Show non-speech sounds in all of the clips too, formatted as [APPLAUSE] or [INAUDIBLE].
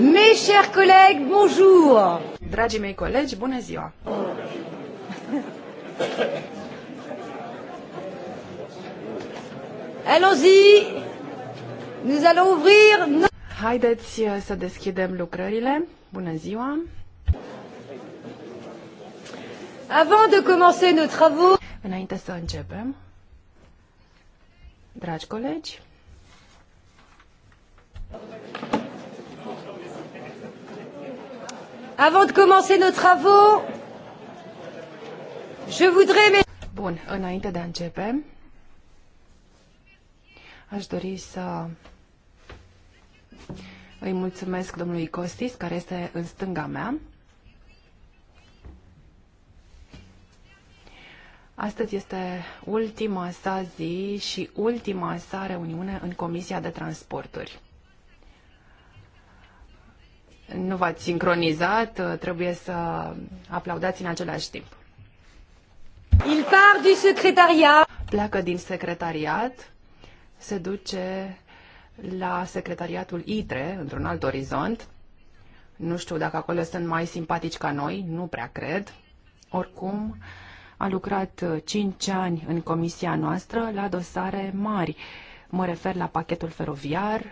Mes chers collègues, bonjour. Dragii mei colegi, bună ziua. Allons-y. Nous allons ouvrir. Haideți uh, să deschidem lucrările. Bună ziua. Avant de commencer nos travaux, Înainte să începem, dragi colegi, Avant de commencer nos travaux, je voudrais... Bun, înainte de a începe, aș dori să îi mulțumesc domnului Costis, care este în stânga mea. Astăzi este ultima sa zi și ultima sa reuniune în Comisia de Transporturi nu v-ați sincronizat, trebuie să aplaudați în același timp. Il part du secretariat. Pleacă din secretariat, se duce la secretariatul ITRE, într-un alt orizont. Nu știu dacă acolo sunt mai simpatici ca noi, nu prea cred. Oricum, a lucrat 5 ani în comisia noastră la dosare mari. Mă refer la pachetul feroviar,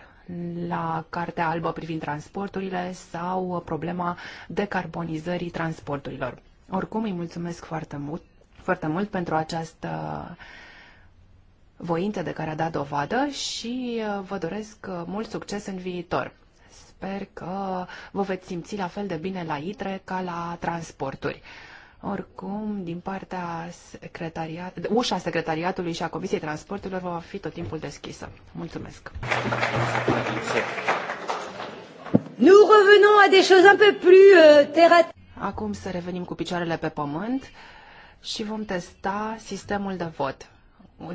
la Cartea Albă privind transporturile sau problema decarbonizării transporturilor. Oricum, îi mulțumesc foarte mult, foarte mult pentru această voință de care a dat dovadă și uh, vă doresc uh, mult succes în viitor. Sper că vă veți simți la fel de bine la ITRE ca la transporturi. Oricum, din partea secretariat, ușa secretariatului și a Comisiei Transporturilor va fi tot timpul deschisă. Mulțumesc! Nous revenons à des choses un peu plus euh, Acum să revenim cu picioarele pe pământ și vom testa sistemul de vot.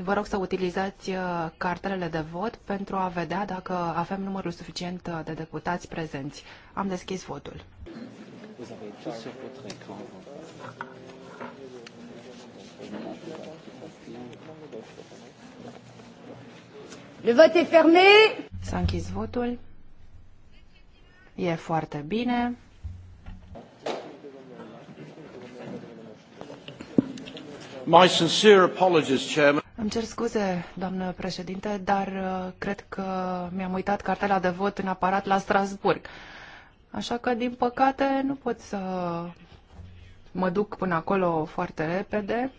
Vă rog să utilizați uh, cartelele de vot pentru a vedea dacă avem numărul suficient uh, de deputați prezenți. Am deschis votul. Vous avez tout sur votre écran. Le vote est fermé. S-a închis votul. E foarte bine. My sincere apologies, Chairman. Îmi cer scuze, doamnă președinte, dar uh, cred că mi-am uitat cartela de vot în aparat la Strasburg. Așa că, din păcate, nu pot să mă duc până acolo foarte repede.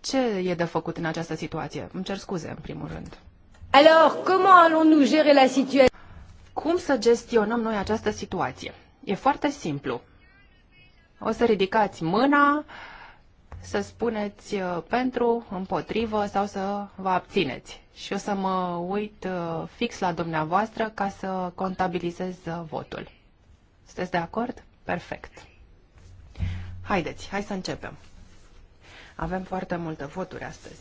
Ce e de făcut în această situație? Îmi cer scuze, în primul rând. Alors, comment allons-nous gérer la situation? Cum să gestionăm noi această situație? E foarte simplu. O să ridicați mâna, să spuneți uh, pentru, împotrivă sau să vă abțineți. Și o să mă uit uh, fix la dumneavoastră ca să contabilizez uh, votul. Sunteți de acord? Perfect. Haideți, hai să începem. Avem foarte multe voturi astăzi.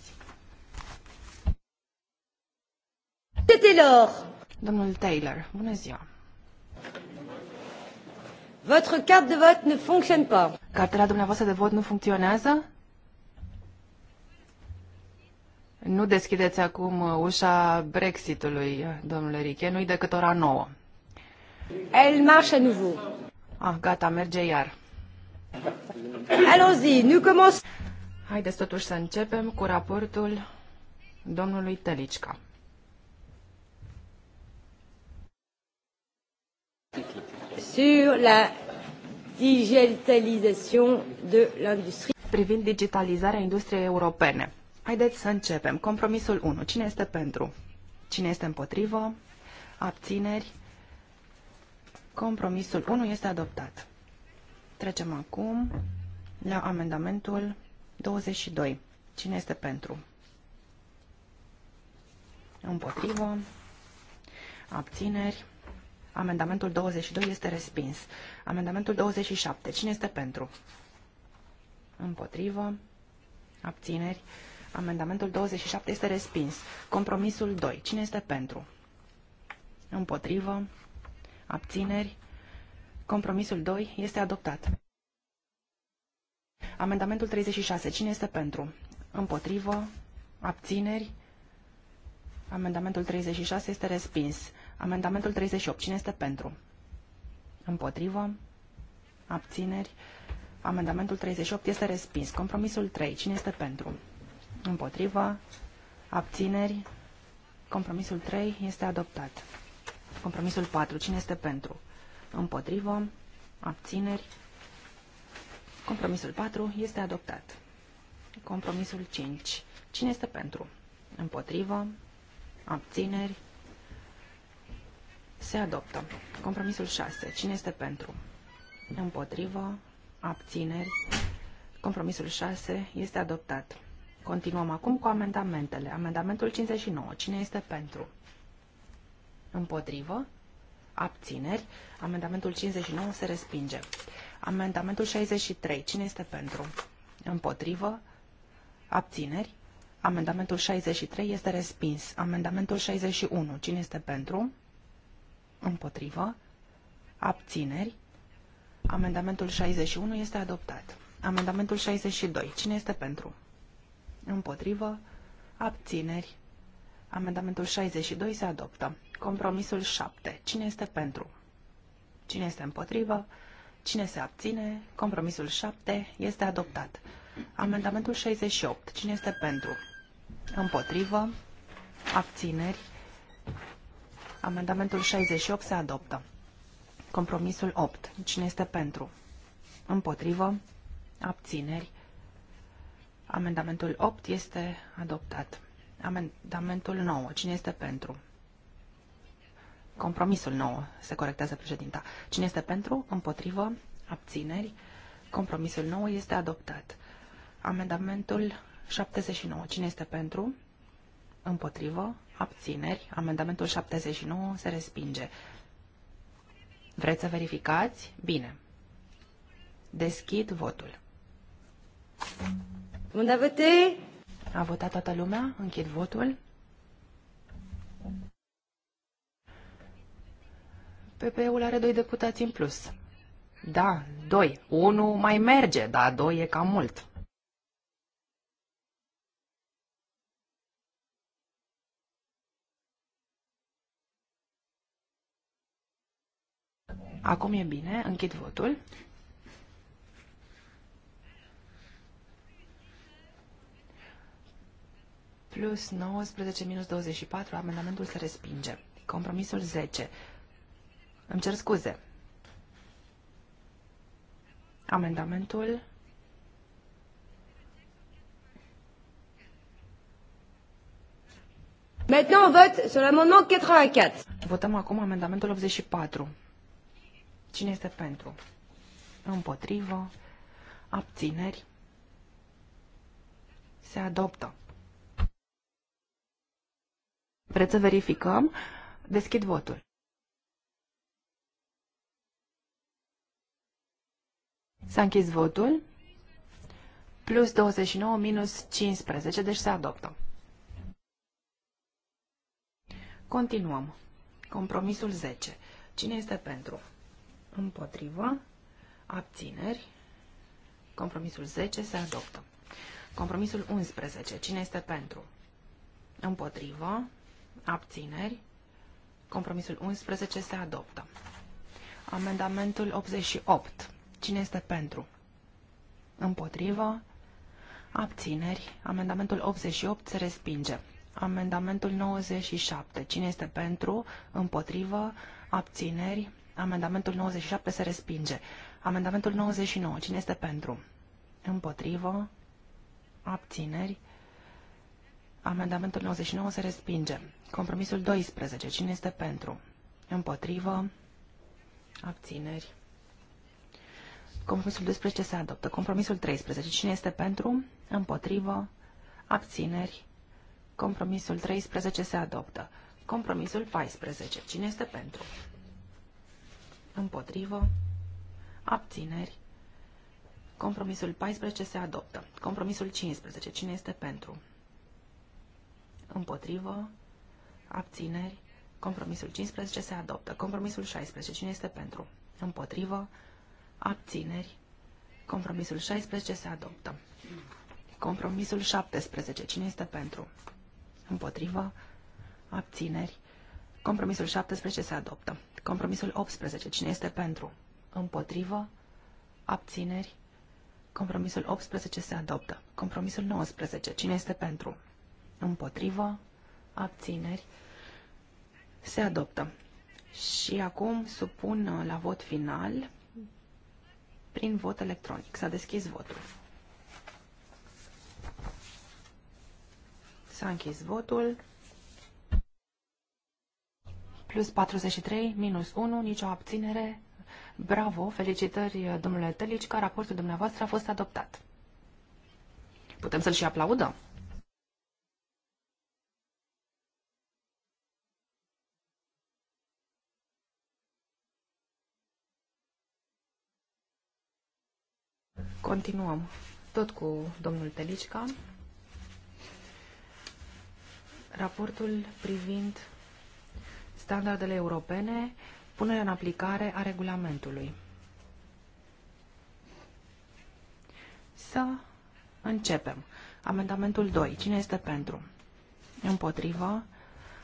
Domnul Taylor, bună ziua! Votre carte de vote ne fonctionne pas. Cartela dumneavoastră de vot nu funcționează? Nu deschideți acum uh, ușa Brexitului, domnule Riche, nu-i decât ora 9. El marche à nouveau. Ah, gata, merge iar. Allons-y, nu commençons. Haideți totuși să începem cu raportul domnului Telicca sur la digitalisation de l'industrie. Privind digitalizarea industriei europene. Haideți să începem. Compromisul 1. Cine este pentru? Cine este împotrivă? Abțineri? Compromisul 1 este adoptat. Trecem acum la amendamentul 22. Cine este pentru? Împotrivă? Abțineri? Amendamentul 22 este respins. Amendamentul 27. Cine este pentru? Împotrivă. Abțineri. Amendamentul 27 este respins. Compromisul 2. Cine este pentru? Împotrivă. Abțineri. Compromisul 2 este adoptat. Amendamentul 36. Cine este pentru? Împotrivă. Abțineri. Amendamentul 36 este respins. Amendamentul 38. Cine este pentru? Împotrivă? Abțineri? Amendamentul 38 este respins. Compromisul 3. Cine este pentru? Împotrivă? Abțineri? Compromisul 3 este adoptat. Compromisul 4. Cine este pentru? Împotrivă? Abțineri? Compromisul 4 este adoptat. Compromisul 5. Cine este pentru? Împotrivă? Abțineri? Se adoptă. Compromisul 6. Cine este pentru? Împotrivă. Abțineri. Compromisul 6 este adoptat. Continuăm acum cu amendamentele. Amendamentul 59. Cine este pentru? Împotrivă. Abțineri. Amendamentul 59 se respinge. Amendamentul 63. Cine este pentru? Împotrivă. Abțineri. Amendamentul 63 este respins. Amendamentul 61. Cine este pentru? Împotrivă. Abțineri. Amendamentul 61 este adoptat. Amendamentul 62. Cine este pentru? Împotrivă. Abțineri. Amendamentul 62 se adoptă. Compromisul 7. Cine este pentru? Cine este împotrivă? Cine se abține? Compromisul 7 este adoptat. Amendamentul 68. Cine este pentru? Împotrivă? Abțineri? Amendamentul 68 se adoptă. Compromisul 8. Cine este pentru? Împotrivă? Abțineri? Amendamentul 8 este adoptat. Amendamentul 9. Cine este pentru? Compromisul 9. Se corectează președinta. Cine este pentru? Împotrivă? Abțineri? Compromisul 9 este adoptat. Amendamentul 79. Cine este pentru? Împotrivă? abțineri, amendamentul 79 se respinge. Vreți să verificați? Bine. Deschid votul. Unde voté? A votat toată lumea? Închid votul. PP-ul are doi deputați în plus. Da, doi. Unu mai merge, dar doi e cam mult. Acum e bine, închid votul. Plus 19 minus 24, amendamentul se respinge. Compromisul 10. Îmi cer scuze. Amendamentul Maintenant, on vote sur l'amendement 84. Votăm acum amendamentul 84. Cine este pentru? Împotrivă. Abțineri. Se adoptă. Vreți să verificăm? Deschid votul. S-a închis votul. Plus 29 minus 15, deci se adoptă. Continuăm. Compromisul 10. Cine este pentru? împotrivă, abțineri, compromisul 10 se adoptă. Compromisul 11, cine este pentru? Împotrivă, abțineri, compromisul 11 se adoptă. Amendamentul 88, cine este pentru? Împotrivă, abțineri, amendamentul 88 se respinge. Amendamentul 97. Cine este pentru? Împotrivă? Abțineri? Amendamentul 97 se respinge. Amendamentul 99. Cine este pentru? Împotrivă. Abțineri. Amendamentul 99 se respinge. Compromisul 12. Cine este pentru? Împotrivă. Abțineri. Compromisul 12 se adoptă. Compromisul 13. Cine este pentru? Împotrivă. Abțineri. Compromisul 13 se adoptă. Compromisul 14. Cine este pentru? împotrivă, abțineri. Compromisul 14 se adoptă. Compromisul 15. Cine este pentru? Împotrivă, abțineri. Compromisul 15 se adoptă. Compromisul 16. Cine este pentru? Împotrivă, abțineri. Compromisul 16 se adoptă. Compromisul 17. Cine este pentru? Împotrivă, abțineri. Compromisul 17 se adoptă. Compromisul 18. Cine este pentru? Împotrivă? Abțineri? Compromisul 18 se adoptă. Compromisul 19. Cine este pentru? Împotrivă? Abțineri? Se adoptă. Și acum supun uh, la vot final prin vot electronic. S-a deschis votul. S-a închis votul plus 43, minus 1, nicio abținere. Bravo, felicitări, domnule Telici, că raportul dumneavoastră a fost adoptat. Putem să-l și aplaudăm. Continuăm tot cu domnul Telicica. Raportul privind standardele europene, punerea în aplicare a regulamentului. Să începem. Amendamentul 2. Cine este pentru? Împotrivă?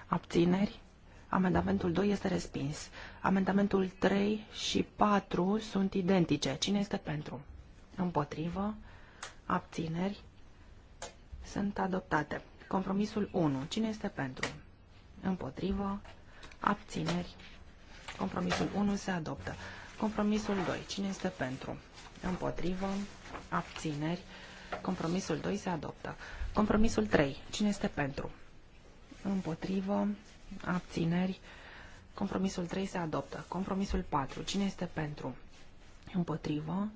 Abțineri? Amendamentul 2 este respins. Amendamentul 3 și 4 sunt identice. Cine este pentru? Împotrivă? Abțineri? Sunt adoptate. Compromisul 1. Cine este pentru? Împotrivă? Abțineri. Compromisul 1 se adoptă. Compromisul 2. Cine este pentru? Împotrivă. Abțineri. Compromisul 2 se adoptă. Compromisul 3. Cine este pentru? Împotrivă. Abțineri. Compromisul 3 se adoptă. Compromisul 4. Cine este pentru? Împotrivă.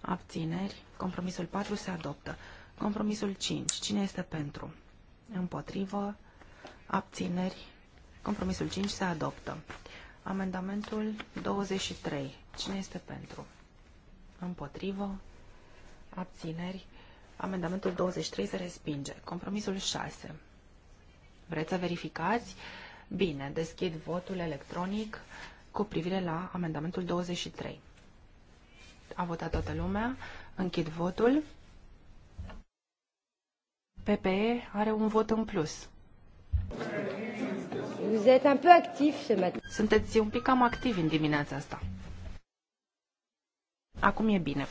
Abțineri. Compromisul 4 se adoptă. Compromisul 5. Cine este pentru? Împotrivă. Abțineri. Compromisul 5 se adoptă. Amendamentul 23. Cine este pentru? Împotrivă? Abțineri? Amendamentul 23 se respinge. Compromisul 6. Vreți să verificați? Bine, deschid votul electronic cu privire la amendamentul 23. A votat toată lumea. Închid votul. PPE are un vot în plus. Vous êtes un peu actif ce matin. Sunteți un pic cam activ în dimineața asta. Acum e bine.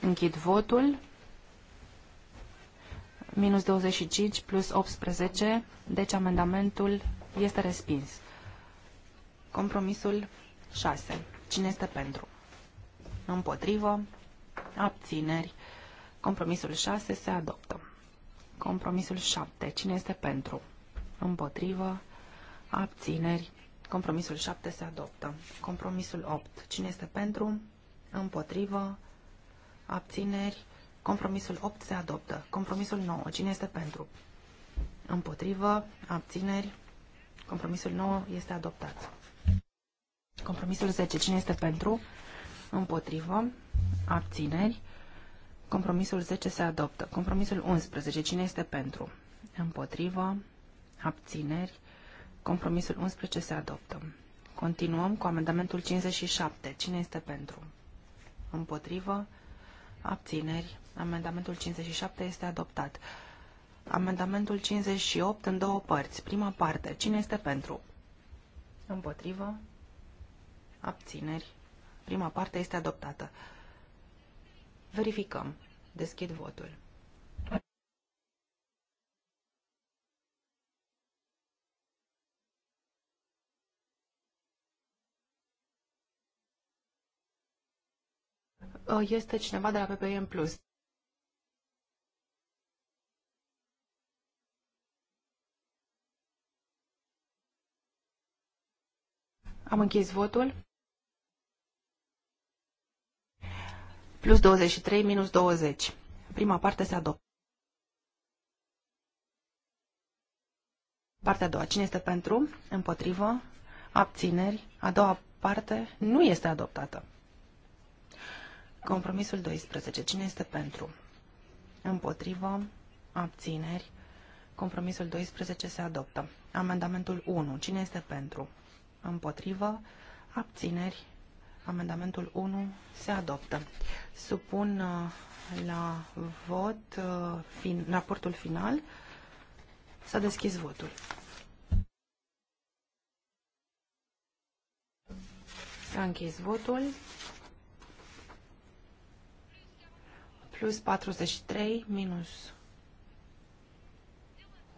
Închid votul. Minus 25 plus 18, deci amendamentul este respins. Compromisul 6. Cine este pentru? Împotrivă? Abțineri? Compromisul 6 se adoptă. Compromisul 7. Cine este pentru? împotrivă, abțineri. Compromisul 7 se adoptă. Compromisul 8. Cine este pentru? Împotrivă, abțineri. Compromisul 8 se adoptă. Compromisul 9. Cine este pentru? Împotrivă, abțineri. Compromisul 9 este adoptat. Compromisul 10. Cine este pentru? Împotrivă, abțineri. Compromisul 10 se adoptă. Compromisul 11. Cine este pentru? Împotrivă, abțineri, compromisul 11 se adoptă. Continuăm cu amendamentul 57. Cine este pentru? Împotrivă, abțineri, amendamentul 57 este adoptat. Amendamentul 58 în două părți. Prima parte. Cine este pentru? Împotrivă, abțineri, prima parte este adoptată. Verificăm. Deschid votul. Uh, este cineva de la PPM+. Plus. Am închis votul. Plus 23, minus 20. Prima parte se adoptă. Partea a doua. Cine este pentru? Împotrivă? Abțineri? A doua parte nu este adoptată. Compromisul 12. Cine este pentru? Împotrivă. Abțineri. Compromisul 12 se adoptă. Amendamentul 1. Cine este pentru? Împotrivă. Abțineri. Amendamentul 1 se adoptă. Supun uh, la vot uh, fin, raportul final. S-a deschis votul. S-a închis votul. plus 43 minus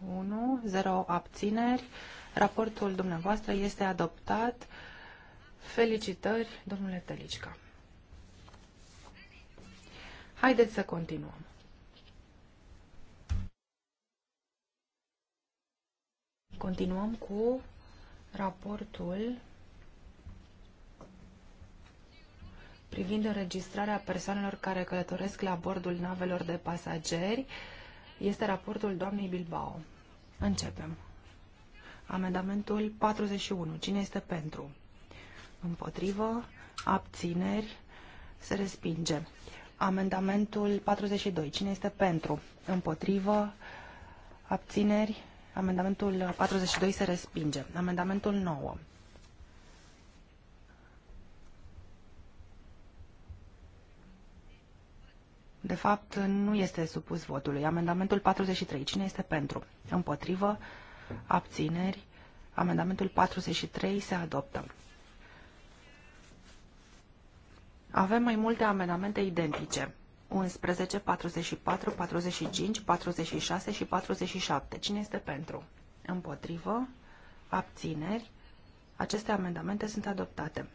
1, 0 abțineri. Raportul dumneavoastră este adoptat. Felicitări, domnule Telicica. Haideți să continuăm. Continuăm cu raportul privind înregistrarea persoanelor care călătoresc la bordul navelor de pasageri este raportul doamnei Bilbao. Începem. Amendamentul 41. Cine este pentru? Împotrivă? Abțineri? Se respinge. Amendamentul 42. Cine este pentru? Împotrivă? Abțineri? Amendamentul 42 se respinge. Amendamentul 9. De fapt, nu este supus votului. Amendamentul 43. Cine este pentru? Împotrivă? Abțineri? Amendamentul 43 se adoptă. Avem mai multe amendamente identice. 11, 44, 45, 46 și 47. Cine este pentru? Împotrivă? Abțineri? Aceste amendamente sunt adoptate.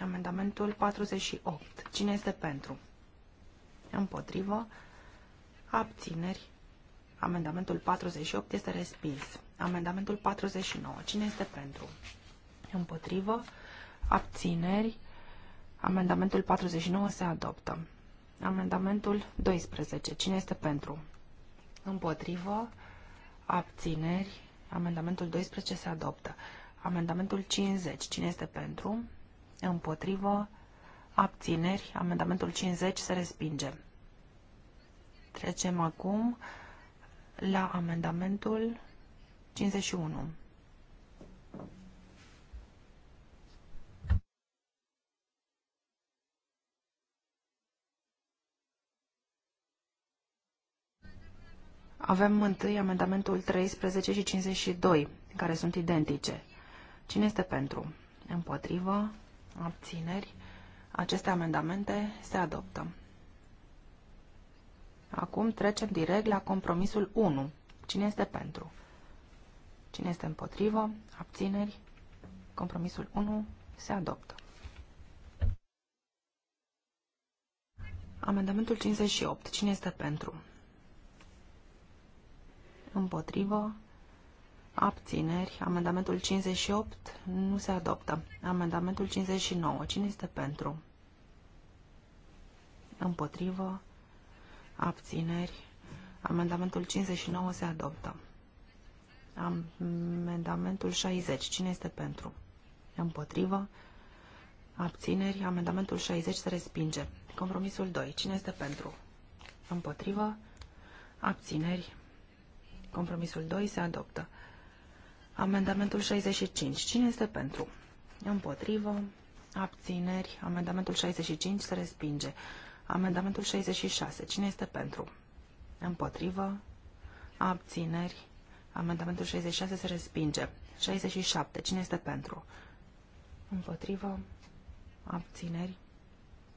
Amendamentul 48. Cine este pentru? Împotrivă. Abțineri. Amendamentul 48 este respins. Amendamentul 49. Cine este pentru? Împotrivă. Abțineri. Amendamentul 49 se adoptă. Amendamentul 12. Cine este pentru? Împotrivă. Abțineri. Amendamentul 12 se adoptă. Amendamentul 50. Cine este pentru? Împotrivă. Abțineri. Amendamentul 50 se respinge. Trecem acum la amendamentul 51. Avem întâi amendamentul 13 și 52, care sunt identice. Cine este pentru? Împotrivă? Abțineri? Aceste amendamente se adoptă. Acum trecem direct la compromisul 1. Cine este pentru? Cine este împotrivă? Abțineri? Compromisul 1 se adoptă. Amendamentul 58. Cine este pentru? Împotrivă? Abțineri. Amendamentul 58 nu se adoptă. Amendamentul 59. Cine este pentru? Împotrivă. Abțineri. Amendamentul 59 se adoptă. Amendamentul 60. Cine este pentru? Împotrivă. Abțineri. Amendamentul 60 se respinge. Compromisul 2. Cine este pentru? Împotrivă. Abțineri. Compromisul 2 se adoptă. Amendamentul 65. Cine este pentru? Împotrivă. Abțineri. Amendamentul 65 se respinge. Amendamentul 66. Cine este pentru? Împotrivă. Abțineri. Amendamentul 66 se respinge. 67. Cine este pentru? Împotrivă. Abțineri.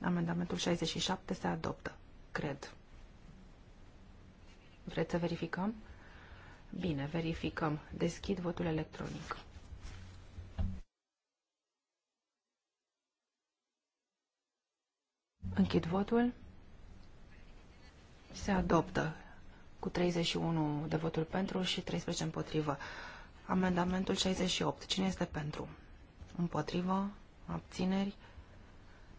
Amendamentul 67 se adoptă. Cred. Vreți să verificăm? Bine, verificăm. Deschid votul electronic. Închid votul. Se adoptă cu 31 de voturi pentru și 13 împotrivă. Amendamentul 68. Cine este pentru? Împotrivă? Abțineri?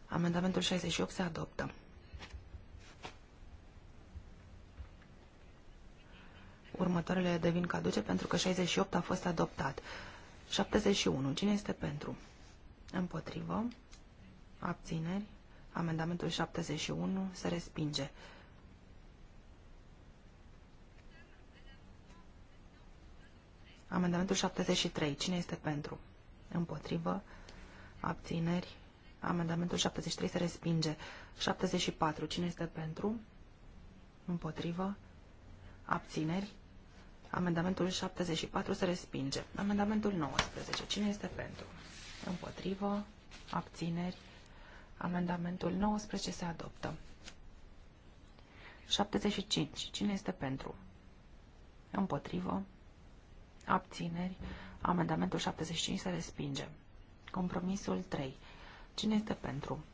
Amendamentul 68 se adoptă. următoarele devin caduce pentru că 68 a fost adoptat. 71. Cine este pentru? Împotrivă. Abțineri. Amendamentul 71 se respinge. Amendamentul 73. Cine este pentru? Împotrivă. Abțineri. Amendamentul 73 se respinge. 74. Cine este pentru? Împotrivă. Abțineri. Amendamentul 74 se respinge. Amendamentul 19. Cine este pentru? Împotrivă. Abțineri. Amendamentul 19 se adoptă. 75. Cine este pentru? Împotrivă. Abțineri. Amendamentul 75 se respinge. Compromisul 3. Cine este pentru?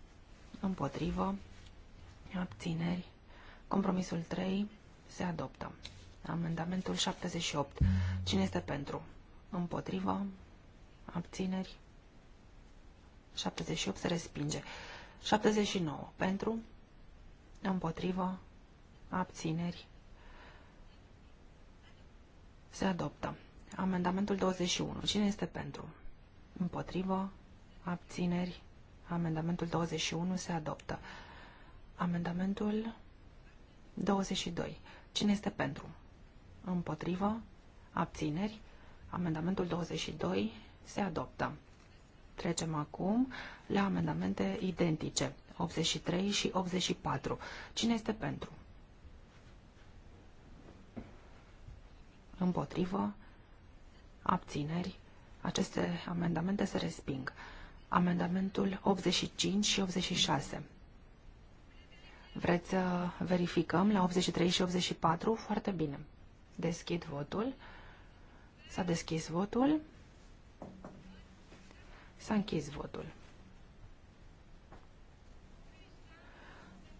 Împotrivă. Abțineri. Compromisul 3 se adoptă. Amendamentul 78. Cine este pentru? Împotrivă? Abțineri? 78 se respinge. 79. Pentru? Împotrivă? Abțineri? Se adoptă. Amendamentul 21. Cine este pentru? Împotrivă? Abțineri? Amendamentul 21 se adoptă. Amendamentul 22. Cine este pentru? Împotrivă. Abțineri. Amendamentul 22 se adoptă. Trecem acum la amendamente identice. 83 și 84. Cine este pentru? Împotrivă. Abțineri. Aceste amendamente se resping. Amendamentul 85 și 86. Vreți să verificăm la 83 și 84? Foarte bine. Deschid votul. S-a deschis votul. S-a închis votul.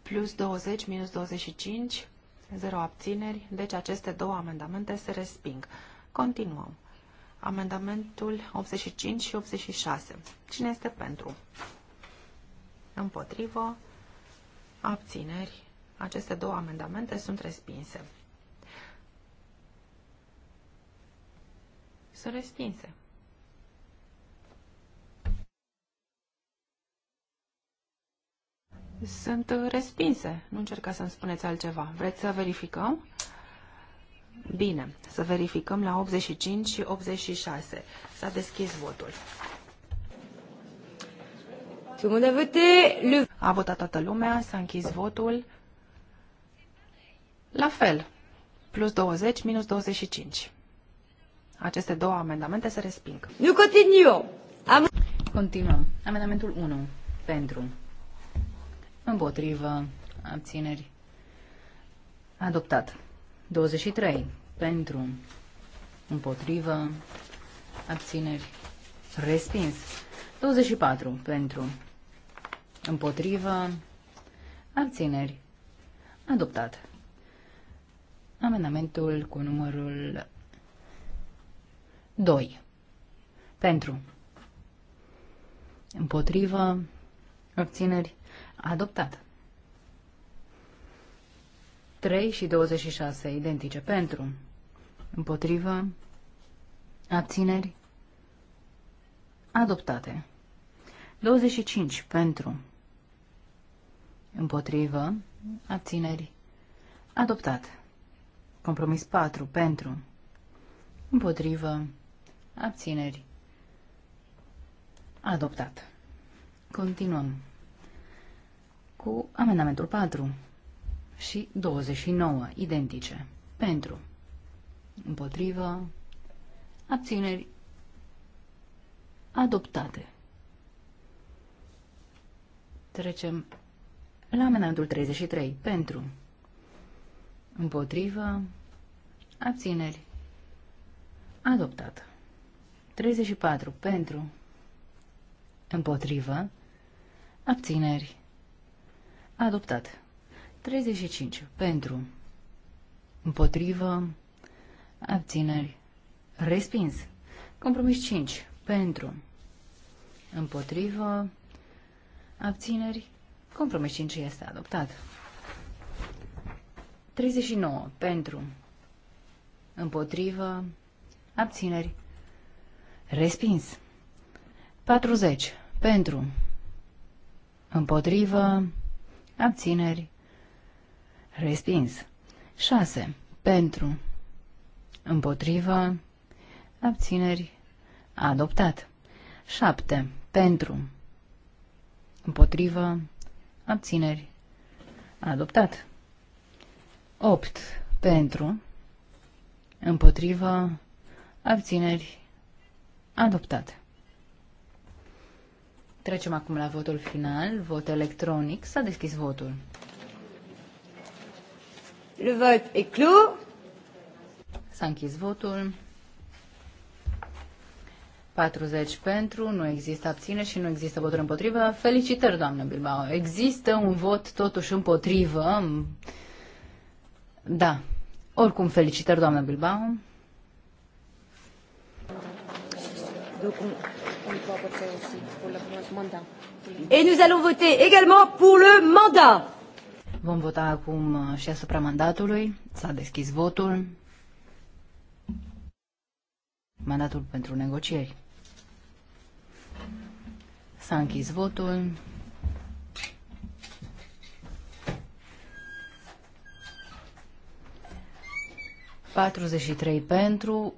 Plus 20, minus 25, 0 abțineri, deci aceste două amendamente se resping. Continuăm. Amendamentul 85 și 86. Cine este pentru? Împotrivă, abțineri. Aceste două amendamente sunt respinse. Sunt respinse. Sunt uh, respinse. Nu încerca să-mi spuneți altceva. Vreți să verificăm? Bine, să verificăm la 85 și 86. S-a deschis votul. A votat toată lumea, s-a închis votul. La fel, plus 20, minus 25 aceste două amendamente se resping. Nu continuăm. Am... Continuăm. Amendamentul 1. Pentru. Împotrivă. Abțineri. Adoptat. 23. Pentru. Împotrivă. Abțineri. Respins. 24. Pentru. Împotrivă. Abțineri. Adoptat. Amendamentul cu numărul 2. Pentru. Împotrivă. Obțineri Adoptat. 3 și 26. Identice. Pentru. Împotrivă. Abțineri. Adoptate. 25. Pentru. Împotrivă. Abțineri. Adoptat. Compromis 4. Pentru. Împotrivă abțineri, adoptat. Continuăm cu amendamentul 4 și 29, identice, pentru, împotrivă, abțineri, adoptate. Trecem la amendamentul 33, pentru, împotrivă, abțineri, adoptată. 34 pentru, împotrivă, abțineri, adoptat. 35 pentru, împotrivă, abțineri, respins. Compromis 5 pentru, împotrivă, abțineri, compromis 5 este adoptat. 39 pentru, împotrivă, abțineri, Respins. 40. Pentru. Împotrivă. Abțineri. Respins. 6. Pentru. Împotrivă. Abțineri. Adoptat. 7. Pentru. Împotrivă. Abțineri. Adoptat. 8. Pentru. Împotrivă. Abțineri. Adoptat. Trecem acum la votul final, vot electronic. S-a deschis votul. Le vot e clos. S-a închis votul. 40 pentru, nu există abține și nu există voturi împotrivă. Felicitări, doamnă Bilbao. Există un vot totuși împotrivă. Da. Oricum, felicitări, doamnă Bilbao. Et nous allons voter également pour le mandat. Vom vota acum și asupra mandatului. S-a deschis votul. Mandatul pentru negocieri. S-a închis votul. Patruzeci și trei pentru,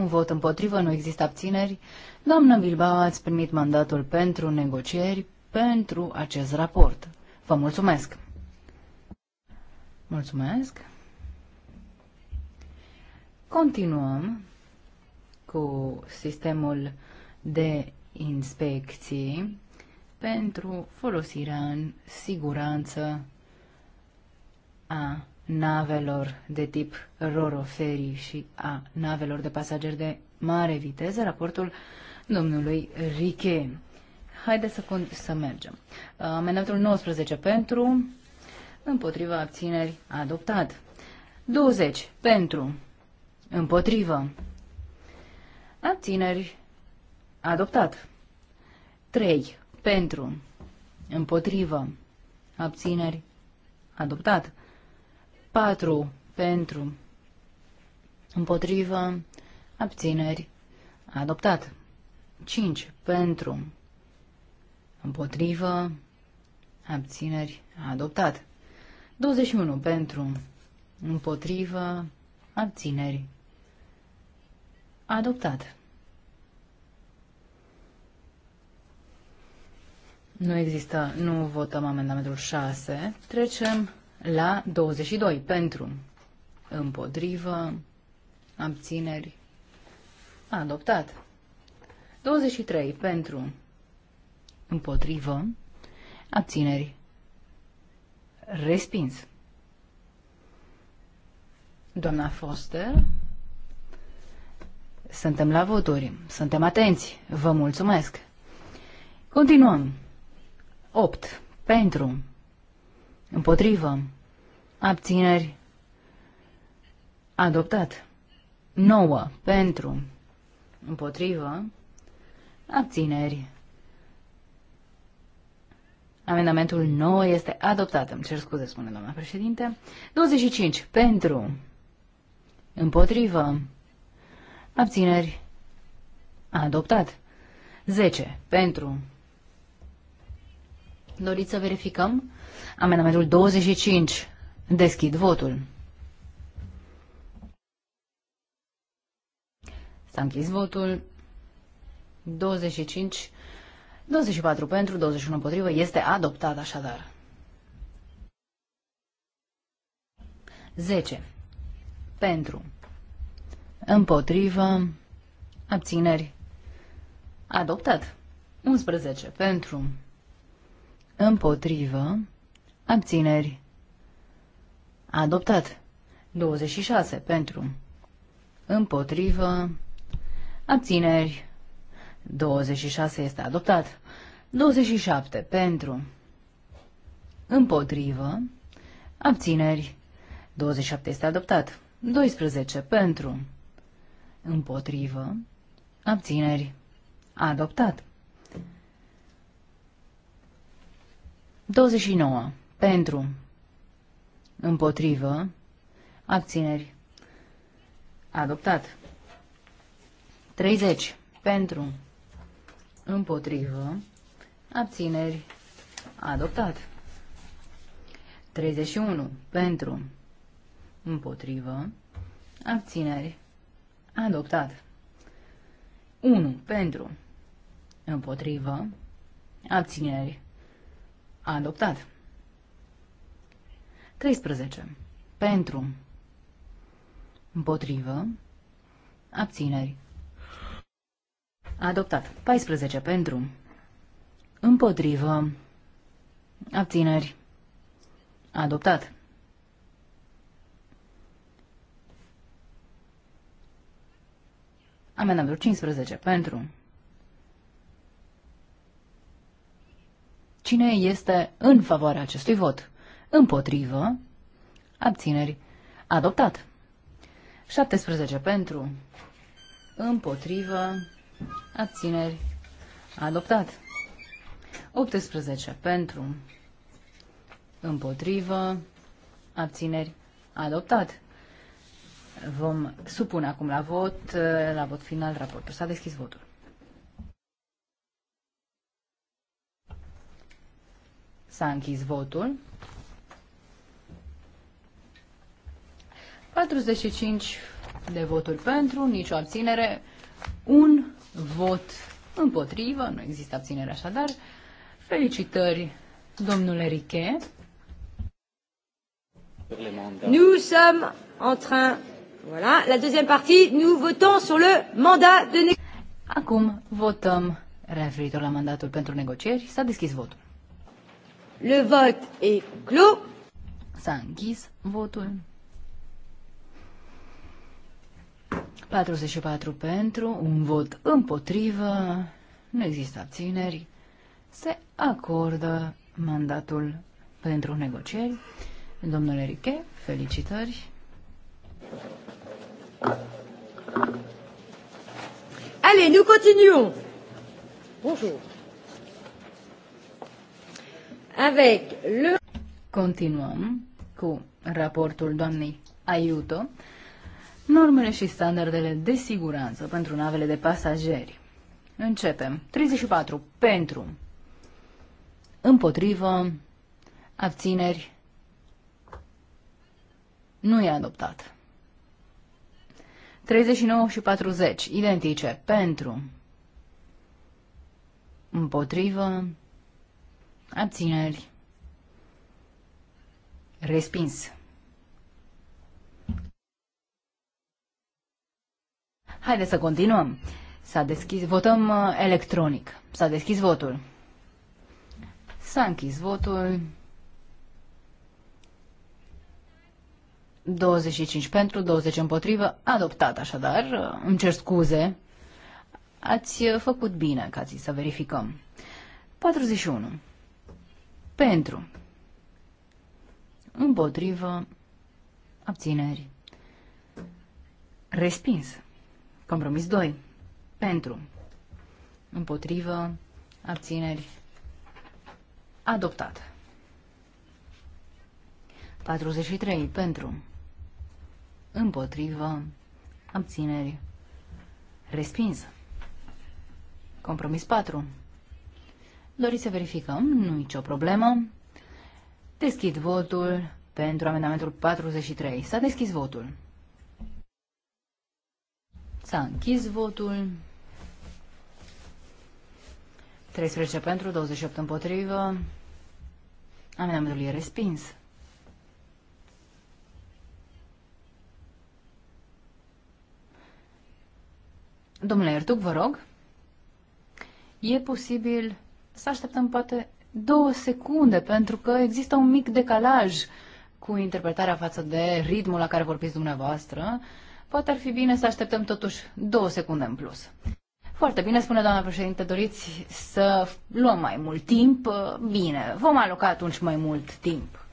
un vot împotrivă, nu există abțineri. Doamnă Bilbao, ați primit mandatul pentru negocieri pentru acest raport. Vă mulțumesc! Mulțumesc! Continuăm cu sistemul de inspecții pentru folosirea în siguranță a navelor de tip roroferi și a navelor de pasageri de mare viteză, raportul domnului Riche. Haideți să, să mergem. Amendamentul 19 pentru, împotriva abțineri, adoptat. 20 pentru, împotrivă, abțineri, adoptat. 3 pentru, împotrivă, abțineri, adoptat. 4 pentru, împotrivă, abțineri, adoptat. 5 pentru, împotrivă, abțineri, adoptat. 21 pentru, împotrivă, abțineri, adoptat. Nu există, nu votăm amendamentul 6. Trecem la 22 pentru, împotrivă, abțineri, adoptat. 23 pentru, împotrivă, abțineri, respins. Doamna Foster, suntem la voturi, suntem atenți, vă mulțumesc. Continuăm. 8. Pentru. Împotrivă. Abțineri. Adoptat. 9. Pentru. Împotrivă. Abțineri. Amendamentul 9 este adoptat. Îmi cer scuze, spune doamna președinte. 25. Pentru. Împotrivă. Abțineri. Adoptat. 10. Pentru. Doriți să verificăm? Amendamentul 25. Deschid votul. S-a închis votul. 25, 24 pentru, 21 împotrivă. Este adoptat așadar. 10. Pentru. Împotrivă. Abțineri. Adoptat. 11. Pentru. Împotrivă. Abțineri. Adoptat. 26 pentru. Împotrivă. Abțineri. 26 este adoptat. 27 pentru. Împotrivă. Abțineri. 27 este adoptat. 12 pentru. Împotrivă. Abțineri. Adoptat. 29 pentru, împotrivă, abțineri, adoptat. 30 pentru, împotrivă, abțineri, adoptat. 31 pentru, împotrivă, abțineri, adoptat. 1 pentru, împotrivă, abțineri, adoptat. 13. Pentru. Împotrivă. Abțineri. Adoptat. 14. Pentru. Împotrivă. Abțineri. Adoptat. Amendamentul 15. Pentru. Cine este în favoarea acestui vot? Împotrivă. Abțineri. Adoptat. 17 pentru. Împotrivă. Abțineri. Adoptat. 18 pentru. Împotrivă. Abțineri. Adoptat. Vom supune acum la vot, la vot final, raportul. S-a deschis votul. S-a închis votul. 45 de voturi pentru, nicio abținere, un vot împotrivă, nu există abținere așadar. Felicitări, domnule Riche. Nous sommes en train, voilà, la deuxième partie, nous votons sur le mandat de négociation. Acum votăm referitor la mandatul pentru negocieri. S-a deschis votul. Le vote est clos. S-a închis votul. 44 pentru, un vot împotrivă, nu există abțineri, se acordă mandatul pentru negocieri. Domnule Riche, felicitări! Allez, nous continuons. Bonjour. Avec le... Continuăm cu raportul doamnei Aiuto normele și standardele de siguranță pentru navele de pasageri. Începem. 34. Pentru. Împotrivă. Abțineri. Nu e adoptat. 39 și 40. Identice. Pentru. Împotrivă. Abțineri. Respins. Haideți să continuăm. S-a deschis, votăm uh, electronic. S-a deschis votul. S-a închis votul. 25 pentru, 20 împotrivă, adoptat așadar, uh, îmi cer scuze. Ați uh, făcut bine, ca zis, să verificăm. 41. Pentru. Împotrivă. Abțineri. Respins. Compromis 2. Pentru. Împotrivă. Abțineri. Adoptat. 43. Pentru. Împotrivă. Abțineri. Respins. Compromis 4. Doriți să verificăm? Nu nicio problemă. Deschid votul pentru amendamentul 43. S-a deschis votul. S-a închis votul. 13 pentru, 28 împotrivă. Amendamentul e respins. Domnule Iertuc, vă rog, e posibil să așteptăm poate două secunde, pentru că există un mic decalaj cu interpretarea față de ritmul la care vorbiți dumneavoastră. Poate ar fi bine să așteptăm totuși două secunde în plus. Foarte bine, spune doamna președinte, doriți să luăm mai mult timp? Bine, vom aloca atunci mai mult timp.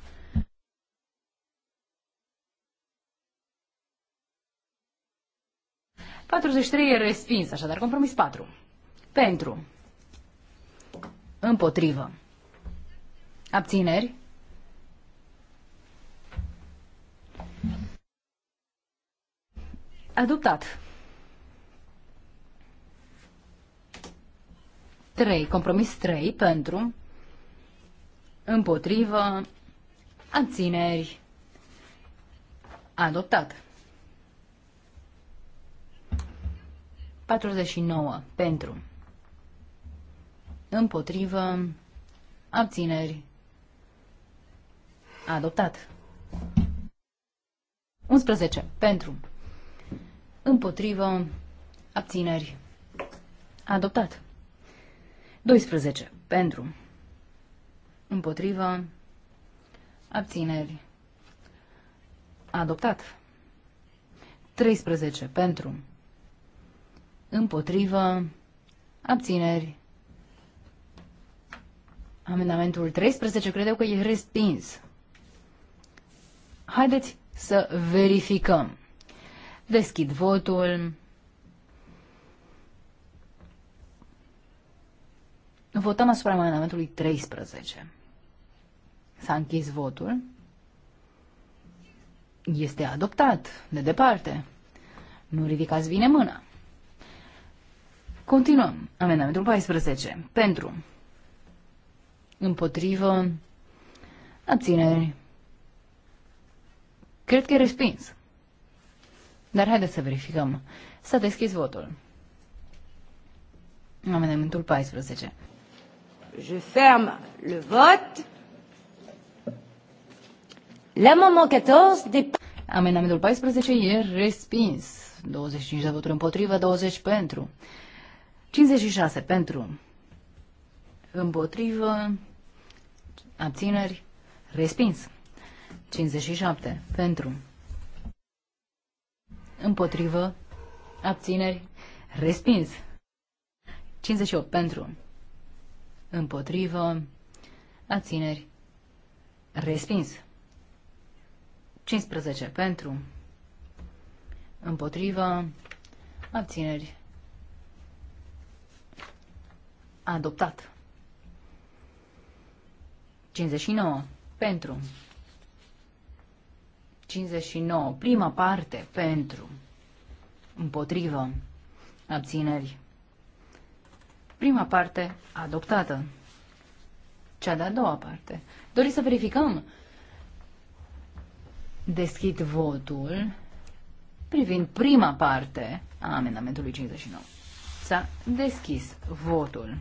Patruzeci e respins, așadar compromis patru. Pentru. Împotrivă. Abțineri. Adoptat. 3. Compromis 3 pentru împotrivă abțineri. Adoptat. 49 pentru împotrivă abțineri. Adoptat. 11 pentru Împotrivă. Abțineri. Adoptat. 12. Pentru. Împotrivă. Abțineri. Adoptat. 13. Pentru. Împotrivă. Abțineri. Amendamentul 13 credeau că e respins. Haideți să verificăm. Deschid votul. Votăm asupra amendamentului 13. S-a închis votul. Este adoptat, de departe. Nu ridicați bine mâna. Continuăm. Amendamentul 14. Pentru. Împotrivă. Abțineri. Cred că e respins. Dar haideți să verificăm. S-a deschis votul. Amendamentul 14. Je ferme le vote. L'amendement 14 Amendamentul 14 e respins. 25 de voturi împotrivă, 20 pentru. 56 pentru. Împotrivă. Abțineri. Respins. 57 pentru împotrivă, abțineri, respins. 58 pentru, împotrivă, abțineri, respins. 15 pentru, împotrivă, abțineri, adoptat. 59 pentru, 59, prima parte, pentru, împotrivă, abțineri. Prima parte, adoptată. Cea de-a doua parte. Doriți să verificăm? Deschid votul privind prima parte a amendamentului 59. S-a deschis votul.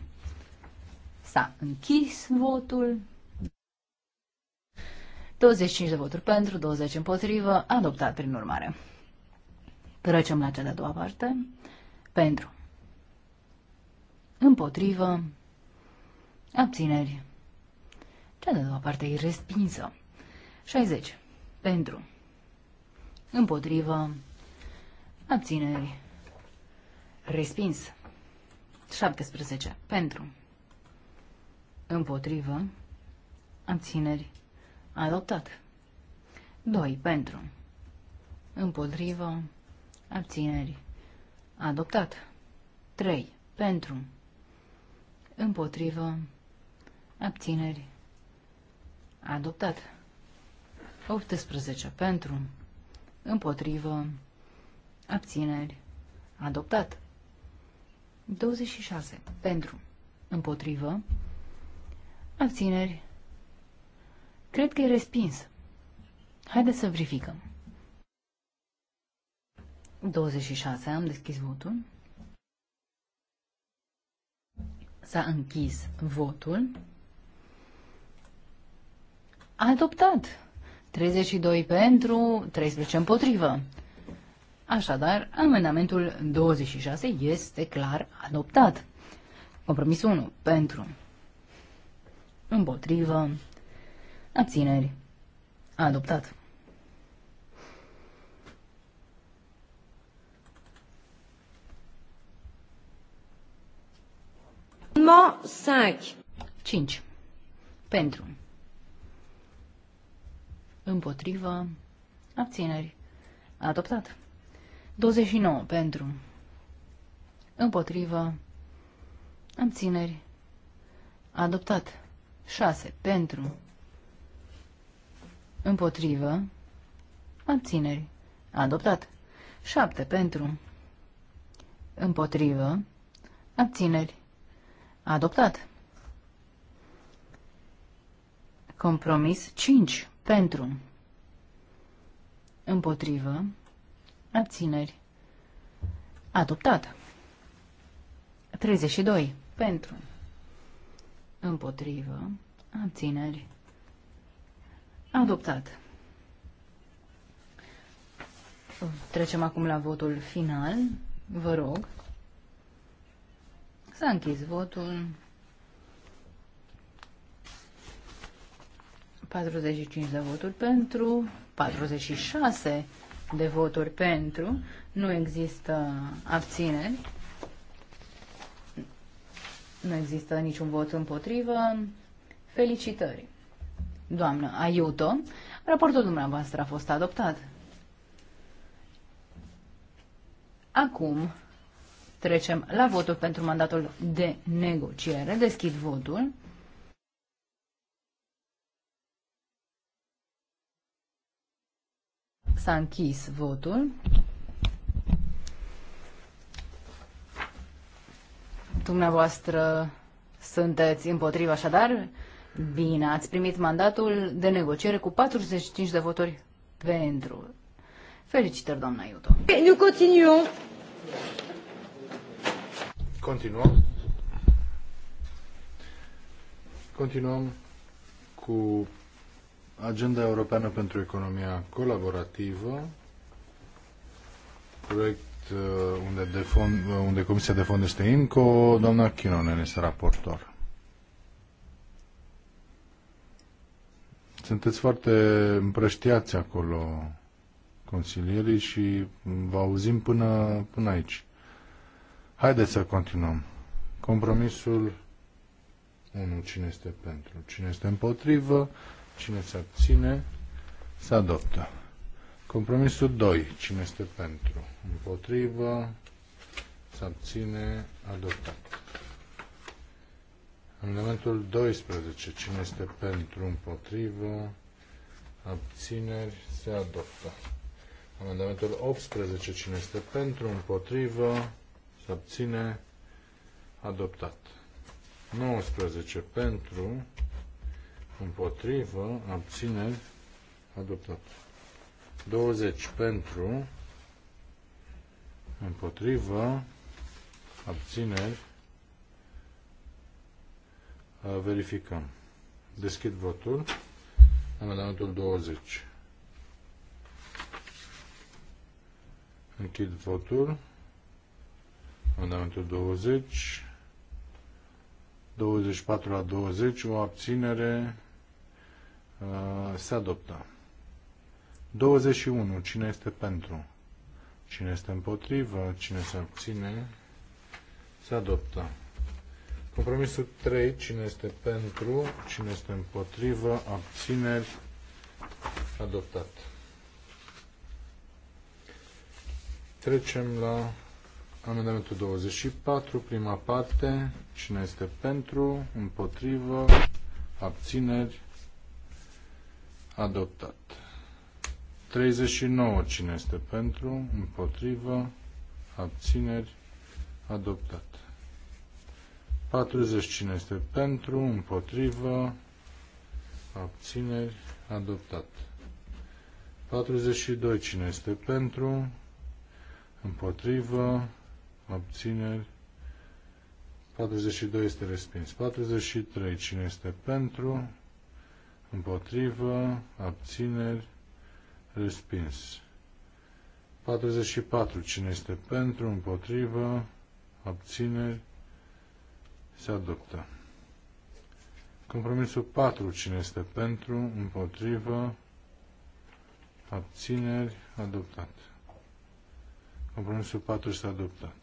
S-a închis votul. 25 de voturi pentru, 20 împotrivă, adoptat prin urmare. Trecem la cea de-a doua parte. Pentru. Împotrivă. Abțineri. Cea de-a doua parte e respinsă. 60. Pentru. Împotrivă. Abțineri. Respins. 17. Pentru. Împotrivă. Abțineri. Adoptat. 2. Pentru. Împotrivă. Abțineri. Adoptat. 3. Pentru. Împotrivă. Abțineri. Adoptat. 18. Pentru. Împotrivă. Abțineri. Adoptat. 26. Pentru. Împotrivă. Abțineri. Cred că e respins. Haideți să verificăm. 26. Am deschis votul. S-a închis votul. Adoptat. 32 pentru, 13 împotrivă. Așadar, amendamentul 26 este clar adoptat. Compromisul 1. Pentru. Împotrivă. Abțineri. Adoptat. Mo 5. 5. Pentru. Împotrivă. Abțineri. Adoptat. 29. Pentru. Împotrivă. Abțineri. Adoptat. 6. Pentru. Împotrivă. Abțineri. Adoptat. 7 pentru. Împotrivă. Abțineri. Adoptat. Compromis 5 pentru. Împotrivă. Abțineri. Adoptat. 32 pentru. Împotrivă. Abțineri. Adoptat. Trecem acum la votul final. Vă rog. S-a închis votul. 45 de voturi pentru, 46 de voturi pentru, nu există abțineri, nu există niciun vot împotrivă. Felicitări! doamnă Aiuto, raportul dumneavoastră a fost adoptat. Acum trecem la votul pentru mandatul de negociere. Deschid votul. S-a închis votul. Dumneavoastră sunteți împotriva așadar? Bine, ați primit mandatul de negociere cu 45 de voturi pentru. Felicitări, doamna Iuto. Nu continuăm. Continuăm. Continuăm cu Agenda Europeană pentru Economia Colaborativă, proiect uh, unde, de fond, uh, unde Comisia de Fond este INCO. Doamna Chinonen este raportor. Sunteți foarte împrăștiați acolo, consilierii, și vă auzim până, până aici. Haideți să continuăm. Compromisul 1. Cine este pentru? Cine este împotrivă? Cine se abține? Se adoptă. Compromisul 2. Cine este pentru? Împotrivă? Se abține? Adoptat. Amendamentul 12. Cine este pentru, împotrivă, abțineri, se adoptă. Amendamentul 18. Cine este pentru, împotrivă, se abține, adoptat. 19. Pentru, împotrivă, abțineri, adoptat. 20. Pentru, împotrivă, abțineri, Verificăm. Deschid votul. Amendamentul 20. Închid votul. Amendamentul 20. 24 la 20. O abținere. Se adoptă. 21. Cine este pentru? Cine este împotrivă? Cine se abține? Se adoptă. Compromisul 3, cine este pentru, cine este împotrivă, abțineri, adoptat. Trecem la amendamentul 24, prima parte, cine este pentru, împotrivă, abțineri, adoptat. 39, cine este pentru, împotrivă, abțineri, adoptat. 40 cine este pentru, împotrivă, abțineri, adoptat. 42 cine este pentru, împotrivă, abțineri, 42 este respins. 43 cine este pentru, împotrivă, abțineri, respins. 44 cine este pentru, împotrivă, abțineri, se adoptă. Compromisul 4. Cine este pentru? Împotrivă? Abțineri? Adoptat. Compromisul 4 este adoptat.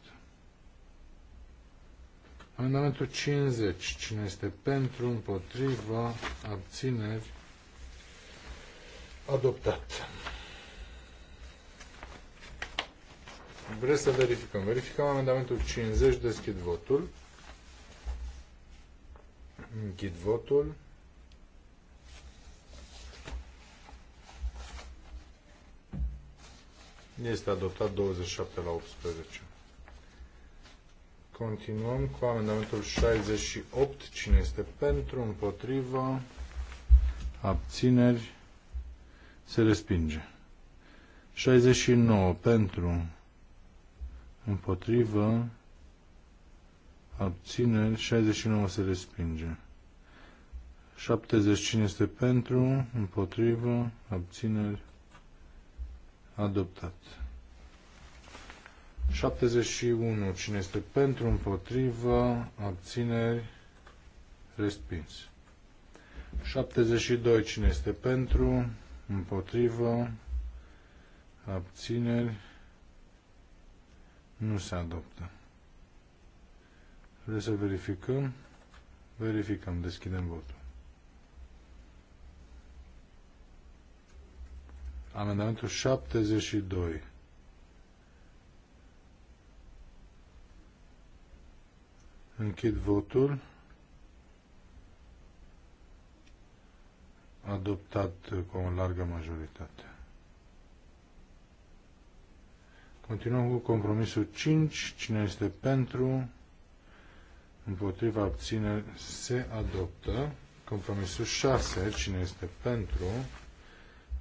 Amendamentul 50. Cine este pentru? Împotrivă? Abțineri? Adoptat. Vreți să verificăm. Verificăm amendamentul 50. Deschid votul. Închid votul. Este adoptat 27 la 18. Continuăm cu amendamentul 68. Cine este pentru, împotriva, abțineri, se respinge. 69 pentru, împotrivă, abțineri, 69 se respinge. 75 este pentru, împotrivă, abțineri, adoptat. 71. Cine este pentru, împotrivă, abțineri, respins. 72. Cine este pentru, împotrivă, abțineri, nu se adoptă. Vreți să verificăm? Verificăm, deschidem votul. Amendamentul 72. Închid votul. Adoptat cu o largă majoritate. Continuăm cu compromisul 5. Cine este pentru? Împotriva abține se adoptă. Compromisul 6. Cine este pentru?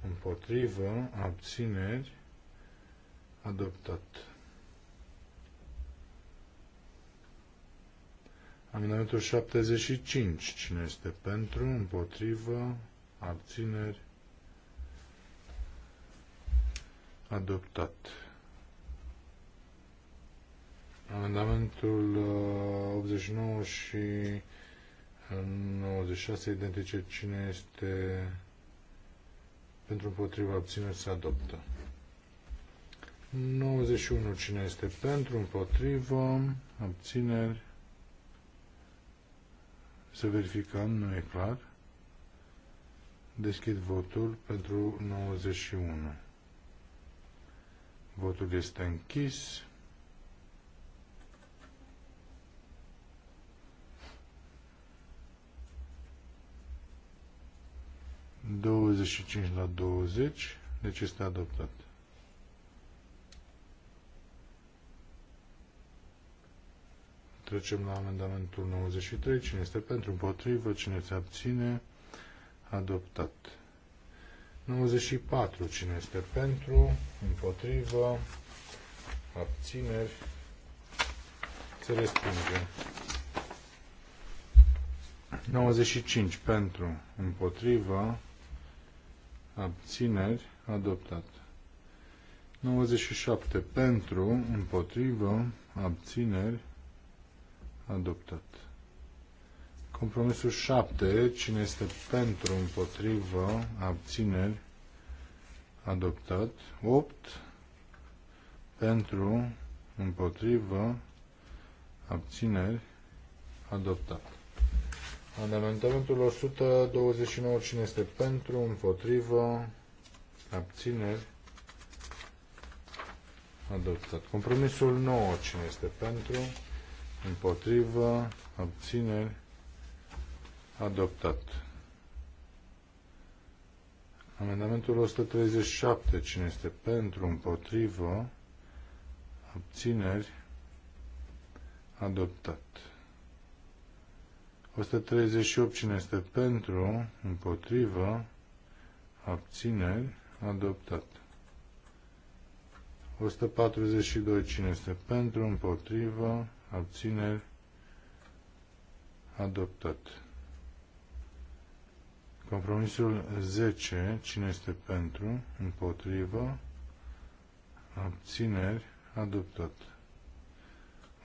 împotrivă, abțineri, adoptat. Amendamentul 75. Cine este pentru, împotrivă, abțineri, adoptat. Amendamentul 89 uh, și 96 uh, identice cine este pentru împotriva abțineri se adoptă. 91 cine este pentru, împotrivă, abțineri. Să verificăm, nu e clar. Deschid votul pentru 91. Votul este închis. 25 la 20, deci este adoptat. Trecem la amendamentul 93. Cine este pentru, împotrivă, cine se abține, adoptat. 94. Cine este pentru, împotrivă, abțineri, se respinge. 95 pentru, împotrivă, abțineri, adoptat. 97 pentru, împotrivă, abțineri, adoptat. Compromisul 7, cine este pentru, împotrivă, abțineri, adoptat. 8, pentru, împotrivă, abțineri, adoptat. Amendamentul 129, cine este pentru, împotrivă, abțineri, adoptat. Compromisul 9, cine este pentru, împotrivă, abțineri, adoptat. Amendamentul 137, cine este pentru, împotrivă, abțineri, adoptat. 138 cine este pentru, împotrivă, abțineri, adoptat. 142 cine este pentru, împotrivă, abțineri, adoptat. Compromisul 10, cine este pentru, împotrivă, abțineri, adoptat.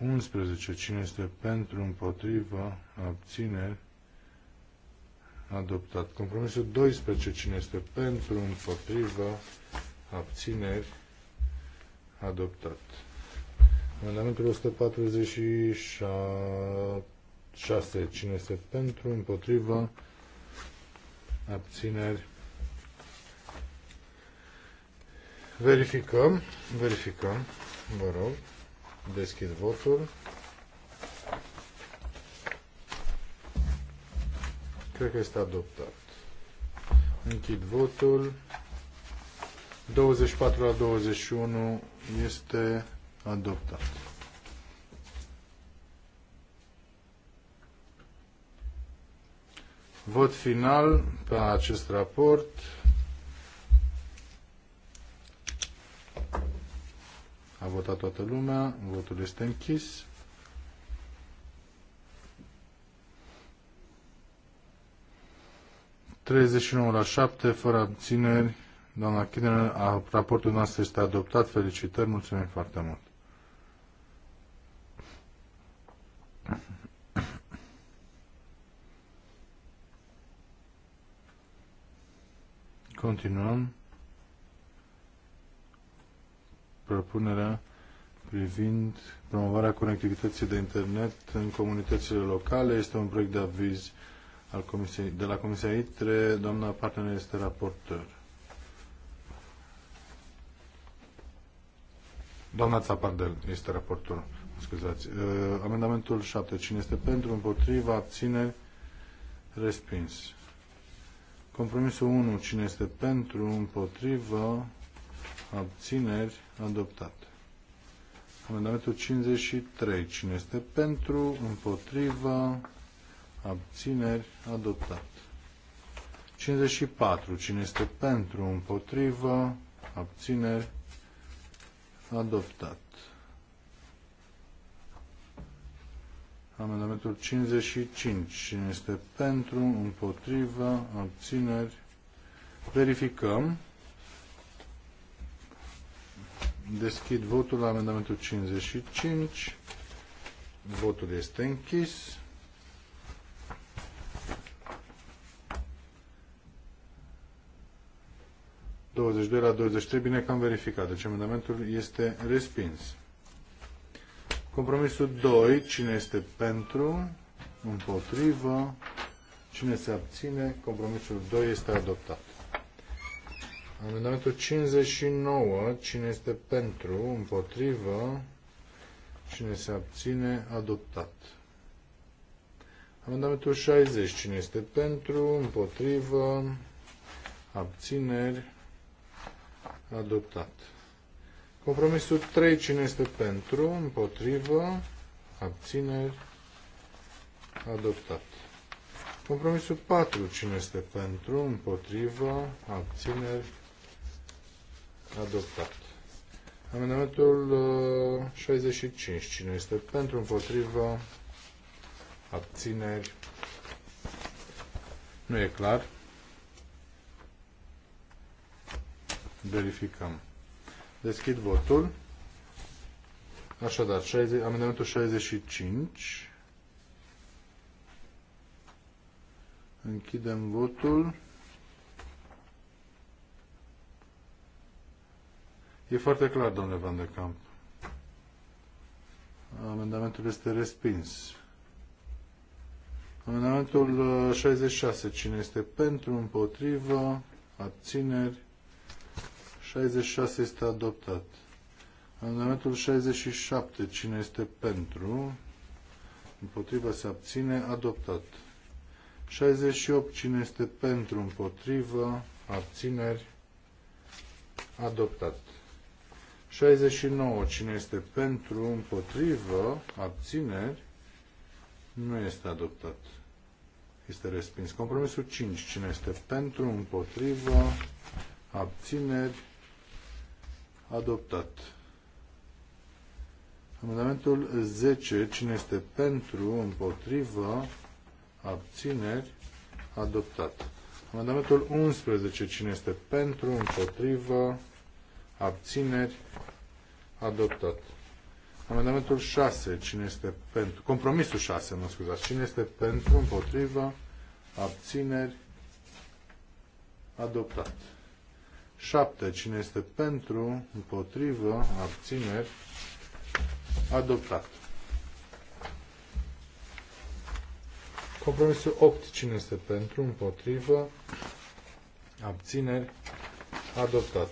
11. Cine este pentru, împotrivă, abțineri, adoptat. Compromisul 12. Cine este pentru, împotrivă, abțineri, adoptat. Amendamentul 146. Cine este pentru, împotrivă, abțineri, verificăm, verificăm, vă rog. Deschid votul. Cred că este adoptat. Închid votul. 24 la 21 este adoptat. Vot final pe acest raport. votat toată lumea, votul este închis. Treizeci la 7, fără abțineri. Doamna Chidner, raportul nostru este adoptat. Felicitări, mulțumim foarte mult. Continuăm. propunerea privind promovarea conectivității de internet în comunitățile locale. Este un proiect de aviz al comisiei, de la Comisia ITRE. Doamna partener este raportor. Doamna Țapardel este raportor. Scuzați. Uh, amendamentul 7. Cine este pentru, împotriva, abțineri, respins. Compromisul 1. Cine este pentru, împotrivă, abțineri, adoptat. Amendamentul 53. Cine este pentru, împotrivă, abțineri, adoptat. 54. Cine este pentru, împotrivă, abțineri, adoptat. Amendamentul 55. Cine este pentru, împotrivă, abțineri, verificăm. Deschid votul la amendamentul 55. Votul este închis. ...22 la 23, bine că am verificat. Deci amendamentul este respins. Compromisul 2, cine este pentru, împotrivă, cine se abține, compromisul 2 este adoptat. Amendamentul 59, cine este pentru, împotrivă, cine se abține, adoptat. Amendamentul 60, cine este pentru, împotrivă, abțineri, adoptat. Compromisul 3, cine este pentru, împotrivă, abțineri, adoptat. Compromisul 4, cine este pentru, împotrivă, abțineri, adoptat. Amendamentul 65. Uh, Cine este pentru, împotrivă, abțineri? Nu e clar. Verificăm. Deschid votul. Așadar, 60, amendamentul 65. Închidem votul. E foarte clar, domnule Van de Camp. Amendamentul este respins. Amendamentul 66. Uh, Cine este pentru, împotrivă, abțineri? 66 este adoptat. Amendamentul 67. Cine este pentru, împotrivă, se abține, adoptat. 68. Cine este pentru, împotrivă, abțineri? Adoptat. 69. Cine este pentru, împotrivă, abțineri, nu este adoptat. Este respins. Compromisul 5. Cine este pentru, împotrivă, abțineri, adoptat. Amendamentul 10. Cine este pentru, împotrivă, abțineri, adoptat. Amendamentul 11. Cine este pentru, împotrivă, abțineri, adoptat. Amendamentul 6, cine este pentru? Compromisul 6, mă scuzați. Cine este pentru, împotrivă, abțineri, adoptat. 7. Cine este pentru, împotrivă, abțineri, adoptat. Compromisul 8. Cine este pentru, împotrivă, abțineri, adoptat.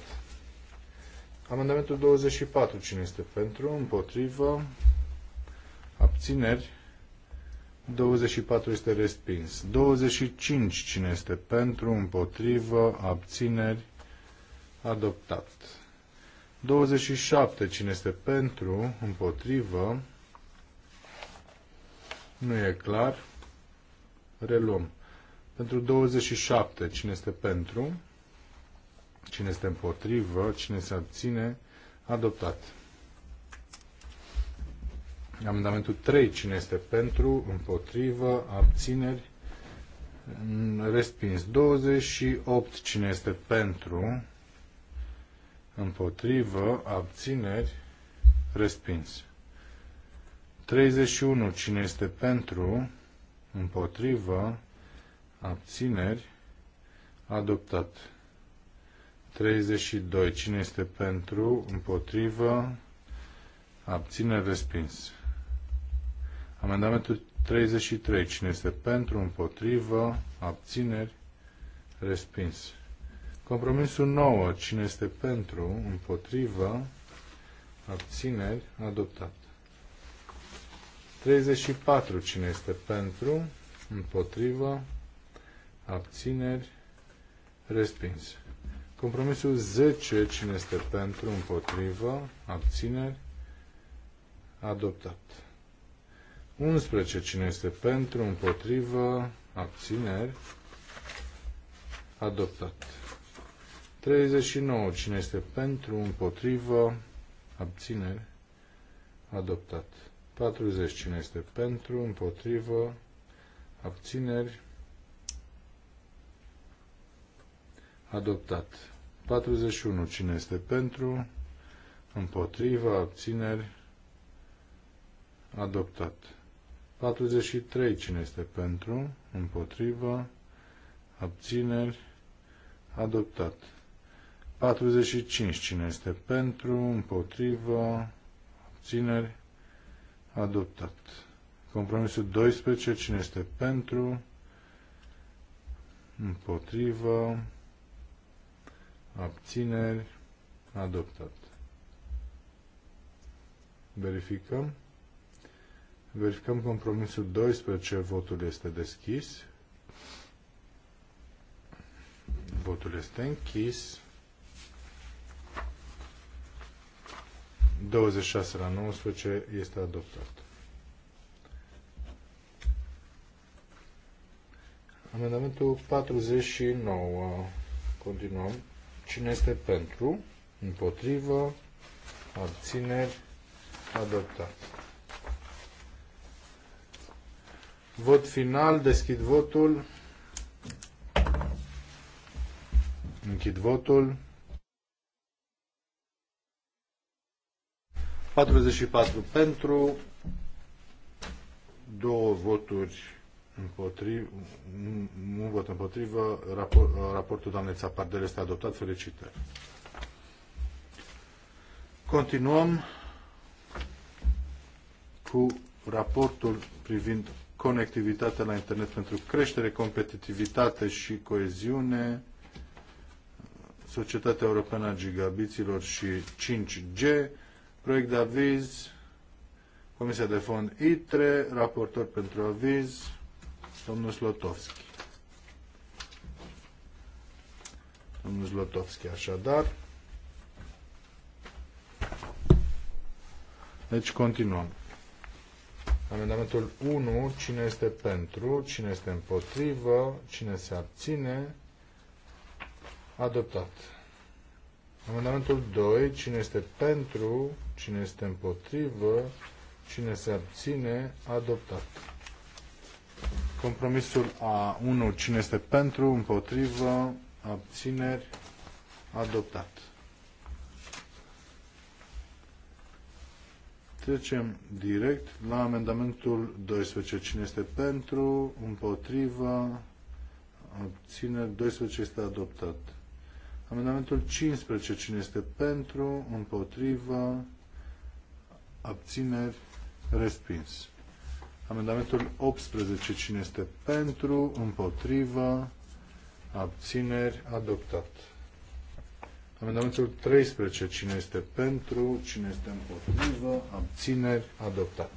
Amendamentul 24. Cine este pentru? Împotrivă? Abțineri? 24 este respins. 25. Cine este pentru? Împotrivă? Abțineri? Adoptat. 27. Cine este pentru? Împotrivă? Nu e clar. Reluăm. Pentru 27. Cine este pentru? Cine este împotrivă? Cine se abține? Adoptat. Amendamentul 3. Cine este pentru? Împotrivă? Abțineri? Respins. 28. Cine este pentru? Împotrivă? Abțineri? Respins. 31. Cine este pentru? Împotrivă? Abțineri? Adoptat. 32. Cine este pentru? Împotrivă? Abține respins. Amendamentul 33. Cine este pentru? Împotrivă? Abțineri? Respins. Compromisul 9. Cine este pentru? Împotrivă? Abțineri? Adoptat. 34. Cine este pentru? Împotrivă? Abțineri? Respins. Compromisul 10, cine este pentru, împotrivă, abțineri, adoptat. 11, cine este pentru, împotrivă, abțineri, adoptat. 39, cine este pentru, împotrivă, abțineri, adoptat. 40, cine este pentru, împotrivă, abțineri, adoptat. 41. Cine este pentru? Împotriva, abțineri, adoptat. 43. Cine este pentru? Împotriva, abțineri, adoptat. 45. Cine este pentru? Împotriva, abțineri, adoptat. Compromisul 12. Cine este pentru? Împotriva, abțineri, adoptat. Verificăm. Verificăm compromisul 12, votul este deschis. Votul este închis. 26 la 19 este adoptat. Amendamentul 49. Continuăm. Cine este pentru? Împotrivă? Abțineri? Adoptat. Vot final. Deschid votul. Închid votul. 44 pentru, două voturi împotriva, un vot împotrivă, rapor, raportul doamnei Țapardel este adoptat, felicitări. Continuăm cu raportul privind conectivitatea la internet pentru creștere, competitivitate și coeziune, Societatea Europeană a Gigabiților și 5G, proiect de aviz, Comisia de Fond ITRE, raportor pentru aviz, Domnul Slotovski. Domnul Zlotovski, așadar. Deci continuăm. Amendamentul 1, cine este pentru, cine este împotrivă, cine se abține, adoptat. Amendamentul 2, cine este pentru, cine este împotrivă, cine se abține, adoptat. Compromisul A1, cine este pentru, împotrivă, abțineri, adoptat. Trecem direct la amendamentul 12. Cine este pentru, împotrivă, abțineri, 12 este adoptat. Amendamentul 15. Cine este pentru, împotrivă, abțineri, respins. Amendamentul 18. Cine este pentru? Împotrivă? Abțineri? Adoptat. Amendamentul 13. Cine este pentru? Cine este împotrivă? Abțineri? Adoptat.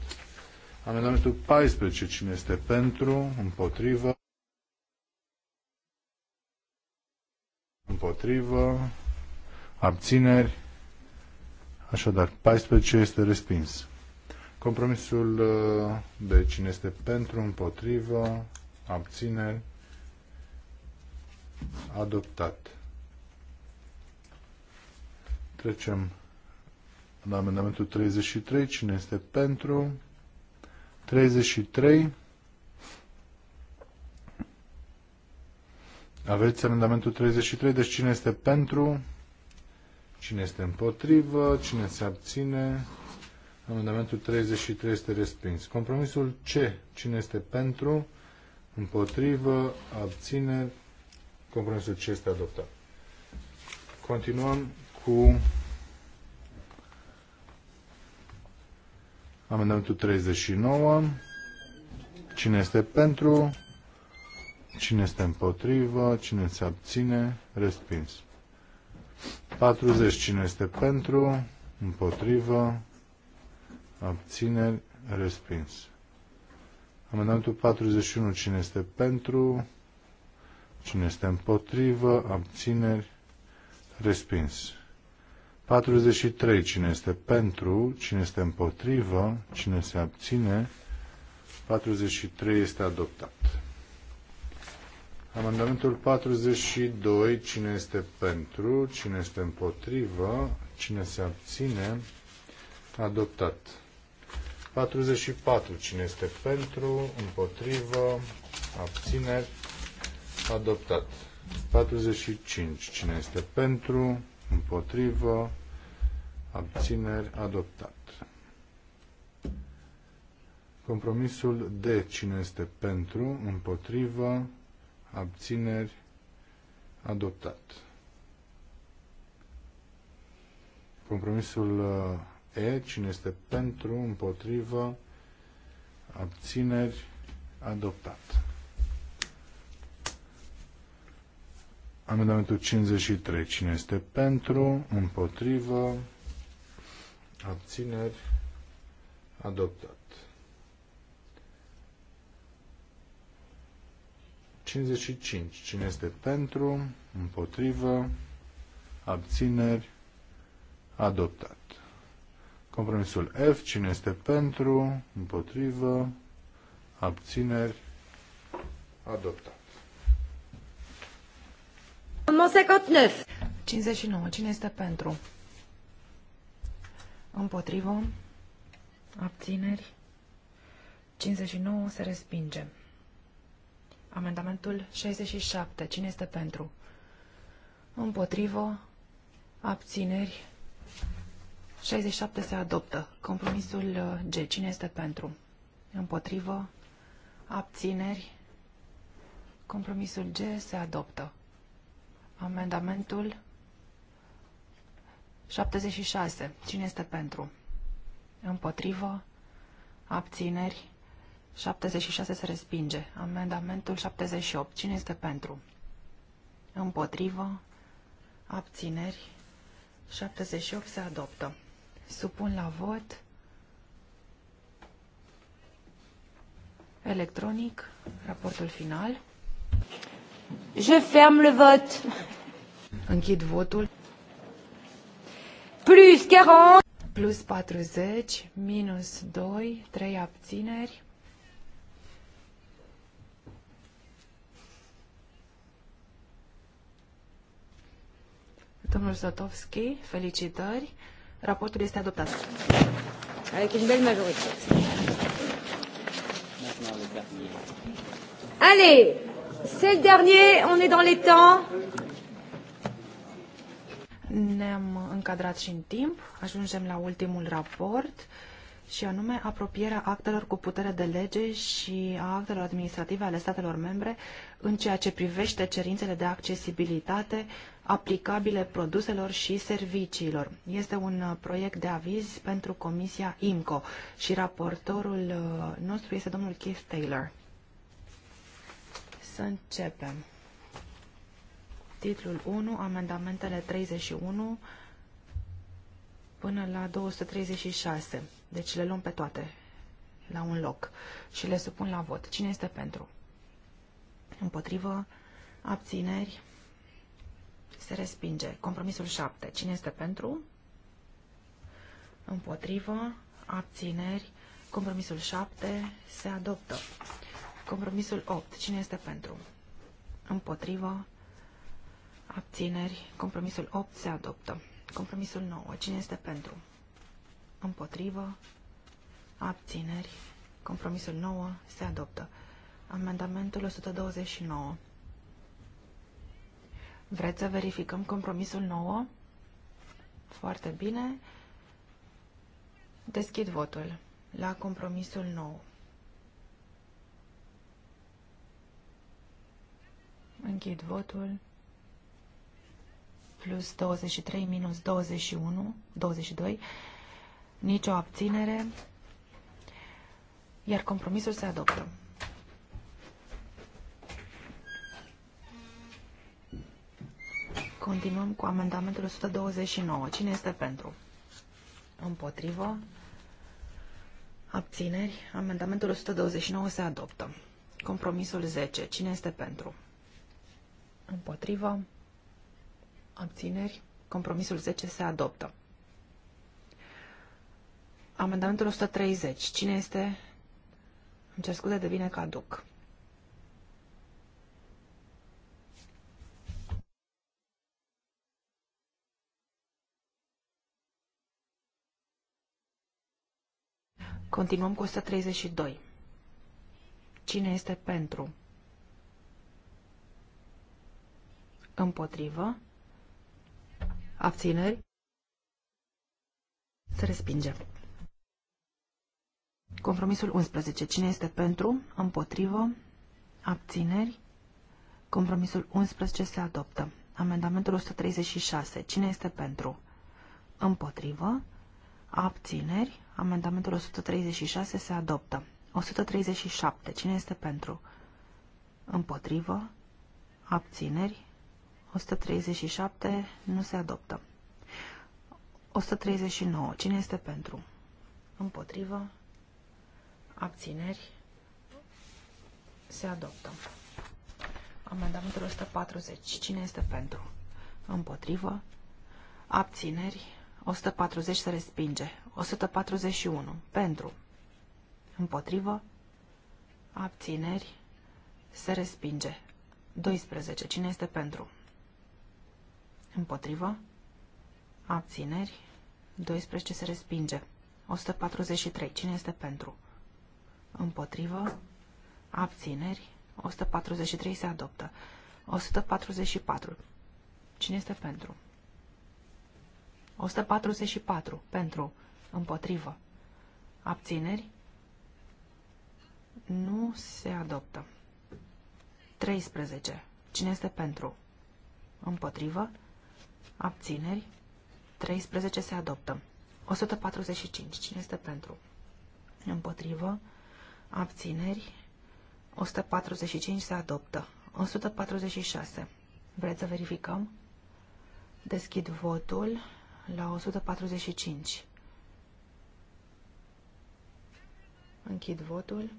Amendamentul 14. Cine este pentru? Împotrivă? Împotrivă? Abțineri? Așadar, 14 este respins. Compromisul uh, de cine este pentru, împotrivă, abțineri, adoptat. Trecem la amendamentul 33. Cine este pentru? 33. Aveți amendamentul 33, deci cine este pentru, cine este împotrivă, cine se abține, Amendamentul 33 este respins. Compromisul C. Cine este pentru? Împotrivă? abține. Compromisul C este adoptat. Continuăm cu amendamentul 39. Cine este pentru? Cine este împotrivă? Cine se abține? Respins. 40. Cine este pentru? Împotrivă? abțineri, respins. Amendamentul 41, cine este pentru, cine este împotrivă, abțineri, respins. 43, cine este pentru, cine este împotrivă, cine se abține, 43 este adoptat. Amendamentul 42, cine este pentru, cine este împotrivă, cine se abține, adoptat. 44. Cine este pentru? Împotrivă? Abțineri? Adoptat. 45. Cine este pentru? Împotrivă? Abțineri? Adoptat. Compromisul D. Cine este pentru? Împotrivă? Abțineri? Adoptat. Compromisul uh, E. Cine este pentru, împotrivă, abțineri, adoptat. Amendamentul 53. Cine este pentru, împotrivă, abțineri, adoptat. 55. Cine este pentru, împotrivă, abțineri, adoptat. Compromisul F, cine este pentru, împotrivă, abțineri, adoptat. 59. 59. Cine este pentru? Împotrivă, abțineri, 59 se respinge. Amendamentul 67. Cine este pentru? Împotrivă, abțineri, 67 se adoptă. Compromisul uh, G. Cine este pentru? Împotrivă? Abțineri? Compromisul G se adoptă. Amendamentul 76. Cine este pentru? Împotrivă? Abțineri? 76 se respinge. Amendamentul 78. Cine este pentru? Împotrivă? Abțineri? 78 se adoptă supun la vot electronic raportul final. Je ferme le vot. Închid votul. Plus 40. Plus 40, minus 2, 3 abțineri. Domnul Zatovski, felicitări. Raportul este adoptat. Avec une belle majorité. Allez, c'est le dernier, on est dans les temps. Ne-am încadrat și în timp, ajungem la ultimul raport și anume apropierea actelor cu putere de lege și a actelor administrative ale statelor membre în ceea ce privește cerințele de accesibilitate aplicabile produselor și serviciilor. Este un uh, proiect de aviz pentru Comisia IMCO și raportorul uh, nostru este domnul Keith Taylor. Să începem. Titlul 1, amendamentele 31 până la 236. Deci le luăm pe toate la un loc și le supun la vot. Cine este pentru? Împotrivă? Abțineri? se respinge. Compromisul 7. Cine este pentru? Împotrivă, abțineri. Compromisul 7 se adoptă. Compromisul 8. Cine este pentru? Împotrivă, abțineri. Compromisul 8 se adoptă. Compromisul 9. Cine este pentru? Împotrivă, abțineri. Compromisul 9 se adoptă. Amendamentul 129. Vreți să verificăm compromisul nouă? Foarte bine. Deschid votul la compromisul nou. Închid votul. Plus 23, minus 21, 22. Nicio abținere. Iar compromisul se adoptă. Continuăm cu amendamentul 129. Cine este pentru? Împotrivă. Abțineri. Amendamentul 129 se adoptă. Compromisul 10. Cine este pentru? Împotrivă. Abțineri. Compromisul 10 se adoptă. Amendamentul 130. Cine este? Îmi cer scuze, devine caduc. Continuăm cu 132. Cine este pentru? Împotrivă. Abțineri. Se respinge. Compromisul 11. Cine este pentru? Împotrivă. Abțineri. Compromisul 11 se adoptă. Amendamentul 136. Cine este pentru? Împotrivă. Abțineri. Amendamentul 136 se adoptă. 137. Cine este pentru? Împotrivă. Abțineri. 137. Nu se adoptă. 139. Cine este pentru? Împotrivă. Abțineri. Se adoptă. Amendamentul 140. Cine este pentru? Împotrivă. Abțineri 140 se respinge. 141. Pentru. Împotrivă. Abțineri. Se respinge. 12. Cine este pentru? Împotrivă. Abțineri. 12 se respinge. 143. Cine este pentru? Împotrivă. Abțineri. 143 se adoptă. 144. Cine este pentru? 144 pentru, împotrivă, abțineri, nu se adoptă. 13. Cine este pentru? Împotrivă, abțineri, 13 se adoptă. 145. Cine este pentru? Împotrivă, abțineri, 145 se adoptă. 146. Vreți să verificăm? Deschid votul la 145. Închid votul.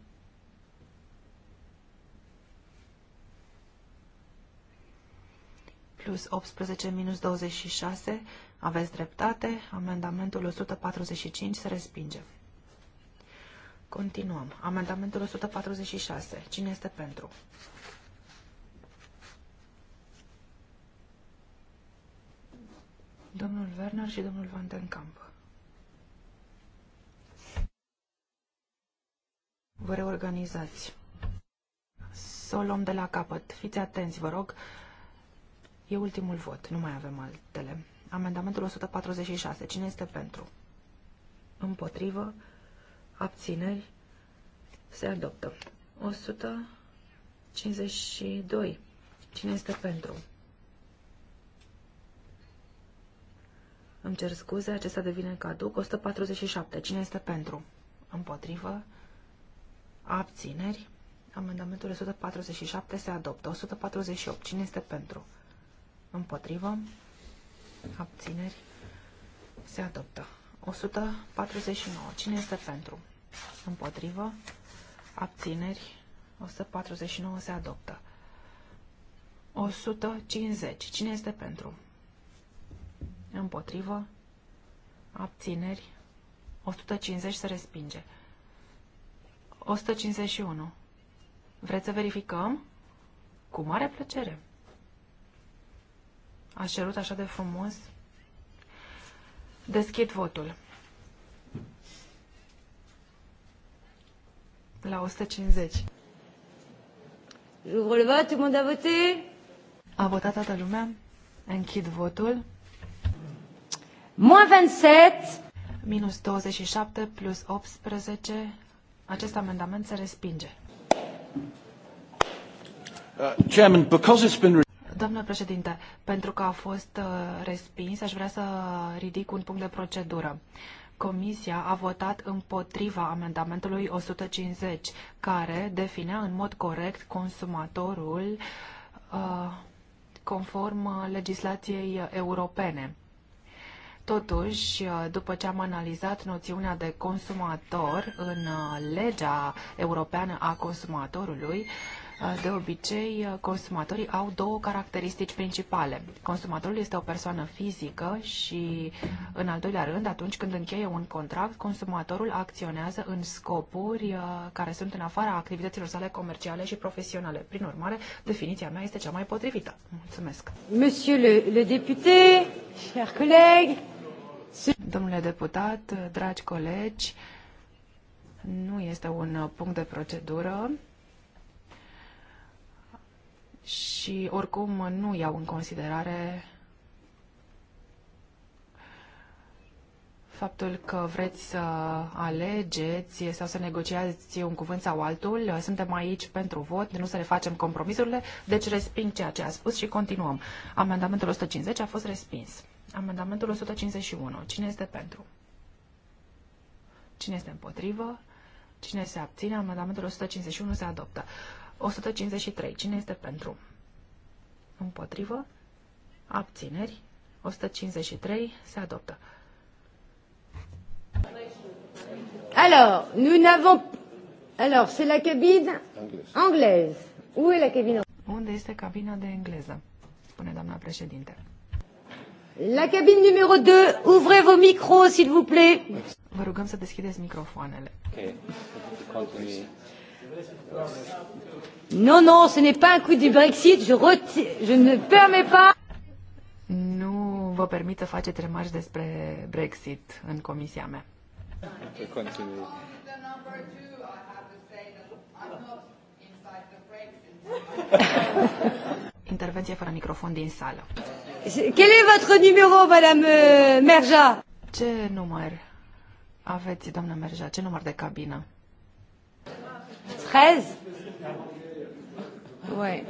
Plus 18 minus 26. Aveți dreptate. Amendamentul 145 se respinge. Continuăm. Amendamentul 146. Cine este pentru? Pentru. domnul Werner și domnul Van den Kamp. Vă reorganizați. Să o luăm de la capăt. Fiți atenți, vă rog. E ultimul vot, nu mai avem altele. Amendamentul 146. Cine este pentru? Împotrivă? Abțineri? Se adoptă. 152. Cine este pentru? Îmi cer scuze, acesta devine caduc. 147. Cine este pentru? Împotrivă. Abțineri. Amendamentul 147 se adoptă. 148. Cine este pentru? Împotrivă. Abțineri. Se adoptă. 149. Cine este pentru? Împotrivă. Abțineri. 149 se adoptă. 150. Cine este pentru? împotrivă, abțineri, 150 se respinge. 151. Vreți să verificăm? Cu mare plăcere. A cerut așa de frumos? Deschid votul. La 150. J'ouvre le vote, tout le monde a voté? A votat toată lumea? Închid votul. Moins 27. Minus 27 plus 18. Acest amendament se respinge. Uh, chairman, because it's been... Domnule președinte, pentru că a fost uh, respins, aș vrea să ridic un punct de procedură. Comisia a votat împotriva amendamentului 150, care definea în mod corect consumatorul uh, conform uh, legislației europene. Totuși, după ce am analizat noțiunea de consumator în uh, legea europeană a consumatorului, uh, de obicei, uh, consumatorii au două caracteristici principale. Consumatorul este o persoană fizică și, în al doilea rând, atunci când încheie un contract, consumatorul acționează în scopuri care sunt în afara activităților sale comerciale și profesionale. Prin urmare, definiția mea este cea mai potrivită. Mulțumesc. Monsieur le, le député, chers collègues, Domnule deputat, dragi colegi, nu este un punct de procedură și oricum nu iau în considerare faptul că vreți să alegeți sau să negociați un cuvânt sau altul. Suntem aici pentru vot, nu să ne facem compromisurile, deci resping ceea ce a spus și continuăm. Amendamentul 150 a fost respins. Amendamentul 151. Cine este pentru? Cine este împotrivă? Cine se abține? Amendamentul 151 se adoptă. 153. Cine este pentru? Împotrivă? Abțineri? 153 se adoptă. Alors, nous n'avons... Alors, c'est la cabine anglaise. Où est la cabine Unde este cabina de engleză? Spune doamna președinte. La cabine numero 2, ouvrez vos micros, s'il vous plaît. Vă rugăm să deschideți microfoanele. Okay. Non, non, ce n'est pas un coup du Brexit, je, reti- je ne permets pas. Nu vă permit să faceți remarci despre Brexit în comisia mea. Intervenție fără microfon din sală. Quel est votre numéro, madame euh, Merja? Ce număr aveți, doamnă Merja? Ce număr de cabină? 13? Oui.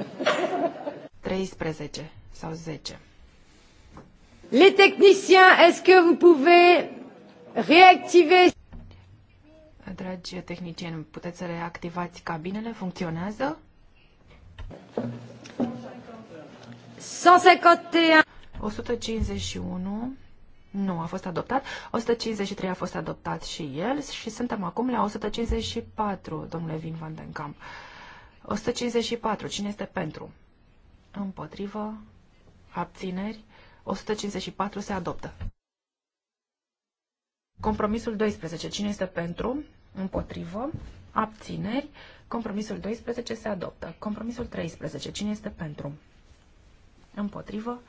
13 sau 10. Les techniciens, est-ce que vous pouvez réactiver Dragi tehnicieni, puteți să reactivați cabinele? Funcționează? 151 nu a fost adoptat, 153 a fost adoptat și el și suntem acum la 154, domnule Vin van den Kamp. 154, cine este pentru? Împotrivă, abțineri, 154 se adoptă. Compromisul 12, cine este pentru? Împotrivă, abțineri, compromisul 12 se adoptă. Compromisul 13, cine este pentru? Împotrivă.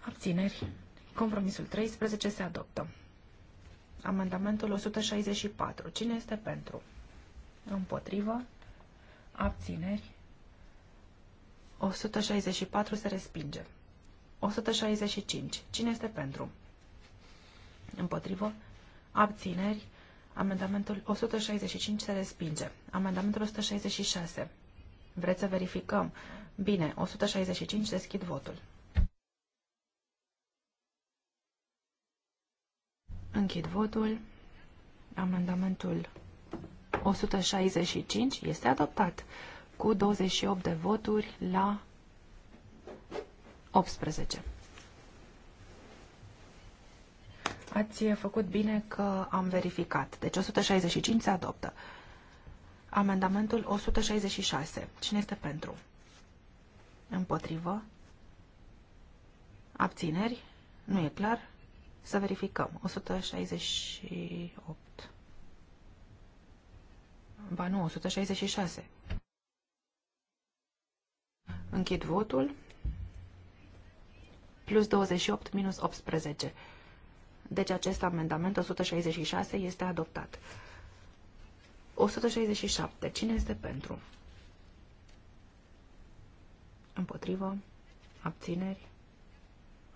Abțineri. Compromisul 13 se adoptă. Amendamentul 164. Cine este pentru? Împotrivă. Abțineri. 164 se respinge. 165. Cine este pentru? Împotrivă. Abțineri. Amendamentul 165 se respinge. Amendamentul 166. Vreți să verificăm Bine, 165 deschid votul. Închid votul. Amendamentul 165 este adoptat cu 28 de voturi la 18. Ați făcut bine că am verificat. Deci 165 se adoptă. Amendamentul 166. Cine este pentru? Împotrivă. Abțineri. Nu e clar. Să verificăm. 168. Ba nu, 166. Închid votul. Plus 28 minus 18. Deci acest amendament 166 este adoptat. 167. Cine este pentru? Împotrivă. Abțineri.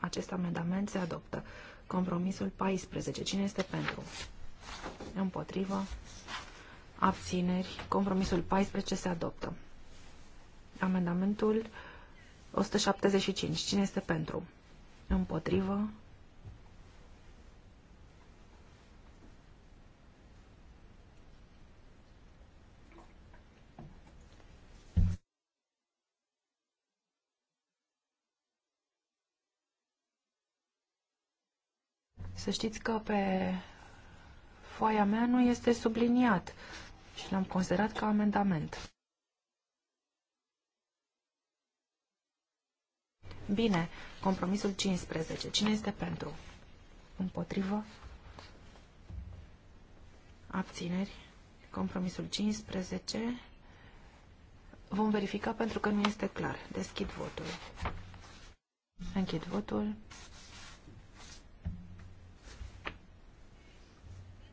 Acest amendament se adoptă. Compromisul 14. Cine este pentru? Împotrivă. Abțineri. Compromisul 14 se adoptă. Amendamentul 175. Cine este pentru? Împotrivă. Să știți că pe foaia mea nu este subliniat și l-am considerat ca amendament. Bine, compromisul 15. Cine este pentru? Împotrivă? Abțineri? Compromisul 15. Vom verifica pentru că nu este clar. Deschid votul. Închid votul.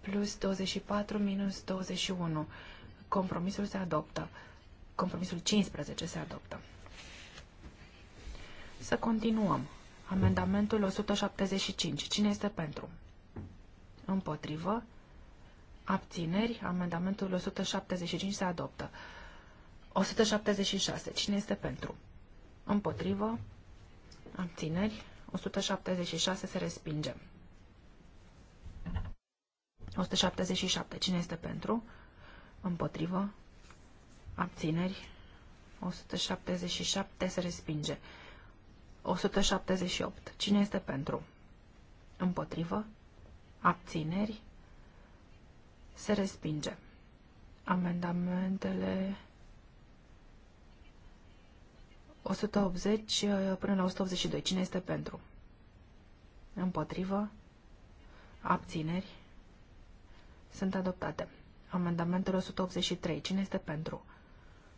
plus 24 minus 21. Compromisul se adoptă. Compromisul 15 se adoptă. Să continuăm. Amendamentul 175. Cine este pentru? Împotrivă. Abțineri. Amendamentul 175 se adoptă. 176. Cine este pentru? Împotrivă. Abțineri. 176 se respinge. 177. Cine este pentru? Împotrivă. Abțineri. 177 se respinge. 178. Cine este pentru? Împotrivă. Abțineri. Se respinge. Amendamentele 180 uh, până la 182. Cine este pentru? Împotrivă. Abțineri. Sunt adoptate. Amendamentul 183. Cine este pentru?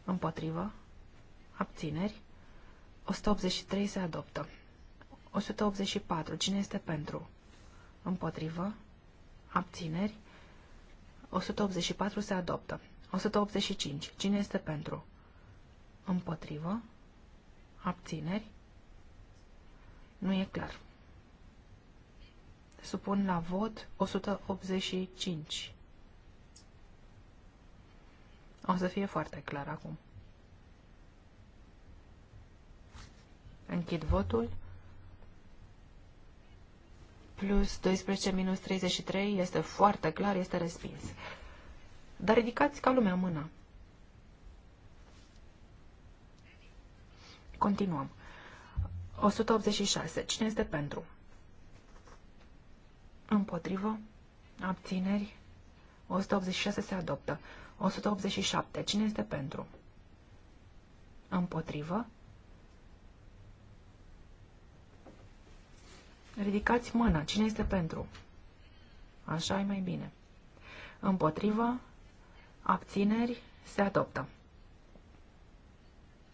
Împotrivă. Abțineri. 183 se adoptă. 184. Cine este pentru? Împotrivă. Abțineri. 184 se adoptă. 185. Cine este pentru? Împotrivă. Abțineri. Nu e clar. Supun la vot 185. O să fie foarte clar acum. Închid votul. Plus 12 minus 33 este foarte clar, este respins. Dar ridicați ca lumea mâna. Continuăm. 186. Cine este pentru? Împotrivă. Abțineri. 186 se adoptă. 187. Cine este pentru? Împotrivă. Ridicați mâna. Cine este pentru? Așa e mai bine. Împotrivă. Abțineri. Se adoptă.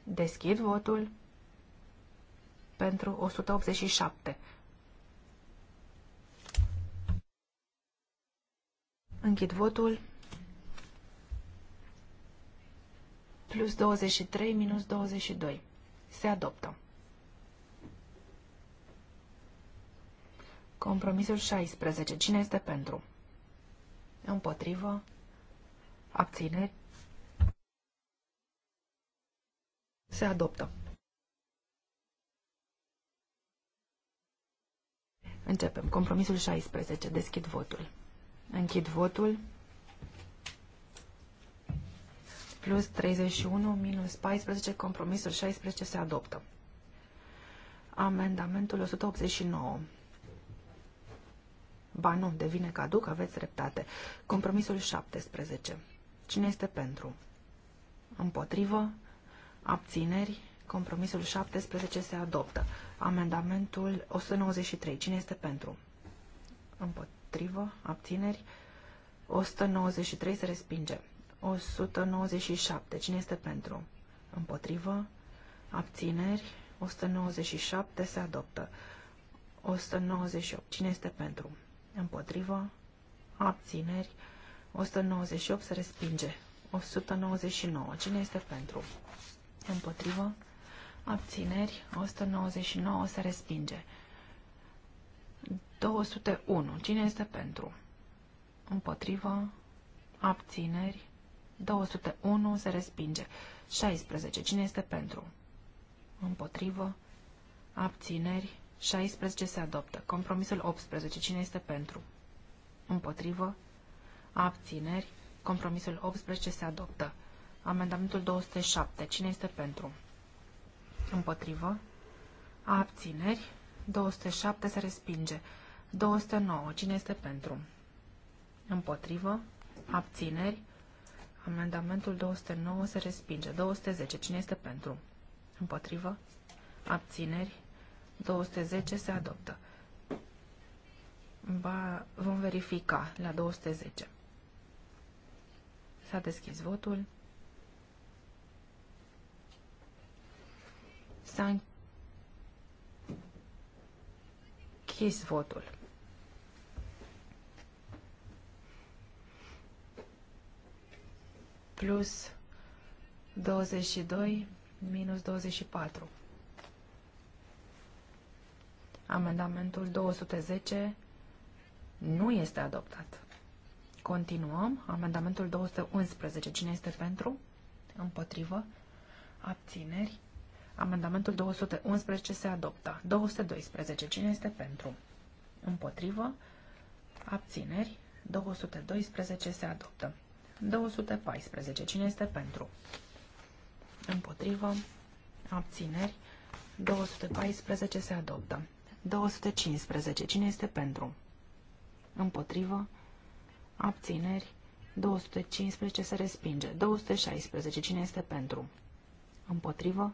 Deschid votul pentru 187. Închid votul. Plus 23 minus 22. Se adoptă. Compromisul 16. Cine este pentru? Împotrivă. Abțineri. Se adoptă. Începem. Compromisul 16. Deschid votul. Închid votul. Plus 31, minus 14, compromisul 16 se adoptă. Amendamentul 189. Ba nu, devine caduc, aveți dreptate. Compromisul 17. Cine este pentru? Împotrivă? Abțineri? Compromisul 17 se adoptă. Amendamentul 193. Cine este pentru? Împotrivă? Împotrivă. Abțineri. 193 se respinge. 197. Cine este pentru? Împotrivă. Abțineri. 197 se adoptă. 198. Cine este pentru? Împotrivă. Abțineri. 198 se respinge. 199. Cine este pentru? Împotrivă. Abțineri. 199 se respinge. 201. Cine este pentru? Împotrivă. Abțineri. 201 se respinge. 16. Cine este pentru? Împotrivă. Abțineri. 16 se adoptă. Compromisul 18. Cine este pentru? Împotrivă. Abțineri. Compromisul 18 se adoptă. Amendamentul 207. Cine este pentru? Împotrivă. Abțineri. 207 se respinge. 209. Cine este pentru? Împotrivă. Abțineri. Amendamentul 209 se respinge. 210. Cine este pentru? Împotrivă. Abțineri. 210 se adoptă. Ba, vom verifica la 210. S-a deschis votul. S-a închis votul. plus 22 minus 24. Amendamentul 210 nu este adoptat. Continuăm. Amendamentul 211. Cine este pentru? Împotrivă. Abțineri. Amendamentul 211 se adoptă. 212. Cine este pentru? Împotrivă. Abțineri. 212 se adoptă. 214. Cine este pentru? Împotrivă. Abțineri. 214 se adoptă. 215. Cine este pentru? Împotrivă. Abțineri. 215 se respinge. 216. Cine este pentru? Împotrivă.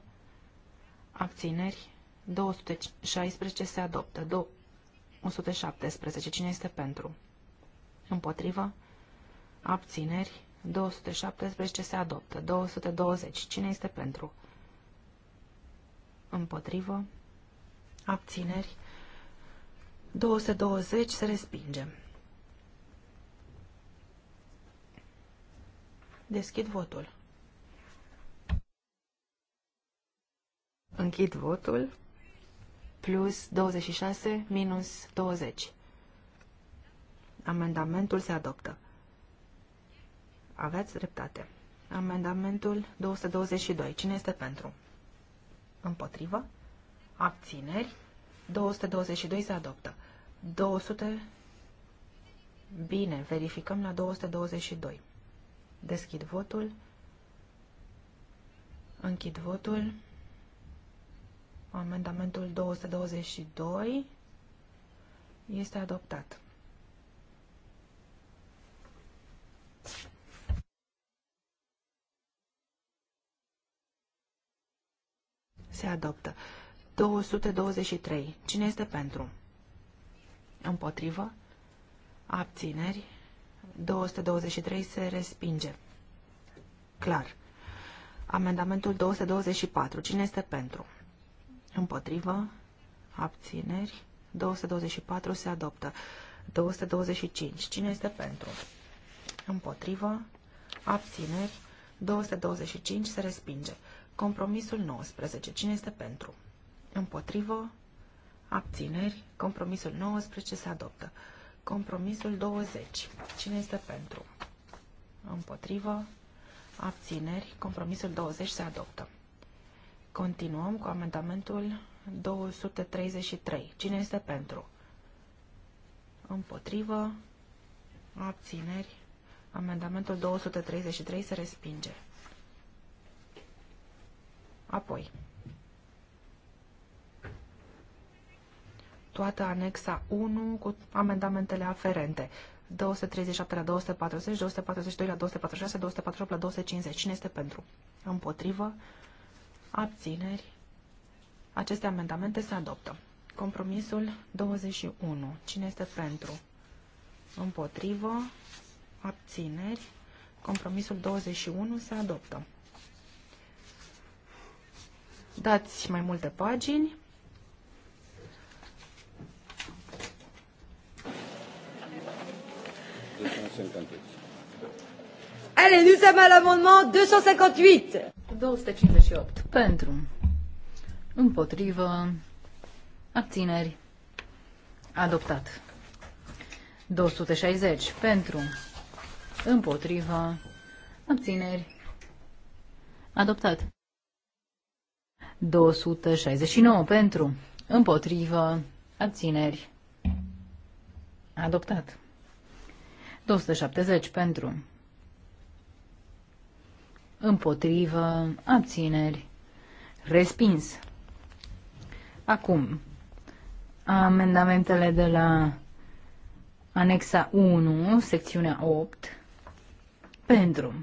Abțineri. 216 se adoptă. 217 Cine este pentru? Împotrivă. Abțineri. 217 se adoptă. 220. Cine este pentru? Împotrivă. Abțineri. 220 se respinge. Deschid votul. Închid votul. Plus 26 minus 20. Amendamentul se adoptă. Aveți dreptate. Amendamentul 222. Cine este pentru? Împotrivă? Abțineri? 222 se adoptă. 200... Bine, verificăm la 222. Deschid votul. Închid votul. Amendamentul 222 este adoptat. se adoptă. 223. Cine este pentru? Împotrivă? Abțineri? 223 se respinge. Clar. Amendamentul 224. Cine este pentru? Împotrivă? Abțineri? 224 se adoptă. 225. Cine este pentru? Împotrivă? Abțineri? 225 se respinge. Compromisul 19. Cine este pentru? Împotrivă? Abțineri? Compromisul 19 se adoptă. Compromisul 20. Cine este pentru? Împotrivă? Abțineri? Compromisul 20 se adoptă. Continuăm cu amendamentul 233. Cine este pentru? Împotrivă? Abțineri? Amendamentul 233 se respinge. Apoi, toată anexa 1 cu amendamentele aferente. 237 la 240, 242 la 246, 248 la 250. Cine este pentru? Împotrivă? Abțineri? Aceste amendamente se adoptă. Compromisul 21. Cine este pentru? Împotrivă? Abțineri? Compromisul 21 se adoptă dați mai multe pagini. Allez, nous sommes à l'amendement 258. 258. Pentru. Împotrivă. Abțineri. Adoptat. 260. Pentru. Împotrivă. Abțineri. Adoptat. 269 pentru, împotrivă, abțineri, adoptat. 270 pentru, împotrivă, abțineri, respins. Acum, amendamentele de la anexa 1, secțiunea 8, pentru,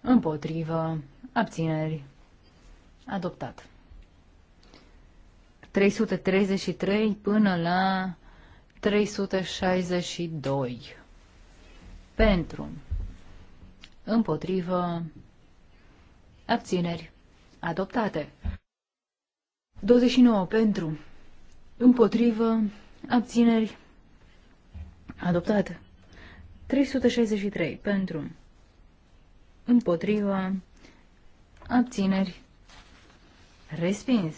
împotrivă, abțineri, Adoptat. 333 până la 362. Pentru. Împotrivă. Abțineri. Adoptate. 29. Pentru. Împotrivă. Abțineri. Adoptate. 363. Pentru. Împotrivă. Abțineri. Respins.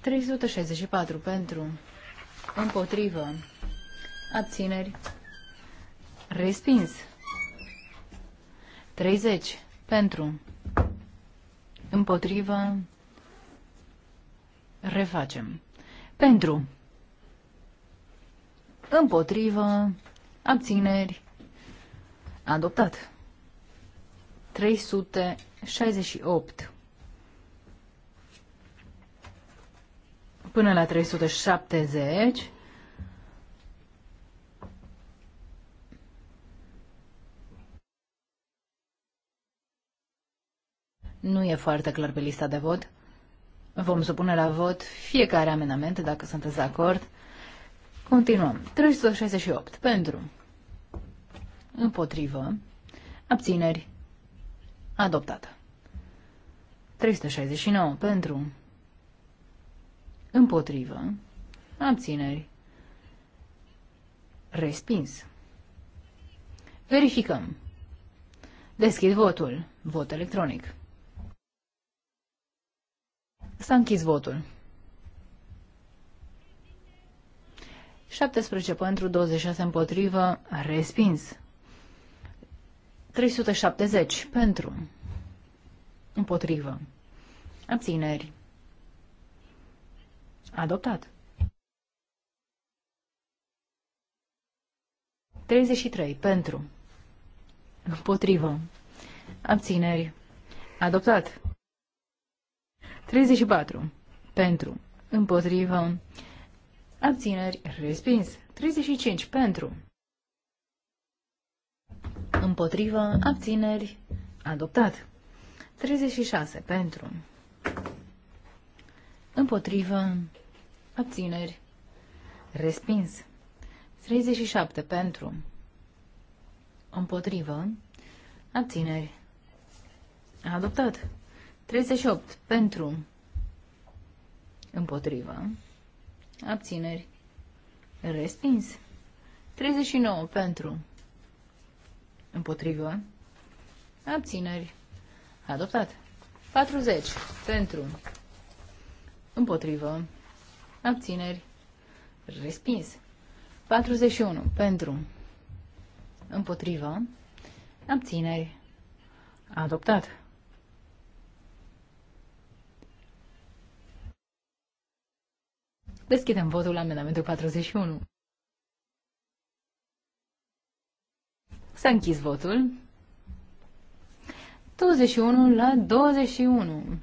364 pentru. Împotrivă. Abțineri. Respins. 30 pentru. Împotrivă. Refacem. Pentru. Împotrivă. Abțineri. Adoptat. 368 până la 370. Nu e foarte clar pe lista de vot. Vom supune la vot fiecare amendament, dacă sunteți de acord. Continuăm. 368. Pentru. Împotrivă. Abțineri. Adoptată. 369. Pentru. Împotrivă. Abțineri. Respins. Verificăm. Deschid votul. Vot electronic. S-a închis votul. 17 pentru, 26 împotrivă, respins. 370 pentru, împotrivă, abțineri, Adoptat. 33. Pentru. Împotrivă. Abțineri. Adoptat. 34. Pentru. Împotrivă. Abțineri. Respins. 35. Pentru. Împotrivă. Abțineri. Adoptat. 36. Pentru. Împotrivă. Abțineri. Respins. 37 pentru. Împotrivă. Abțineri. Adoptat. 38 pentru. Împotrivă. Abțineri. Respins. 39 pentru. Împotrivă. Abțineri. Adoptat. 40 pentru. Împotrivă abțineri, respins. 41 pentru, împotrivă, abțineri, adoptat. Deschidem votul la amendamentul 41. S-a închis votul. 21 la 21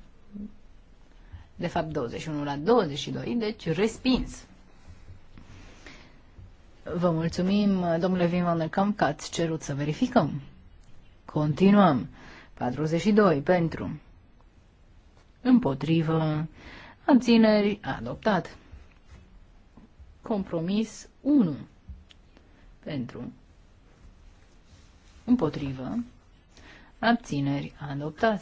de fapt 21 la 22, deci respins. Vă mulțumim, domnule Vin Van Kamp, că ați cerut să verificăm. Continuăm. 42 pentru. Împotrivă. Abțineri. Adoptat. Compromis 1. Pentru. Împotrivă. Abțineri. Adoptat.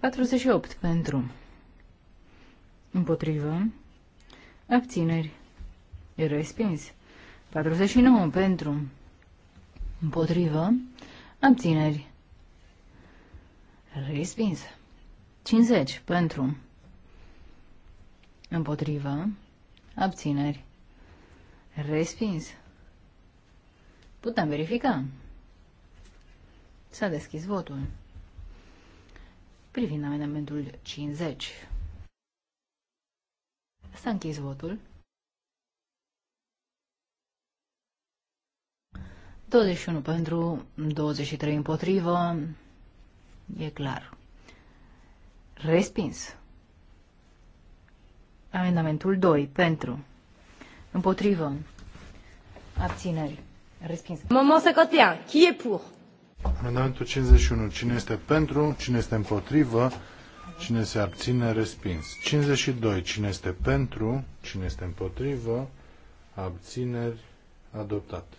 48 pentru. Împotrivă. Abțineri. E respins. 49 pentru. Împotrivă. Abțineri. Respins. 50 pentru. Împotrivă. Abțineri. Respins. Putem verifica. S-a deschis votul. Privind amendamentul 50. S-a închis votul. 21 pentru, 23 împotrivă, e clar. Respins. Amendamentul 2 pentru, împotrivă, abțineri, respins. Moment secătea, qui e pour? Amendamentul 51, cine este pentru, cine este împotrivă, Cine se abține, respins. 52. Cine este pentru? Cine este împotrivă? Abțineri, adoptat.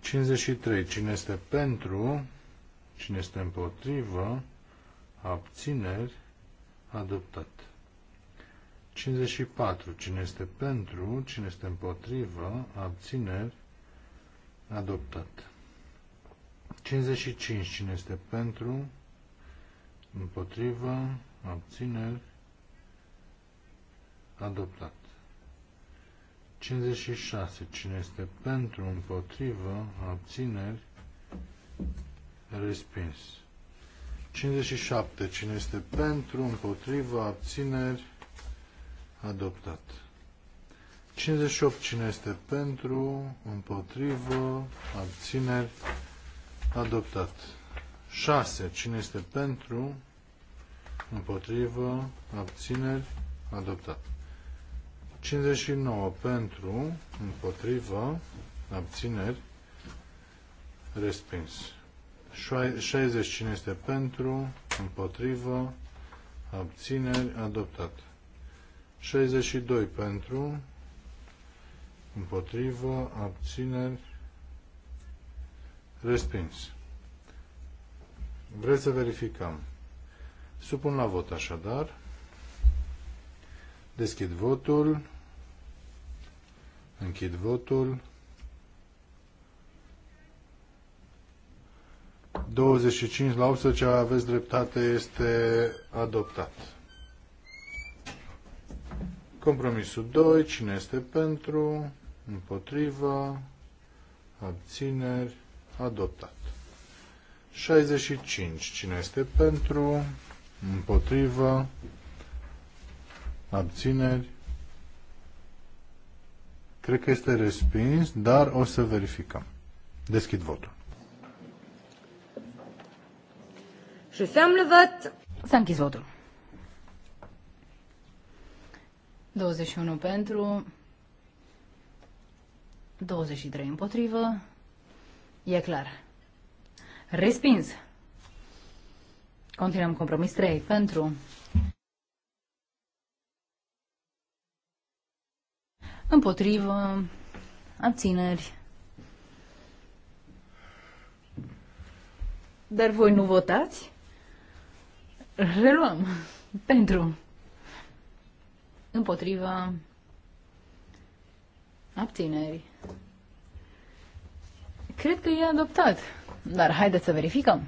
53. Cine este pentru? Cine este împotrivă? Abțineri, adoptat. 54. Cine este pentru? Cine este împotrivă? Abțineri, adoptat. 55. Cine este pentru? împotrivă, abțineri, adoptat. 56. Cine este pentru, împotrivă, abțineri, respins. 57. Cine este pentru, împotrivă, abțineri, adoptat. 58. Cine este pentru, împotrivă, abțineri, adoptat. 6. Cine este pentru? Împotrivă. Abțineri. Adoptat. 59 pentru, împotrivă, abțineri, respins. 60 cine este pentru, împotrivă, abțineri, adoptat. 62 pentru, împotrivă, abțineri, respins. Vreți să verificăm. Supun la vot așadar. Deschid votul. Închid votul. 25 la 18 aveți dreptate, este adoptat. Compromisul 2, cine este pentru, împotrivă, abțineri, adoptat. 65. Cine este pentru? Împotrivă? Abțineri? Cred că este respins, dar o să verificăm. Deschid votul. Și ferme le S-a închis votul. 21 pentru, 23 împotrivă. E clar. Respins. Continuăm compromis 3. Pentru. Împotrivă. Abțineri. Dar voi nu votați? Reluăm. Pentru. Împotrivă. Abțineri. Cred că e adoptat. Dar haideți să verificăm.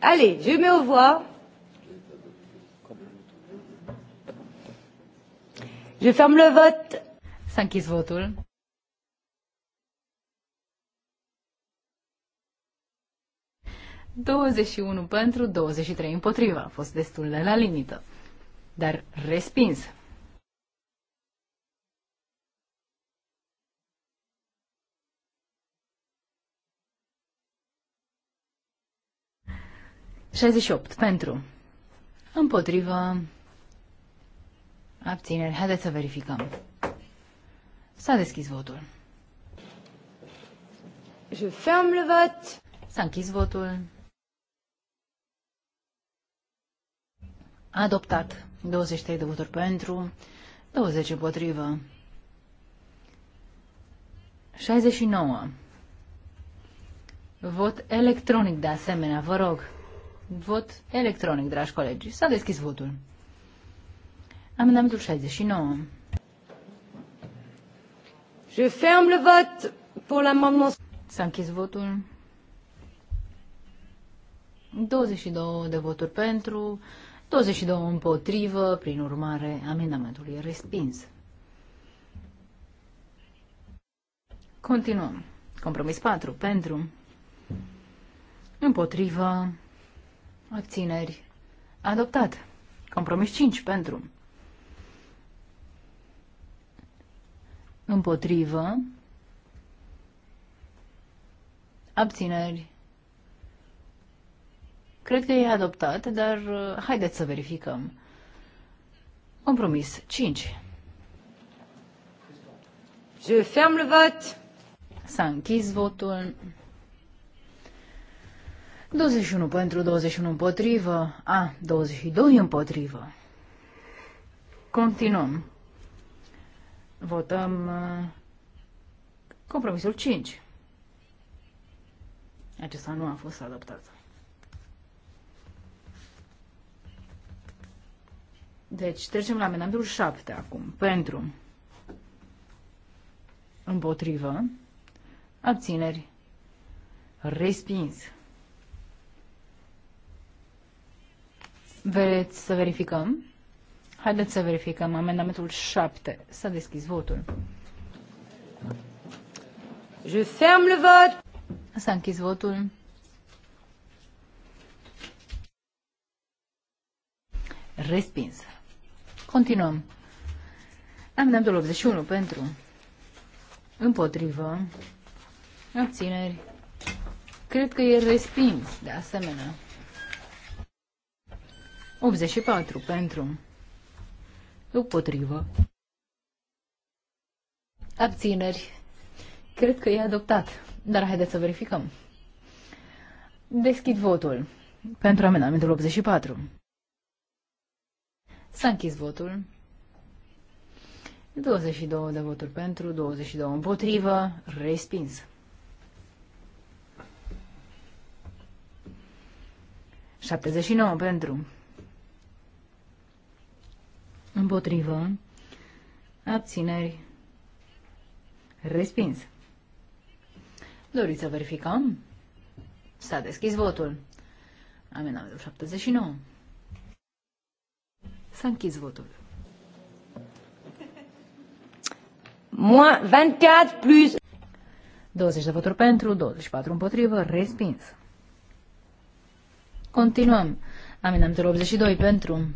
Allez, je me au Je ferme le vote. S-a închis votul. ...21 pentru, 23 împotriva. A fost destul de la limită. Dar respins. 68. Pentru. Împotrivă. Abțineri. Haideți să verificăm. S-a deschis votul. Je ferme le vot. S-a închis votul. Adoptat. 23 de voturi pentru, 20 împotrivă. 69. Vot electronic de asemenea, vă rog. Vot electronic, dragi colegi. S-a deschis votul. Amendamentul 69. Je ferme le vote pour l'amendement. S-a închis votul. 22 de voturi pentru, 22 împotrivă, prin urmare, amendamentul e respins. Continuăm. Compromis 4 pentru, împotrivă, Abțineri. Adoptat. Compromis 5 pentru. Împotrivă. Abțineri. Cred că e adoptat, dar uh, haideți să verificăm. Compromis 5. Je ferme le vote. S-a închis votul. 21 pentru, 21 împotrivă. A, 22 împotrivă. Continuăm. Votăm uh, compromisul 5. Acesta nu a fost adoptat. Deci trecem la amendamentul 7 acum. Pentru, împotrivă, abțineri, respins. Vreți să verificăm? Haideți să verificăm amendamentul 7. Să deschis votul. Je ferme le vot. S-a închis votul. Respins. Continuăm. Amendamentul 81 pentru împotrivă abțineri. Cred că e respins de asemenea. 84 pentru. Împotrivă. Abțineri. Cred că e adoptat, dar haideți să verificăm. Deschid votul pentru amendamentul 84. S-a închis votul. 22 de voturi pentru, 22 împotrivă, respins. 79 pentru, împotrivă, abțineri, respins. Doriți să verificăm? S-a deschis votul. Amenamentul 79. S-a închis votul. Moi, 24 plus 20 de voturi pentru, 24 împotrivă, respins. Continuăm. Amenamentul 82 pentru,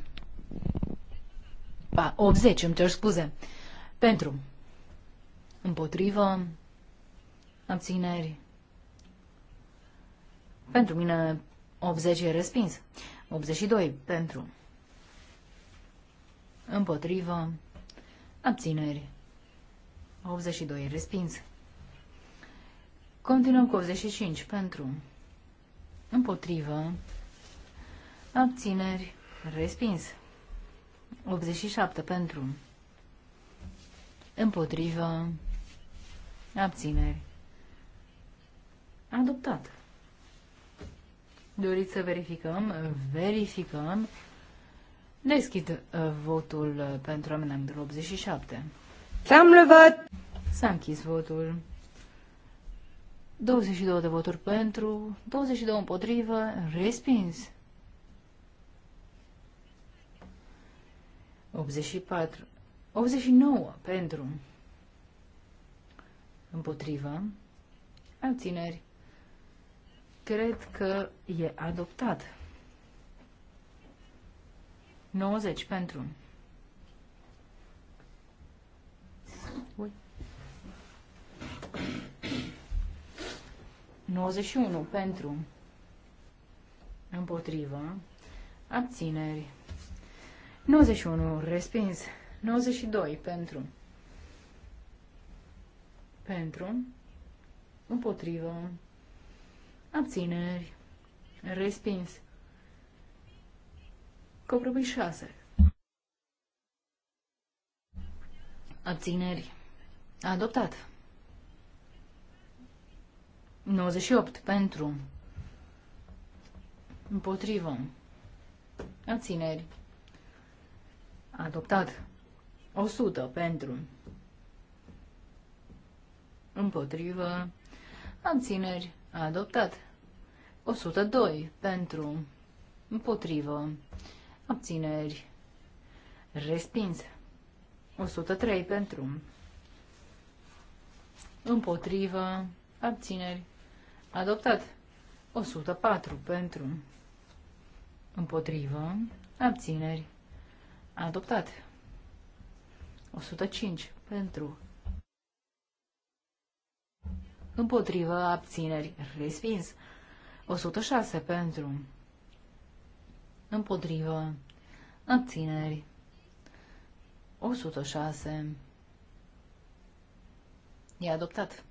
ba, 80, îmi cer scuze, pentru, împotrivă, abțineri. Pentru mine 80 e respins. 82 pentru. Împotrivă. Abțineri. 82 e respins. Continuăm cu 85 pentru. Împotrivă. Abțineri. Respins. 87 pentru. Împotrivă. Abțineri. Adoptat. Doriți să verificăm? Verificăm. Deschid uh, votul uh, pentru amendamentul 87. Am levat. S-a închis votul. 22 de voturi pentru, 22 împotrivă, respins. 84. 89 pentru. Împotrivă. Abțineri. Cred că e adoptat. 90 pentru. Ui. 91 pentru. Împotrivă. Abțineri. 91. Respins. 92. Pentru. Pentru. Împotrivă. Abțineri. Respins. Coprobii 6. Abțineri. Adoptat. 98. Pentru. Împotrivă. Abțineri. Adoptat. 100 pentru. Împotrivă. Abțineri. Adoptat. 102 pentru. Împotrivă. Abțineri. Respins. 103 pentru. Împotrivă. Abțineri. Adoptat. 104 pentru. Împotrivă. Abțineri. Adoptat. 105 pentru. Împotrivă abțineri. Respins. 106 pentru. Împotrivă abțineri. 106. E adoptat.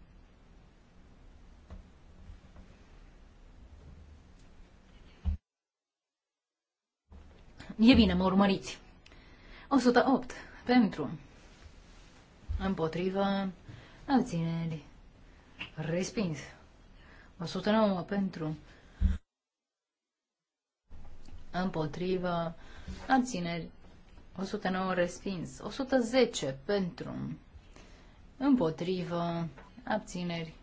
E bine, mă urmăriți. 108. Pentru. Împotrivă. Abțineri. Respins. 109. Pentru. Împotrivă. Abțineri. 109. Respins. 110. Pentru. Împotrivă. Abțineri.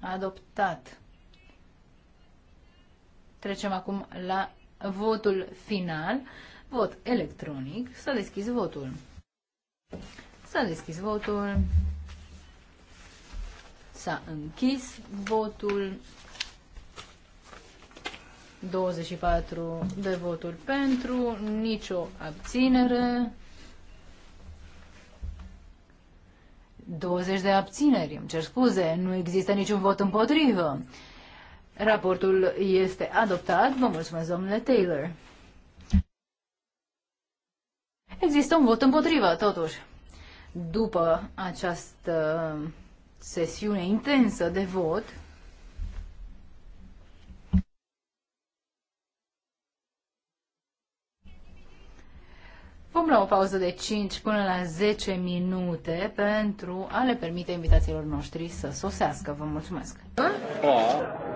Adoptat. Trecem acum la votul final. Vot electronic. S-a deschis votul. S-a deschis votul. S-a închis votul. 24 de voturi pentru, nicio abținere. 20 de abțineri, îmi cer scuze, nu există niciun vot împotrivă. Raportul este adoptat. Vă mulțumesc, domnule Taylor. Există un vot împotrivă, totuși. După această sesiune intensă de vot, Vom lua o pauză de 5 până la 10 minute pentru a le permite invitațiilor noștri să sosească. Vă mulțumesc! Ah.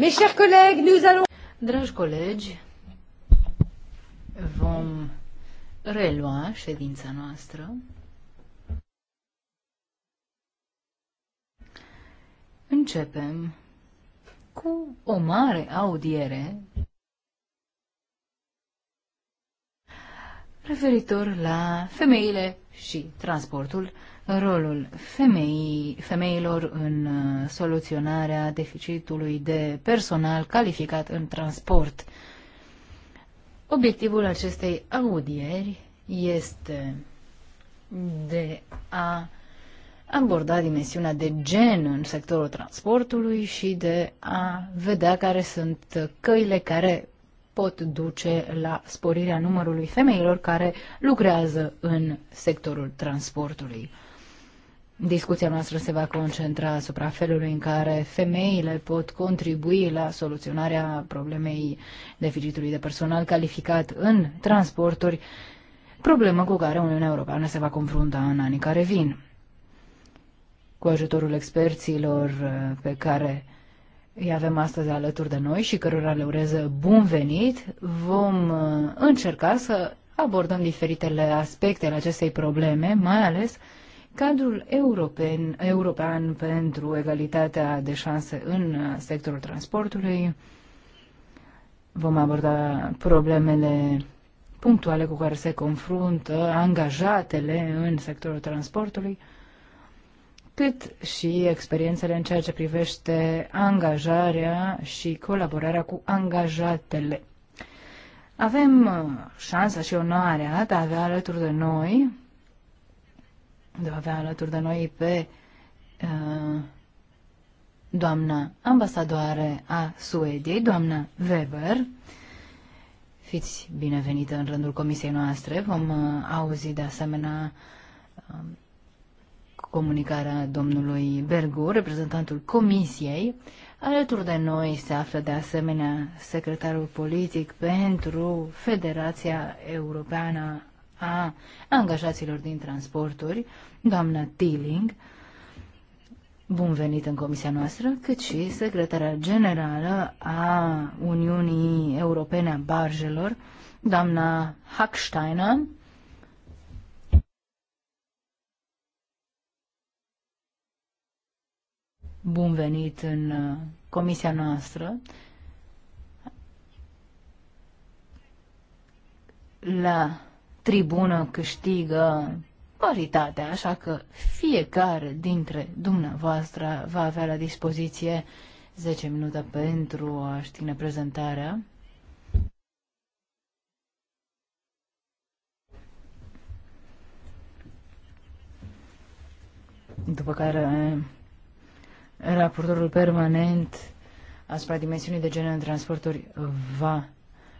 Mes chers collègues, nous allons... Dragi colegi, vom relua ședința noastră. Începem cu o mare audiere referitor la femeile și transportul rolul femeii, femeilor în uh, soluționarea deficitului de personal calificat în transport. Obiectivul acestei audieri este de a aborda dimensiunea de gen în sectorul transportului și de a vedea care sunt căile care pot duce la sporirea numărului femeilor care lucrează în sectorul transportului. Discuția noastră se va concentra asupra felului în care femeile pot contribui la soluționarea problemei deficitului de personal calificat în transporturi, problemă cu care Uniunea Europeană se va confrunta în anii care vin. Cu ajutorul experților uh, pe care îi avem astăzi alături de noi și cărora le urez bun venit, vom uh, încerca să abordăm diferitele aspecte ale acestei probleme, mai ales Cadrul european, european pentru egalitatea de șanse în sectorul transportului. Vom aborda problemele punctuale cu care se confruntă angajatele în sectorul transportului, cât și experiențele în ceea ce privește angajarea și colaborarea cu angajatele. Avem uh, șansa și onoarea de a avea alături de noi de a avea alături de noi pe uh, doamna ambasadoare a Suediei, doamna Weber. Fiți binevenită în rândul comisiei noastre. Vom uh, auzi de asemenea uh, comunicarea domnului Bergu, reprezentantul comisiei. Alături de noi se află de asemenea secretarul politic pentru Federația Europeană a angajaților din transporturi, doamna Tilling, bun venit în comisia noastră, cât și secretara generală a Uniunii Europene a Barjelor, doamna Hacksteiner, bun venit în uh, comisia noastră. La tribună câștigă paritatea, așa că fiecare dintre dumneavoastră va avea la dispoziție 10 minute pentru a-și ține prezentarea. După care raportorul permanent asupra dimensiunii de gen în transporturi va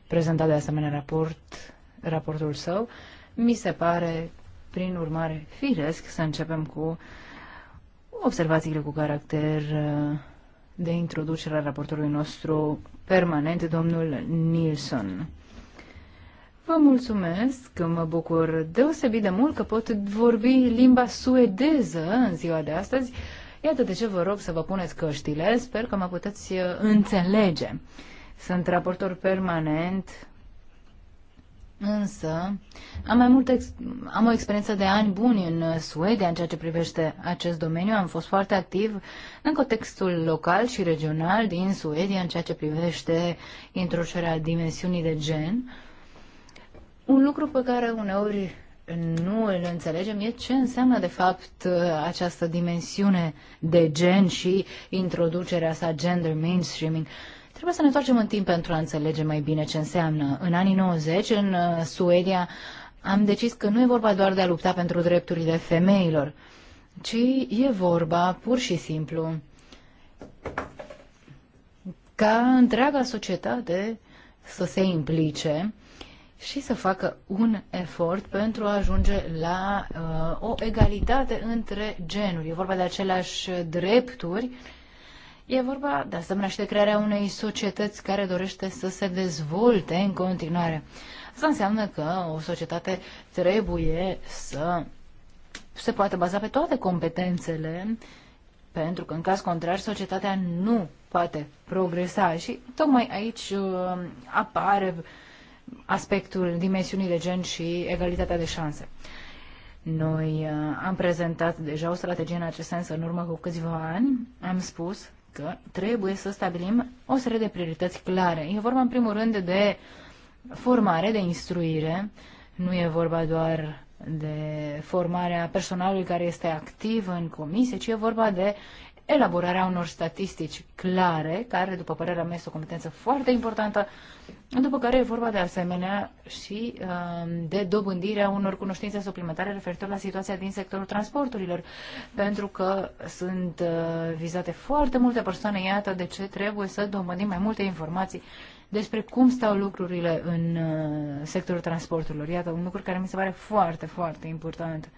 prezenta de asemenea raport raportul său. Mi se pare, prin urmare, firesc să începem cu observațiile cu caracter uh, de introducere a raportorului nostru permanent, domnul Nilsson. Vă mulțumesc, că mă bucur deosebit de mult că pot vorbi limba suedeză în ziua de astăzi. Iată de ce vă rog să vă puneți căștile, sper că mă puteți uh, înțelege. Sunt raportor permanent Însă, am, mai ex- am o experiență de ani buni în Suedia în ceea ce privește acest domeniu. Am fost foarte activ în contextul local și regional din Suedia în ceea ce privește introducerea dimensiunii de gen. Un lucru pe care uneori nu îl înțelegem e ce înseamnă de fapt această dimensiune de gen și introducerea sa gender mainstreaming. Uh, Trebuie să ne întoarcem în timp pentru a înțelege mai bine ce înseamnă. În anii 90, în uh, Suedia, am decis că nu e vorba doar de a lupta pentru drepturile femeilor, ci e vorba pur și simplu ca întreaga societate să se implice și să facă un efort pentru a ajunge la uh, o egalitate între genuri. E vorba de aceleași drepturi E vorba de asemenea și de crearea unei societăți care dorește să se dezvolte în continuare. Asta înseamnă că o societate trebuie să se poate baza pe toate competențele, pentru că în caz contrar societatea nu poate progresa și tocmai aici uh, apare aspectul dimensiunii de gen și egalitatea de șanse. Noi uh, am prezentat deja o strategie în acest sens în urmă cu câțiva ani. Am spus că trebuie să stabilim o serie de priorități clare. E vorba, în primul rând, de formare, de instruire. Nu e vorba doar de formarea personalului care este activ în comisie, ci e vorba de elaborarea unor statistici clare, care, după părerea mea, este o competență foarte importantă, după care e vorba de asemenea și um, de dobândirea unor cunoștințe suplimentare referitor la situația din sectorul transporturilor, pentru că sunt uh, vizate foarte multe persoane, iată de ce trebuie să dobândim mai multe informații despre cum stau lucrurile în uh, sectorul transporturilor. Iată, un lucru care mi se pare foarte, foarte important.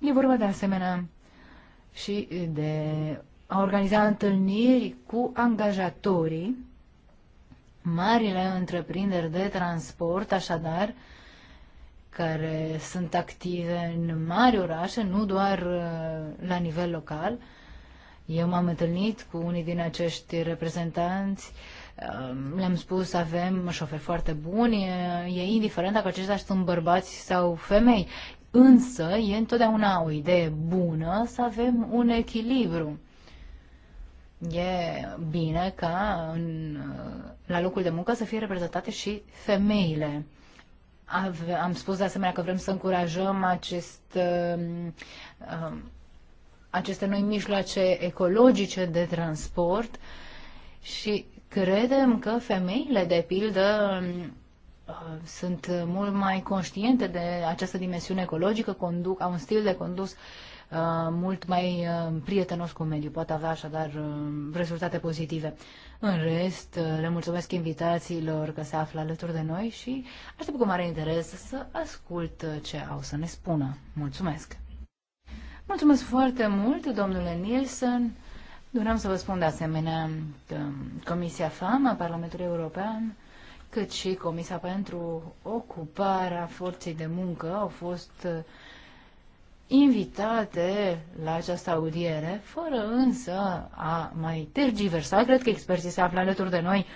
E vorba de asemenea și de a organiza întâlniri cu angajatorii. Marile întreprinderi de transport, așadar, care sunt active în mari orașe, nu doar uh, la nivel local. Eu m-am întâlnit cu unii din acești reprezentanți, uh, le-am spus avem șoferi foarte buni, uh, e indiferent dacă aceștia sunt bărbați sau femei. Însă, e întotdeauna o idee bună să avem un echilibru. E bine ca în, la locul de muncă să fie reprezentate și femeile. Am spus de asemenea că vrem să încurajăm acest, um, um, aceste noi mijloace ecologice de transport și credem că femeile, de pildă, Uh, sunt mult mai conștiente de această dimensiune ecologică, conduc, au un stil de condus uh, mult mai uh, prietenos cu mediul, poate avea așadar rezultate pozitive. În rest, le mulțumesc invitațiilor că se află alături de noi și aștept cu mare interes să ascult ce au să ne spună. Mulțumesc! Mulțumesc foarte mult, domnule Nielsen. Doream să vă spun de asemenea că Comisia FAM a Parlamentului European cât și Comisia pentru Ocuparea Forței de Muncă au fost uh, invitate la această audiere, fără însă a mai tergiversa. Cred că experții se află alături de noi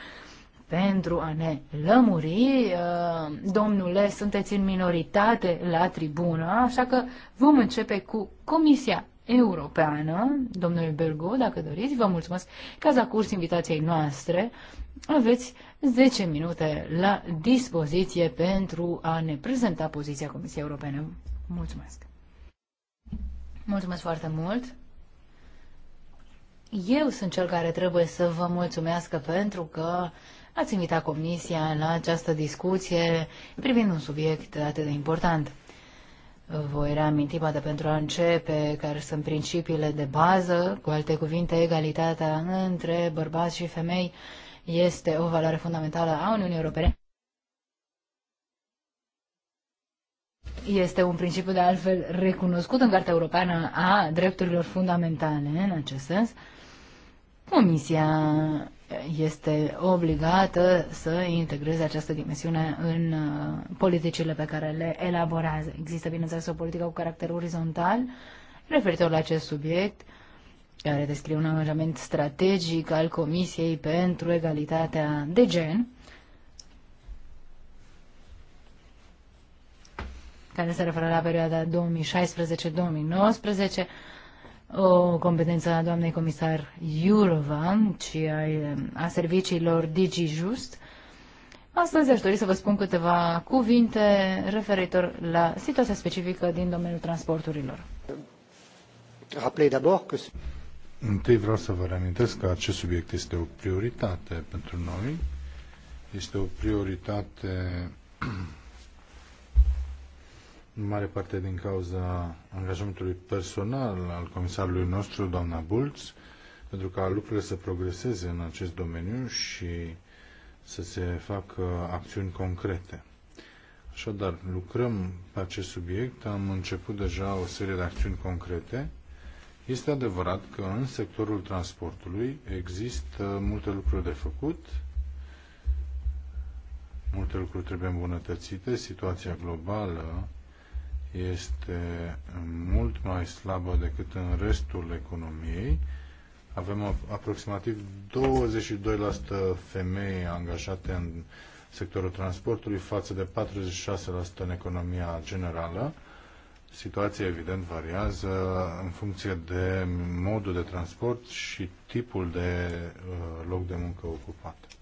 pentru a ne lămuri. Uh, domnule, sunteți în minoritate la tribună, așa că vom începe cu Comisia Europeană. Domnule Bergo, dacă doriți, vă mulțumesc că ați acurs invitației noastre. Aveți 10 minute la dispoziție pentru a ne prezenta poziția Comisiei Europene. Mulțumesc! Mulțumesc foarte mult! Eu sunt cel care trebuie să vă mulțumesc pentru că ați invitat Comisia la această discuție privind un subiect atât de important. Voi reaminti, poate pentru a începe, care sunt principiile de bază, cu alte cuvinte, egalitatea între bărbați și femei, este o valoare fundamentală a Uniunii Europene. Este un principiu de altfel recunoscut în Cartea Europeană a Drepturilor Fundamentale în acest sens. Comisia este obligată să integreze această dimensiune în uh, politicile pe care le elaborează. Există, bineînțeles, o politică cu caracter orizontal referitor la acest subiect, care descrie un angajament strategic al Comisiei pentru egalitatea de gen, care se referă la perioada 2016-2019, o competență a doamnei comisar Iurova și a serviciilor DigiJust. Astăzi aș dori să vă spun câteva cuvinte referitor la situația specifică din domeniul transporturilor. Rappelez d'abord că Întâi vreau să vă reamintesc că acest subiect este o prioritate pentru noi. Este o prioritate în mare parte din cauza angajamentului personal al comisarului nostru, doamna Bulț, pentru ca lucrurile să progreseze în acest domeniu și să se facă acțiuni concrete. Așadar, lucrăm pe acest subiect, am început deja o serie de acțiuni concrete este adevărat că în sectorul transportului există multe lucruri de făcut, multe lucruri trebuie îmbunătățite, situația globală este mult mai slabă decât în restul economiei. Avem aproximativ 22% femei angajate în sectorul transportului față de 46% în economia generală Situația, evident, variază în funcție de modul de transport și tipul de uh, loc de muncă ocupat. Uh,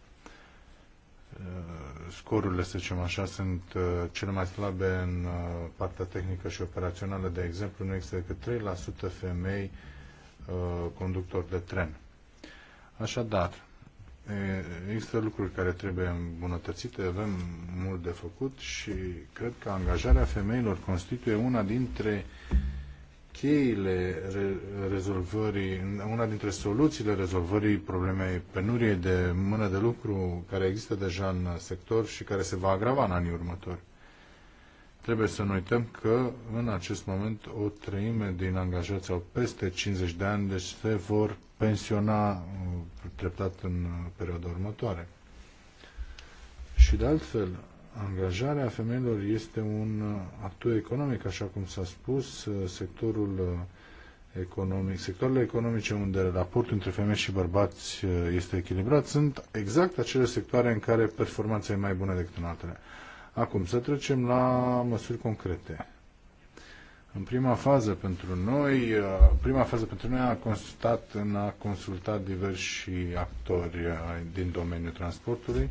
scorurile, să zicem așa, sunt uh, cele mai slabe în partea tehnică și operațională. De exemplu, nu există decât 3% femei conductori de tren. Așadar, Există lucruri care trebuie îmbunătățite, avem mult de făcut și cred că angajarea femeilor constituie una dintre cheile rezolvării, una dintre soluțiile rezolvării problemei penuriei de mână de lucru care există deja în sector și care se va agrava în anii următori trebuie să nu uităm că în acest moment o treime din angajați au peste 50 de ani, deci se vor pensiona uh, treptat în perioada următoare. Și de altfel, angajarea femeilor este un uh, atu economic, așa cum s-a spus, uh, sectorul economic, sectoarele economice unde raportul între femei și bărbați este echilibrat sunt exact acele sectoare în care performanța e mai bună decât în altele. Acum, să trecem la măsuri concrete. În prima fază pentru noi, uh, prima fază pentru noi a constat în a consulta diversi actori uh, din domeniul transportului,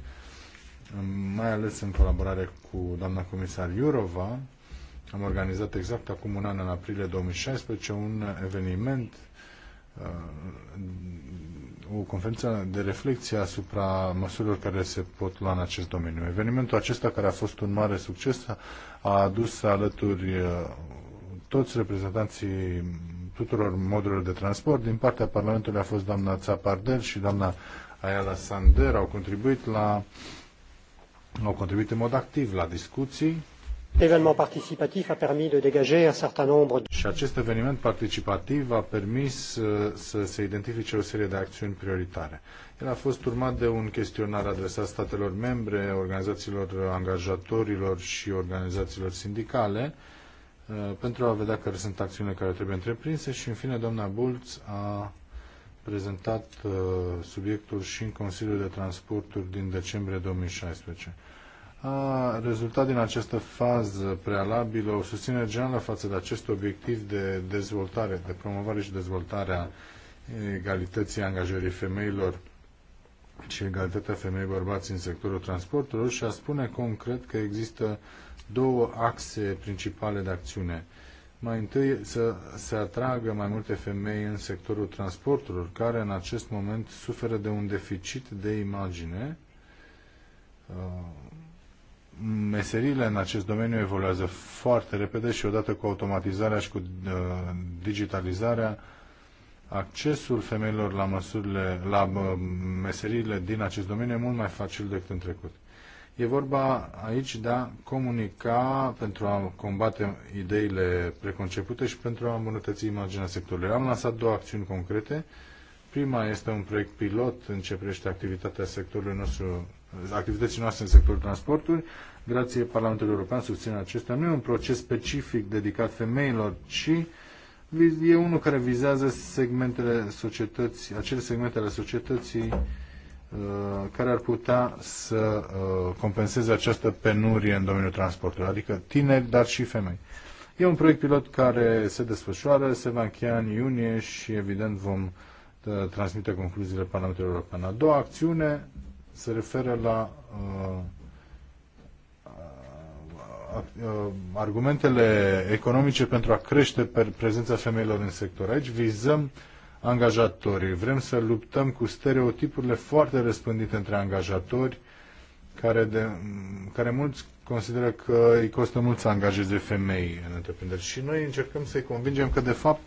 mai ales în colaborare cu doamna comisar Iurova. Am organizat exact acum un an, în aprilie 2016, un eveniment uh, o conferință de reflexie asupra măsurilor care se pot lua în acest domeniu. Evenimentul acesta, care a fost un mare succes, a adus alături uh, toți reprezentanții tuturor modurilor de transport. Din partea Parlamentului a fost doamna Țapardel și doamna Ayala Sander, au contribuit la au contribuit în mod activ la discuții L'événement participatif a permis de dégager un certain nombre de... Și acest eveniment participativ a permis uh, să se identifice o serie de acțiuni prioritare. El a fost urmat de un chestionar adresat statelor membre, organizațiilor angajatorilor și organizațiilor sindicale uh, pentru a vedea care sunt acțiunile care trebuie întreprinse și, în fine, doamna Bulț a prezentat uh, subiectul și în Consiliul de Transporturi din decembrie 2016 a rezultat din această fază prealabilă o susținere generală față de acest obiectiv de dezvoltare, de promovare și dezvoltare a egalității angajării femeilor și egalitatea femei bărbați în sectorul transporturilor și a spune concret că există două axe principale de acțiune. Mai întâi să se atragă mai multe femei în sectorul transporturilor, care în acest moment suferă de un deficit de imagine uh, meserile în acest domeniu evoluează foarte repede și odată cu automatizarea și cu uh, digitalizarea, accesul femeilor la măsurile, la uh, meserile din acest domeniu e mult mai facil decât în trecut. E vorba aici de a comunica pentru a combate ideile preconcepute și pentru a îmbunătăți imaginea sectorului. Am lansat două acțiuni concrete. Prima este un proiect pilot în ce privește activitatea sectorului nostru activității noastre în sectorul transportului. Grație Parlamentului European susține acesta. Nu e un proces specific dedicat femeilor, ci e unul care vizează segmentele societății, acele segmente ale societății uh, care ar putea să uh, compenseze această penurie în domeniul transportului, adică tineri, dar și femei. E un proiect pilot care se desfășoară, se va încheia în iunie și evident vom uh, transmite concluziile Parlamentului European. A doua acțiune se referă la uh, uh, uh, argumentele economice pentru a crește prezența femeilor în sector. Aici vizăm angajatorii. Vrem să luptăm cu stereotipurile foarte răspândite între angajatori, care, de, care mulți consideră că îi costă mult să angajeze femei în întreprinderi. Și noi încercăm să-i convingem că, de fapt,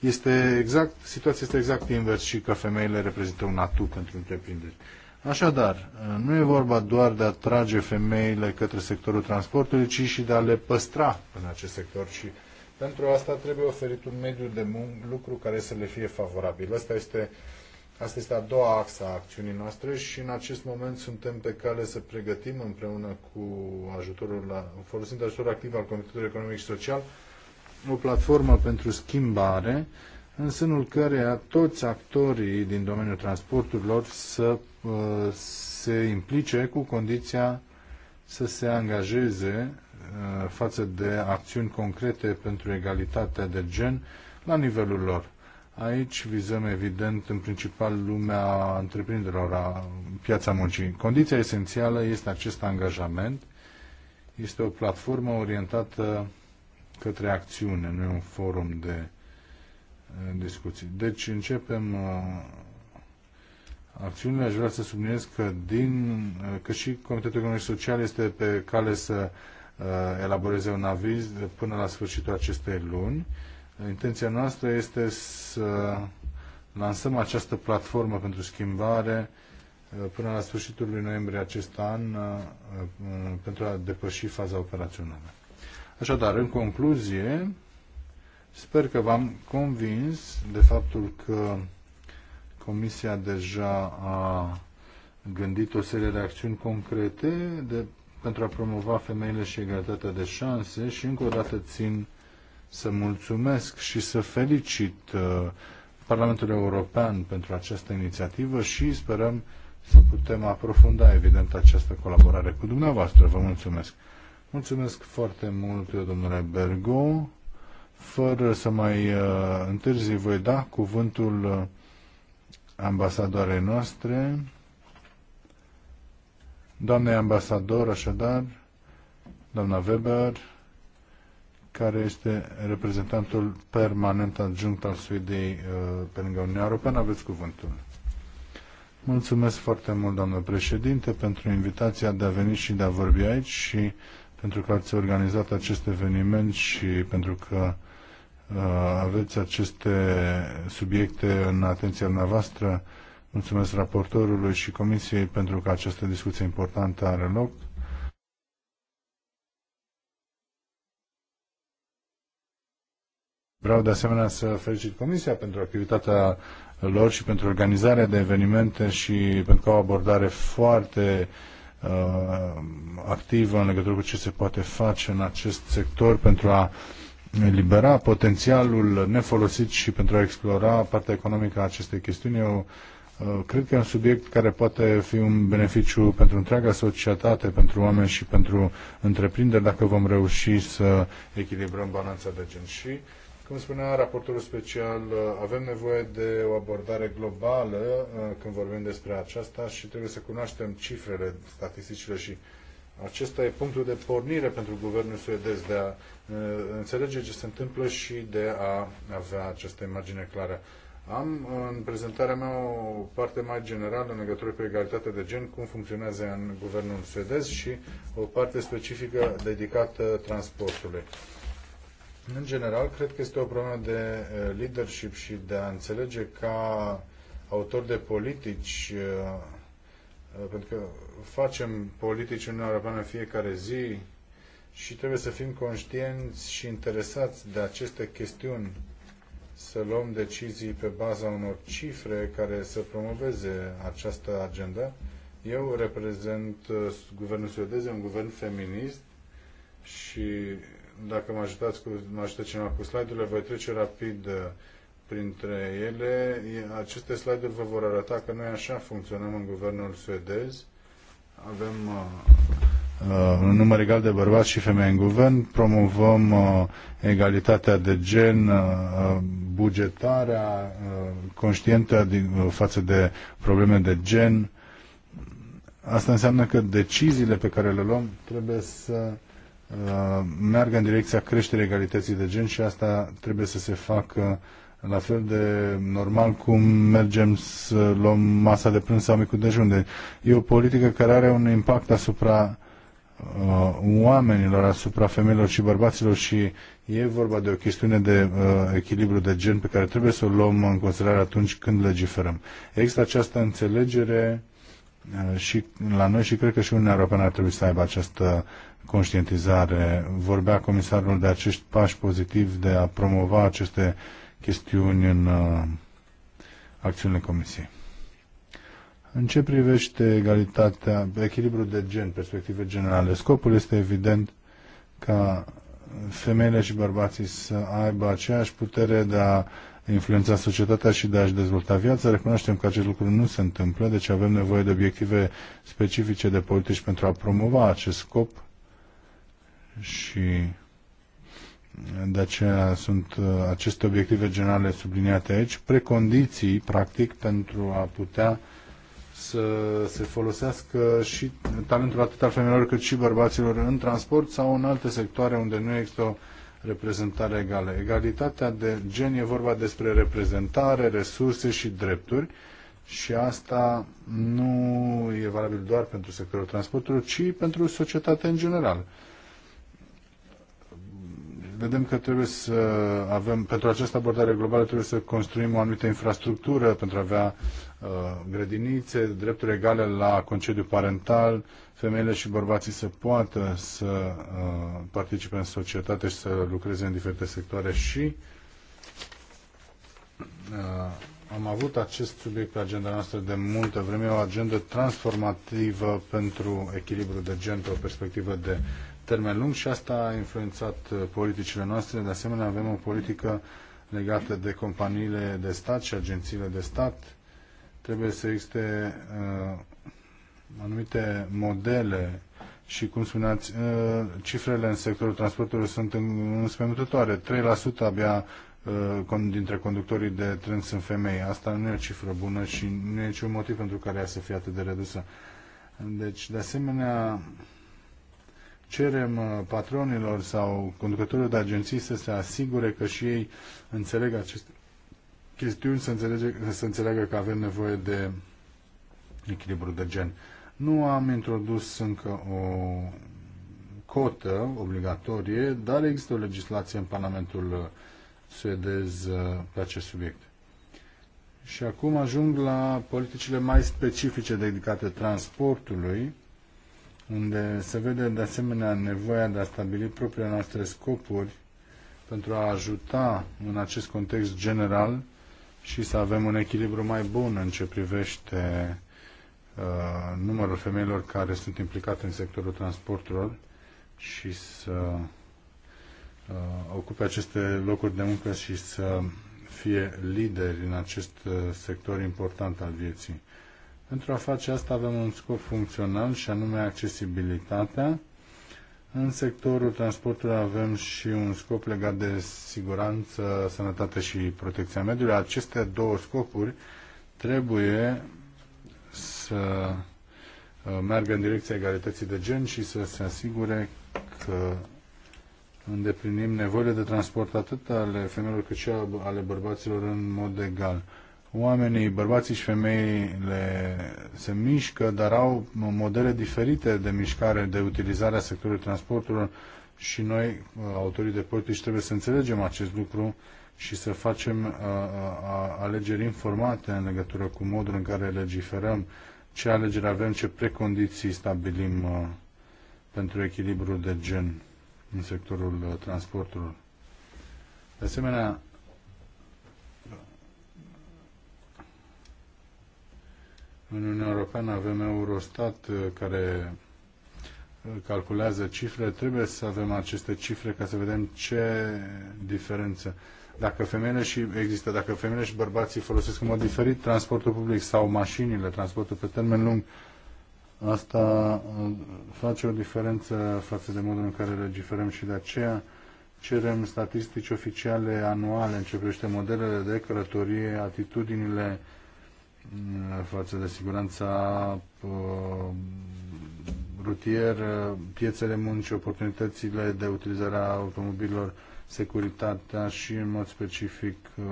este exact, situația este exact invers și că femeile reprezintă un atu pentru întreprinderi. Așadar, nu e vorba doar de a trage femeile către sectorul transportului, ci și de a le păstra în acest sector și pentru asta trebuie oferit un mediu de lucru care să le fie favorabil. Asta este, asta este a doua axă a acțiunii noastre și în acest moment suntem pe cale să pregătim împreună cu ajutorul, la, folosind ajutorul activ al Comitetului Economic și Social, o platformă pentru schimbare în sânul căreia toți actorii din domeniul transporturilor să uh, se implice cu condiția să se angajeze uh, față de acțiuni concrete pentru egalitatea de gen la nivelul lor. Aici vizăm evident în principal lumea întreprinderilor, a piața muncii. Condiția esențială este acest angajament. Este o platformă orientată către acțiune, nu e un forum de discuții. Deci începem uh, acțiunile. Aș vrea să subliniez că, din, uh, că și Comitetul Economic Social este pe cale să uh, elaboreze un aviz până la sfârșitul acestei luni. Intenția noastră este să lansăm această platformă pentru schimbare până la sfârșitul lui noiembrie acest an pentru a depăși faza operațională. Așadar, în concluzie, Sper că v-am convins de faptul că Comisia deja a gândit o serie de acțiuni concrete de, pentru a promova femeile și egalitatea de șanse și încă o dată țin să mulțumesc și să felicit uh, Parlamentul European pentru această inițiativă și sperăm să putem aprofunda, evident, această colaborare cu dumneavoastră. Vă mulțumesc! Mulțumesc foarte mult, domnule Bergo. Fără să mai uh, întârzi, voi da cuvântul uh, ambasadoarei noastre. Doamne ambasador, așadar, doamna Weber, care este reprezentantul permanent adjunct al Suediei uh, pe lângă Uniunea Europeană. Aveți cuvântul. Mulțumesc foarte mult, doamnă președinte, pentru invitația de a veni și de a vorbi aici și pentru că ați organizat acest eveniment și pentru că Uh, aveți aceste subiecte în atenția noastră. Mulțumesc raportorului și comisiei pentru că această discuție importantă are loc. Vreau de asemenea să felicit Comisia pentru activitatea lor și pentru organizarea de evenimente și pentru că au o abordare foarte uh, activă în legătură cu ce se poate face în acest sector pentru a uh, elibera potențialul nefolosit și pentru a explora partea economică a acestei chestiuni. Eu uh, cred că e un subiect care poate fi un beneficiu pentru întreaga societate, pentru oameni și pentru întreprinderi dacă vom reuși să echilibrăm balanța de gen. Și, cum spunea raportul special, uh, avem nevoie de o abordare globală uh, când vorbim despre aceasta și trebuie să cunoaștem cifrele, statisticile și acesta e punctul de pornire pentru guvernul suedez de a uh, înțelege ce se întâmplă și de a avea această imagine clară. Am în prezentarea mea o parte mai generală în legătură cu egalitatea de gen, cum funcționează în guvernul suedez și o parte specifică dedicată transportului. În general, cred că este o problemă de uh, leadership și de a înțelege ca autor de politici uh, Uh, pentru că facem politici în Europeană fiecare zi și trebuie să fim conștienți și interesați de aceste chestiuni, să luăm decizii pe baza unor cifre care să promoveze această agendă. Eu reprezent uh, guvernul suedez, un guvern feminist și dacă mă ajutați cu, mă ajută cineva cu slide-urile, voi trece rapid uh, printre ele. Aceste slide-uri vă vor arăta că noi așa funcționăm în guvernul suedez. Avem uh, uh, un număr egal de bărbați și femei în guvern, promovăm uh, egalitatea de gen, uh, uh, bugetarea uh, conștientă din, uh, față de probleme de gen. Asta înseamnă că deciziile pe care le luăm trebuie să uh, meargă în direcția creșterii egalității de gen și asta trebuie să se facă uh, la fel de normal cum mergem să luăm masa de prânz sau micul dejun. De, deci, e o politică care are un impact asupra uh, oamenilor, asupra femeilor și bărbaților și e vorba de o chestiune de uh, echilibru de gen pe care trebuie să o luăm în considerare atunci când legiferăm. Există această înțelegere uh, și la noi și cred că și Uniunea Europeană ar trebui să aibă această conștientizare. Vorbea comisarul de acești pași pozitivi de a promova aceste uh, chestiuni în uh, acțiunile Comisiei. În ce privește egalitatea, echilibrul de gen, perspective generale, scopul este evident ca femeile și bărbații să aibă aceeași putere de a influența societatea și de a-și dezvolta viața. Recunoaștem că acest lucru nu se întâmplă, deci avem nevoie de obiective specifice de politici pentru a promova acest scop și de aceea sunt uh, aceste obiective generale subliniate aici, precondiții, practic, pentru a putea să se folosească și talentul atât al femeilor cât și bărbaților în transport sau în alte sectoare unde nu există o reprezentare egală. Egalitatea de gen e vorba despre reprezentare, resurse și drepturi și asta nu e valabil doar pentru sectorul transportului, ci pentru societatea în general vedem că trebuie să avem, pentru această abordare globală trebuie să construim o anumită infrastructură pentru a avea uh, grădinițe, drepturi egale la concediu parental, femeile și bărbații să poată să uh, participe în societate și să lucreze în diferite sectoare și uh, am avut acest subiect pe agenda noastră de multă vreme, o agendă transformativă pentru echilibru de gen, pe o perspectivă de termen lung și asta a influențat uh, politicile noastre. De asemenea, avem o politică legată de companiile de stat și agențiile de stat. Trebuie să existe uh, anumite modele și, cum spuneați, uh, cifrele în sectorul transportului sunt înspăimântătoare. 3% abia uh, dintre conductorii de tren sunt femei. Asta nu e o cifră bună și nu e niciun motiv pentru care ea să fie atât de redusă. Deci, de asemenea, cerem uh, patronilor sau conducătorilor de agenții să se asigure că și ei înțeleg aceste chestiuni, să, înțelege, să înțeleagă că avem nevoie de echilibru de gen. Nu am introdus încă o cotă obligatorie, dar există o legislație în Parlamentul uh, suedez uh, pe acest subiect. Și acum ajung la politicile mai specifice dedicate transportului unde se vede de asemenea nevoia de a stabili propriile noastre scopuri pentru a ajuta în acest context general și să avem un echilibru mai bun în ce privește uh, numărul femeilor care sunt implicate în sectorul transporturilor și să uh, ocupe aceste locuri de muncă și să fie lideri în acest uh, sector important al vieții. Pentru a face asta avem un scop funcțional și anume accesibilitatea. În sectorul transportului avem și un scop legat de siguranță, sănătate și protecția mediului. Aceste două scopuri trebuie să uh, meargă în direcția egalității de gen și să se asigure că îndeplinim nevoile de transport atât ale femeilor cât și ale bărbaților în mod egal oamenii, bărbații și femeile se mișcă, dar au modele diferite de mișcare, de utilizare a sectorului transporturilor și noi, uh, autorii de politici, trebuie să înțelegem acest lucru și să facem uh, uh, alegeri informate în legătură cu modul în care legiferăm, ce alegeri avem, ce precondiții stabilim pentru echilibrul de gen în sectorul transporturilor. De asemenea, În Uniunea Europeană avem Eurostat uh, care uh, calculează cifre, trebuie să avem aceste cifre ca să vedem ce diferență. Dacă femeile și există, dacă femeile și bărbații folosesc în mod diferit transportul public sau mașinile, transportul pe termen lung, asta uh, face o diferență față de modul în care legiferăm și de aceea cerem statistici oficiale anuale în ce modelele de călătorie, atitudinile față de siguranța uh, rutier, piețele muncii, oportunitățile de utilizare a automobililor, securitatea și, în mod specific, uh,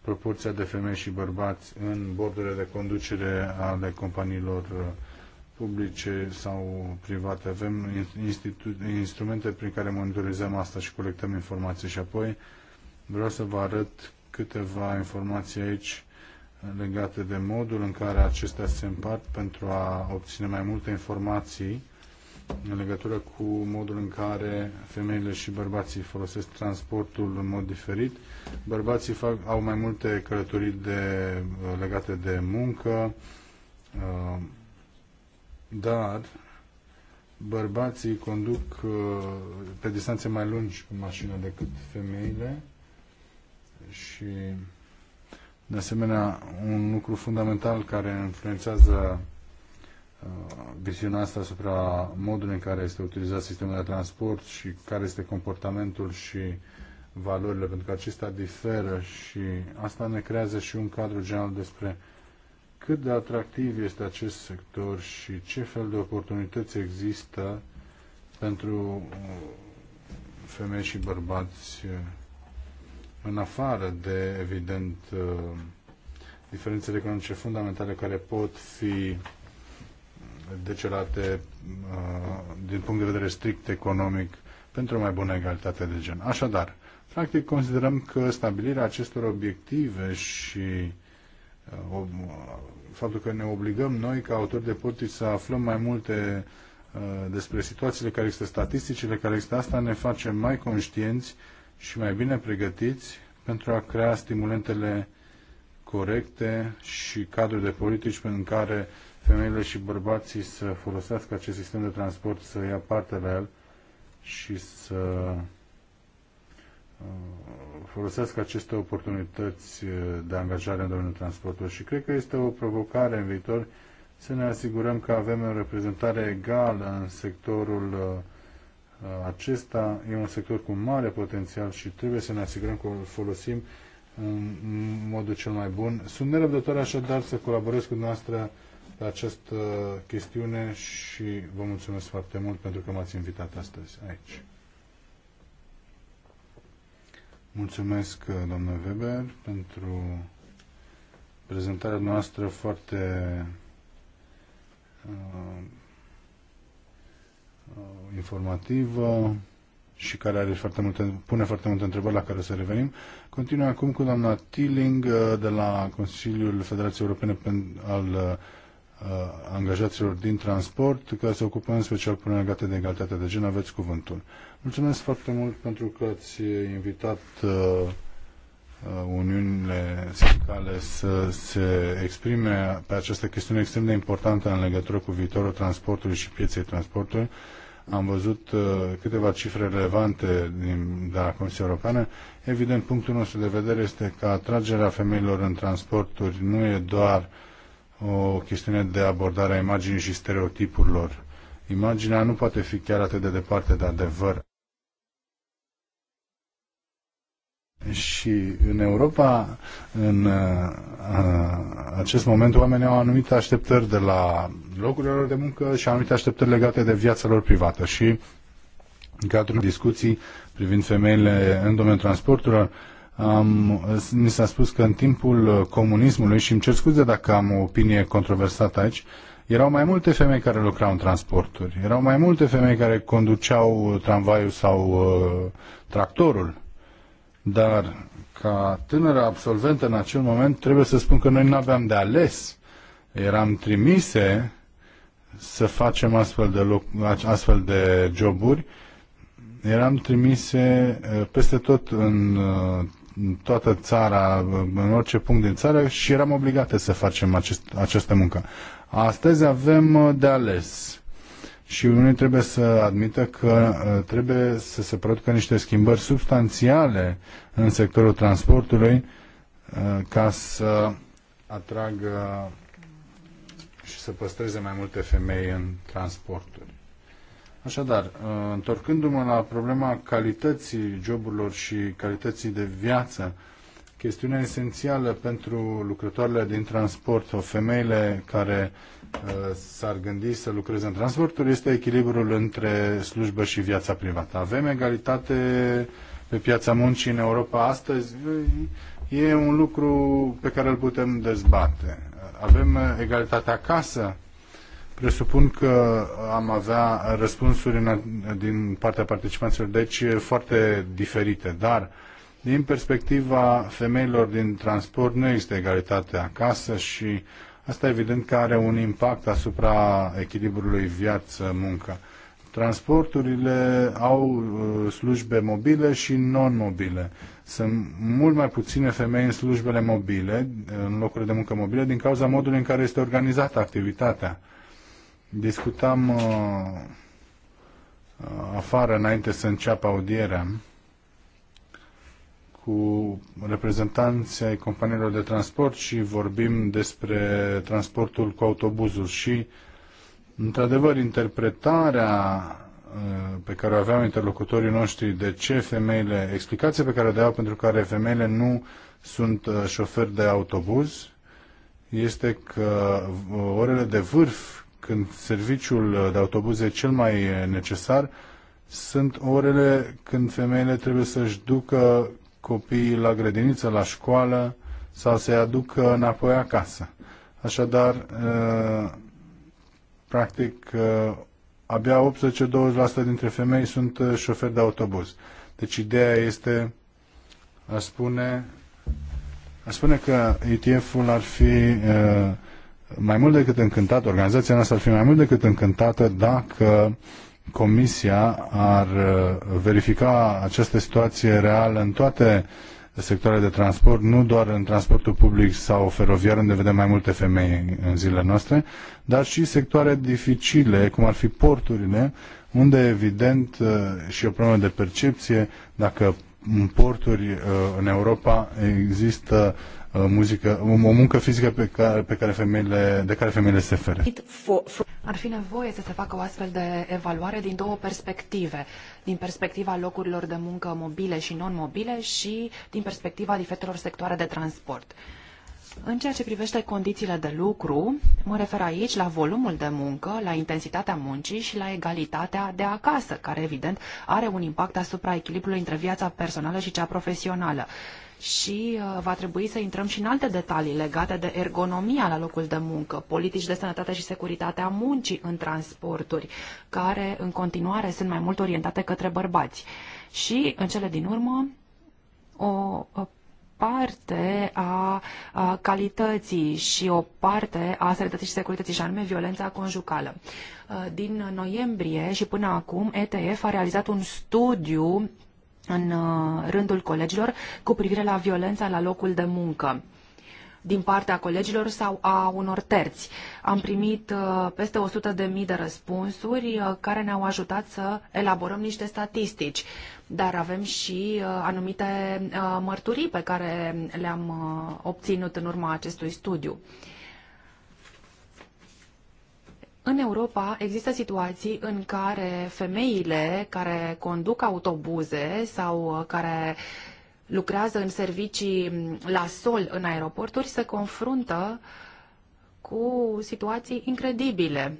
proporția de femei și bărbați în bordurile de conducere ale companiilor uh, publice sau private. Avem instrumente prin care monitorizăm asta și colectăm informații și apoi vreau să vă arăt câteva informații aici legate de modul în care acestea se împart pentru a obține mai multe informații în legătură cu modul în care femeile și bărbații folosesc transportul în mod diferit. Bărbații fac, au mai multe călătorii de, uh, legate de muncă, uh, dar bărbații conduc uh, pe distanțe mai lungi cu mașina decât femeile și de asemenea, un lucru fundamental care influențează uh, viziunea asta asupra modului în care este utilizat sistemul de transport și care este comportamentul și valorile, pentru că acestea diferă și asta ne creează și un cadru general despre cât de atractiv este acest sector și ce fel de oportunități există pentru uh, femei și bărbați uh, în afară de, evident, uh, diferențele economice fundamentale care pot fi decelate uh, din punct de vedere strict economic pentru o mai bună egalitate de gen. Așadar, practic considerăm că stabilirea acestor obiective și uh, faptul că ne obligăm noi ca autori de politici să aflăm mai multe despre situațiile care există, statisticile care există, asta ne face mai conștienți și mai bine pregătiți pentru a crea stimulentele corecte și cadrul de politici în care femeile și bărbații să folosească acest sistem de transport, să ia parte la el și să uh, folosească aceste oportunități uh, de angajare în domeniul transportului. Și cred că este o provocare în viitor să ne asigurăm că avem o reprezentare egală în sectorul uh, Uh, acesta e un sector cu mare potențial și trebuie să ne asigurăm că îl folosim în modul cel mai bun. Sunt nerăbdător așadar să colaborez cu dumneavoastră pe această chestiune și vă mulțumesc foarte mult pentru că m-ați invitat astăzi aici. Mulțumesc, uh, domnule Weber, pentru prezentarea noastră foarte uh, Uh, informativă și care are foarte multe, pune foarte multe întrebări la care să revenim. Continuăm acum cu doamna Tilling uh, de la Consiliul Federației Europene al uh, angajaților din transport, care se ocupă în special cu legate de egalitatea de gen. Aveți cuvântul. Mulțumesc foarte mult pentru că ați invitat Uniunile sindicale să se exprime pe această chestiune extrem de importantă în legătură cu viitorul transportului și pieței transportului am văzut uh, câteva cifre relevante din, de la Comisia Europeană. Evident, punctul nostru de vedere este că atragerea femeilor în transporturi nu e doar o chestiune de abordare a imaginii și stereotipurilor. Imaginea nu poate fi chiar atât de departe de adevăr. Și în Europa, în uh, uh, acest moment, oamenii au anumite așteptări de la locurile lor de muncă și anumite așteptări legate de viața lor privată. Și în cadrul discuții privind femeile în domeniul transporturilor, am, mi s-a spus că în timpul comunismului, și îmi cer scuze dacă am o opinie controversată aici, erau mai multe femei care lucrau în transporturi, erau mai multe femei care conduceau tramvaiul sau uh, tractorul. Dar ca tânără absolventă în acel moment trebuie să spun că noi nu aveam de ales. Eram trimise să facem astfel de, loc, astfel de joburi. Eram trimise eh, peste tot în eh, toată țara, eh, în orice punct din țară și eram obligate să facem acest, această muncă. Astăzi avem de ales și unii trebuie să admită că uh, trebuie să se producă niște schimbări substanțiale în sectorul transportului uh, ca să atragă și să păstreze mai multe femei în transporturi. Așadar, uh, întorcându-mă la problema calității joburilor și calității de viață, chestiunea esențială pentru lucrătoarele din transport, o femeile care Uh, s-ar gândi să lucreze în transporturi este echilibrul între slujbă și viața privată. Avem egalitate pe piața muncii în Europa astăzi? E un lucru pe care îl putem dezbate. Avem egalitate acasă? Presupun că am avea răspunsuri în, din partea participanților, deci foarte diferite, dar din perspectiva femeilor din transport nu există egalitate acasă și Asta evident că are un impact asupra echilibrului viață-muncă. Transporturile au uh, slujbe mobile și non-mobile. Sunt mult mai puține femei în slujbele mobile, în locurile de muncă mobile, din cauza modului în care este organizată activitatea. Discutam uh, uh afară înainte să înceapă audierea cu reprezentanții ai companiilor de transport și vorbim despre transportul cu autobuzul și, într-adevăr, interpretarea uh, pe care o aveau interlocutorii noștri de ce femeile, explicația pe care o deau pentru care femeile nu sunt uh, șoferi de autobuz, este că uh, orele de vârf, când serviciul de autobuz e cel mai necesar, sunt orele când femeile trebuie să-și ducă copiii la grădiniță, la școală sau să-i aducă înapoi acasă. Așadar, uh, practic, uh, abia 18-20% dintre femei sunt uh, șoferi de autobuz. Deci ideea este, a spune, a spune că ETF-ul ar fi mai mult decât încântat, organizația noastră ar fi mai mult decât încântată dacă Comisia ar uh, verifica această situație reală în toate sectoarele de transport, nu doar în transportul public sau feroviar, unde vedem mai multe femei în zilele noastre, dar și sectoare dificile, cum ar fi porturile, unde evident uh, și o problemă de percepție, dacă în porturi uh, în Europa există Uh, muzică, o muncă fizică pe care, pe care femeile, de care femeile se fere. Ar fi nevoie să se facă o astfel de evaluare din două perspective. Din perspectiva locurilor de muncă mobile și non-mobile și din perspectiva diferitelor sectoare de transport. În ceea ce privește condițiile de lucru, mă refer aici la volumul de muncă, la intensitatea muncii și la egalitatea de acasă, care evident are un impact asupra echilibrului între viața personală și cea profesională și uh, va trebui să intrăm și în alte detalii legate de ergonomia la locul de muncă, politici de sănătate și securitate a muncii în transporturi, care în continuare sunt mai mult orientate către bărbați. Și, în cele din urmă, o parte a, a calității și o parte a sănătății și securității, și anume violența conjugală. Uh, din noiembrie și până acum, ETF a realizat un studiu în uh, rândul colegilor cu privire la violența la locul de muncă din partea colegilor sau a unor terți. Am primit uh, peste 100.000 de, răspunsuri uh, care ne-au ajutat să elaborăm niște statistici, dar avem și anumite mărturii pe care le-am obținut în urma acestui studiu. În Europa există situații în care femeile care conduc autobuze sau uh, care lucrează în servicii mm, la sol în aeroporturi se confruntă cu situații incredibile.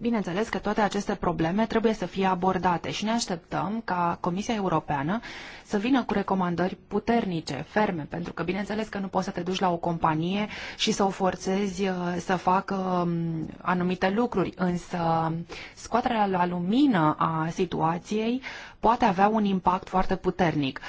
Bineînțeles că toate aceste probleme trebuie să fie abordate și ne așteptăm ca Comisia Europeană să vină cu recomandări puternice, ferme, pentru că bineînțeles că nu poți să te duci la o companie și să o forțezi uh, să facă um, anumite lucruri, însă scoaterea la lumină a situației poate avea un impact foarte puternic.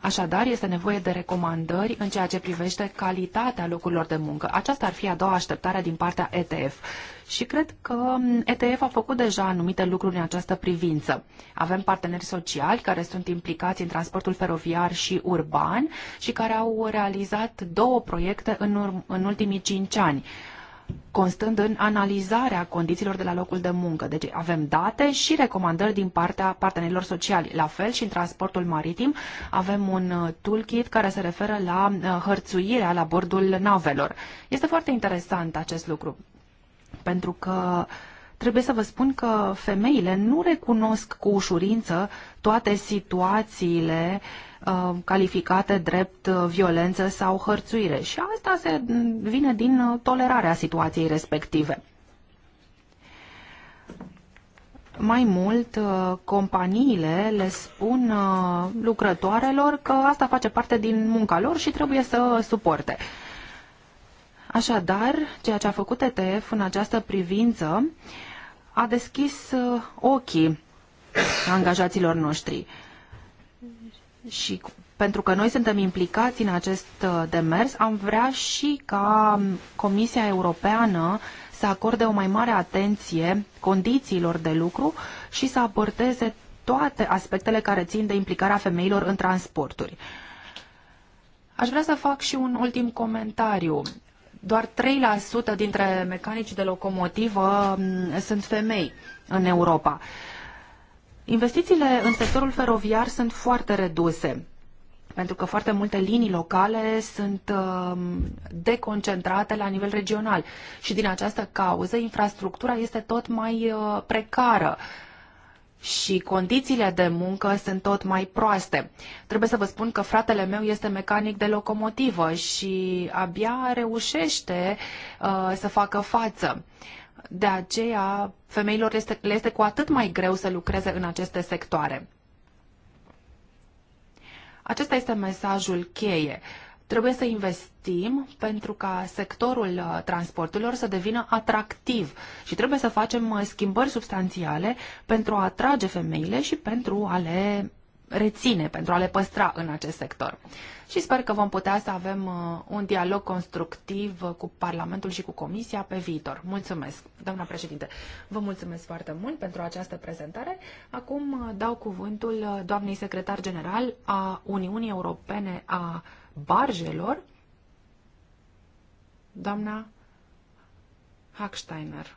Așadar, este nevoie de recomandări în ceea ce privește calitatea locurilor de muncă. Aceasta ar fi a doua așteptare din partea ETF. Și cred că ETF a făcut deja anumite lucruri în această privință. Avem parteneri sociali care sunt implicați în transportul feroviar și urban și care au realizat două proiecte în, în ultimii cinci ani constând în analizarea condițiilor de la locul de muncă. Deci avem date și recomandări din partea partenerilor sociali. La fel și în transportul maritim avem un uh, toolkit care se referă la uh, hărțuirea la bordul navelor. Este foarte interesant acest lucru, pentru că trebuie să vă spun că femeile nu recunosc cu ușurință toate situațiile uh, Uh, calificate drept uh, violență sau hărțuire. Și asta se mm, vine din uh, tolerarea situației respective. Mai mult, companiile le spun lucrătoarelor că asta face parte din munca lor și trebuie să suporte. Așadar, ceea ce a făcut ETF în această privință a deschis ochii angajaților noștri și pentru că noi suntem implicați în acest uh, demers, am vrea și ca um, Comisia Europeană să acorde o mai mare atenție condițiilor de lucru și să abordeze toate aspectele care țin de implicarea femeilor în transporturi. Aș vrea să fac și un ultim comentariu. Doar 3% dintre mecanicii de locomotivă um, sunt femei în Europa Investițiile în sectorul feroviar sunt foarte reduse pentru că foarte multe linii locale sunt um, deconcentrate la nivel regional și din această cauză infrastructura este tot mai uh, precară și condițiile de muncă sunt tot mai proaste. Trebuie să vă spun că fratele meu este mecanic de locomotivă și abia reușește uh, să facă față. De aceea, femeilor este, le este cu atât mai greu să lucreze în aceste sectoare. Acesta este mesajul cheie. Trebuie să investim pentru ca sectorul uh, transporturilor să devină atractiv și trebuie să facem uh, schimbări substanțiale pentru a atrage femeile și pentru a le reține, pentru a le păstra în acest sector. Și sper că vom putea să avem uh, un dialog constructiv uh, cu Parlamentul și cu Comisia pe viitor. Mulțumesc, doamna președinte. Vă mulțumesc foarte mult pentru această prezentare. Acum uh, dau cuvântul doamnei secretar general a Uniunii Europene a Barjelor, doamna Hacksteiner.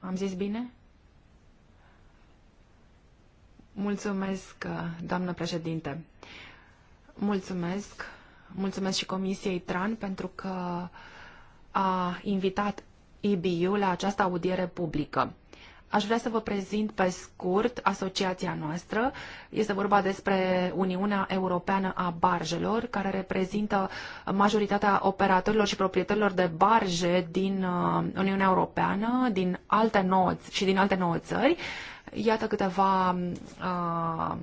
Am zis bine? Mulțumesc, doamnă președinte. Mulțumesc. Mulțumesc și Comisiei TRAN pentru că a invitat EBU la această audiere publică. Aș vrea să vă prezint pe scurt asociația noastră. Este vorba despre Uniunea Europeană a Barjelor, care reprezintă majoritatea operatorilor și proprietarilor de barje din uh, Uniunea Europeană, din alte nouă, și din alte nouă țări. Iată câteva uh,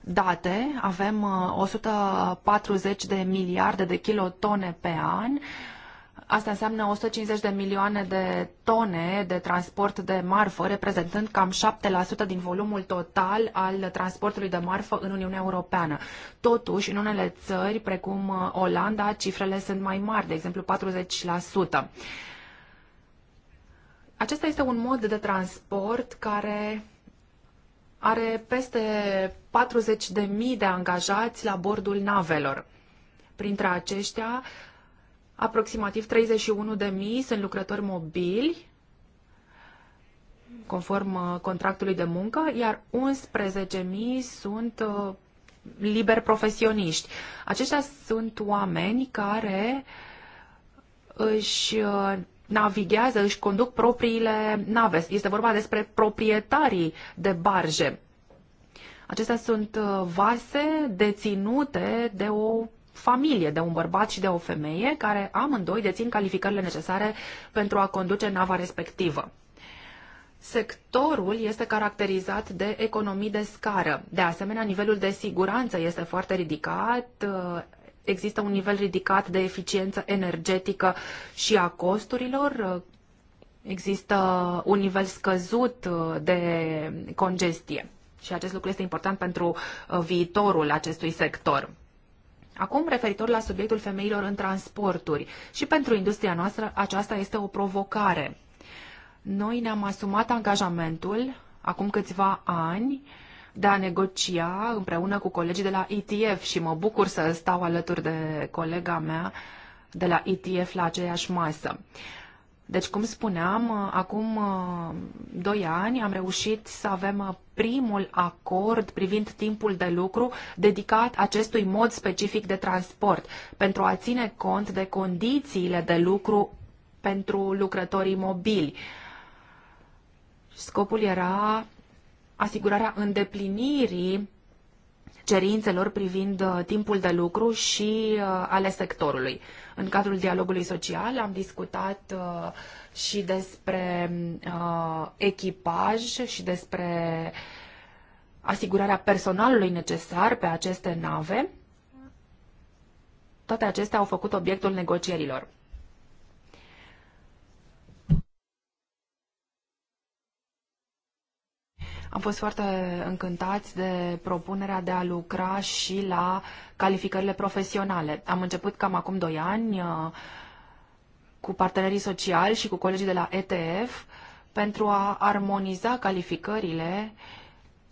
date. Avem 140 uh, de miliarde de kilotone pe an. Uh, Asta înseamnă 150 de milioane de tone de transport de marfă, reprezentând cam 7% din volumul total al transportului de marfă în Uniunea Europeană. Totuși, în unele țări, precum uh, Olanda, cifrele sunt mai mari, de exemplu 40%. Acesta este un mod de transport care are peste 40.000 de angajați la bordul navelor. Printre aceștia, Aproximativ 31.000 sunt lucrători mobili, conform uh, contractului de muncă, iar 11.000 sunt uh, liber profesioniști. Aceștia sunt oameni care își uh, navighează, își conduc propriile nave. Este vorba despre proprietarii de barje. Acestea sunt vase deținute de o familie de un bărbat și de o femeie care amândoi dețin calificările necesare pentru a conduce nava respectivă. Sectorul este caracterizat de economii de scară. De asemenea, nivelul de siguranță este foarte ridicat, uh, există un nivel ridicat de eficiență energetică și a costurilor, uh, există un nivel scăzut uh, de congestie. Și acest lucru este important pentru viitorul acestui sector. Acum, referitor la subiectul femeilor în transporturi. Și pentru industria noastră aceasta este o provocare. Noi ne-am asumat angajamentul acum câțiva ani de a negocia împreună cu colegii de la ETF și mă bucur să stau alături de colega mea de la ETF la aceeași masă. Deci, cum spuneam, uh, acum uh, doi ani am reușit să avem uh, primul acord privind timpul de lucru dedicat acestui mod specific de transport, pentru a ține cont de condițiile de lucru pentru lucrătorii mobili. Scopul era asigurarea îndeplinirii cerințelor privind uh, timpul de lucru și uh, ale sectorului. În cadrul dialogului social am discutat uh, și despre echipaj și despre asigurarea personalului necesar pe aceste nave. Toate acestea au făcut obiectul negocierilor. Am fost foarte încântați de propunerea de a lucra și la calificările profesionale. Am început cam acum doi ani uh, cu partenerii sociali și cu colegii de la ETF pentru a armoniza calificările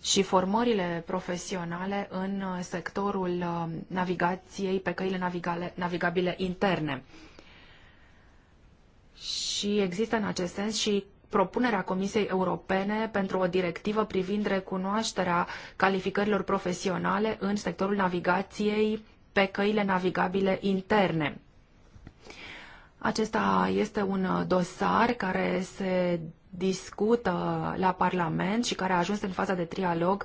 și formările profesionale în uh, sectorul uh, navigației pe căile navigabile interne. Și există în acest sens și propunerea Comisiei Europene pentru o directivă privind recunoașterea calificărilor profesionale în sectorul navigației pe căile navigabile interne. Acesta este un dosar care se discută la Parlament și care a ajuns în faza de trialog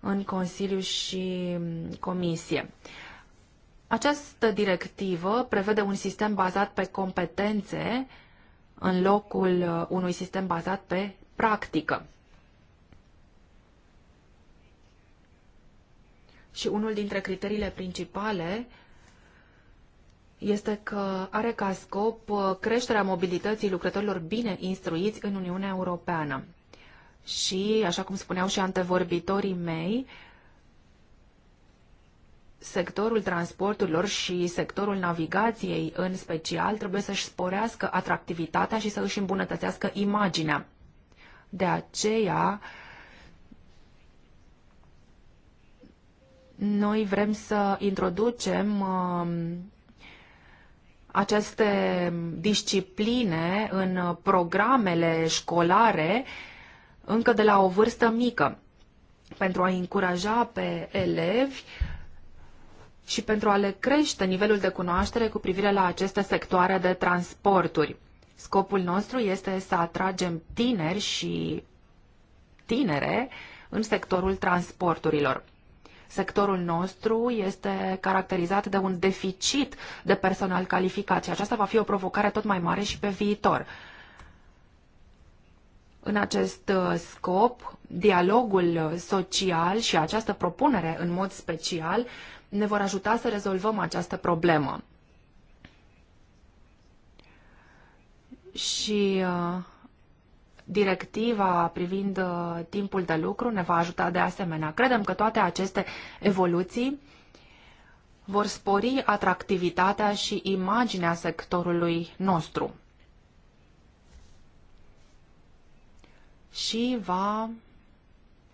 în Consiliu și Comisie. Această directivă prevede un sistem bazat pe competențe în locul uh, unui sistem bazat pe practică. Și unul dintre criteriile principale este că are ca scop uh, creșterea mobilității lucrătorilor bine instruiți în Uniunea Europeană. Și, așa cum spuneau și antevorbitorii mei, sectorul transporturilor și sectorul navigației în special trebuie să-și sporească atractivitatea și să își îmbunătățească imaginea. De aceea, noi vrem să introducem um, aceste discipline în programele școlare încă de la o vârstă mică pentru a încuraja pe elevi uh, și pentru a le crește nivelul de cunoaștere cu privire la aceste sectoare de transporturi. Scopul nostru este să atragem tineri și tinere în sectorul transporturilor. Sectorul nostru este caracterizat de un deficit de personal calificat și aceasta va fi o provocare tot mai mare și pe viitor. În acest uh, scop, dialogul social și această propunere în mod special ne vor ajuta să rezolvăm această problemă. Și uh, directiva privind uh, timpul de lucru ne va ajuta de asemenea. Credem că toate aceste evoluții vor spori atractivitatea și imaginea sectorului nostru. Și va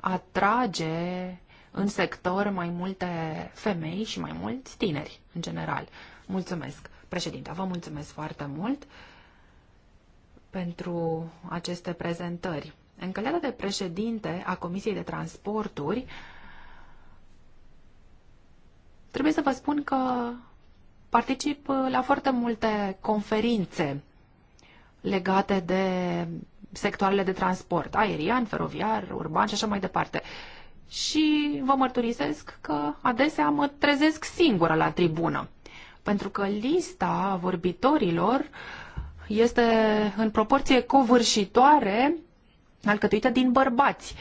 atrage în sector mai multe femei și mai mulți tineri, în general. Mulțumesc, președinte. Vă mulțumesc foarte mult pentru aceste prezentări. În calitate de președinte a Comisiei de Transporturi, trebuie să vă spun că particip la foarte multe conferințe legate de sectoarele de transport, aerian, feroviar, urban și așa mai departe și vă mărturisesc că adesea mă trezesc singură la tribună, pentru că lista vorbitorilor este în proporție covârșitoare alcătuită din bărbați.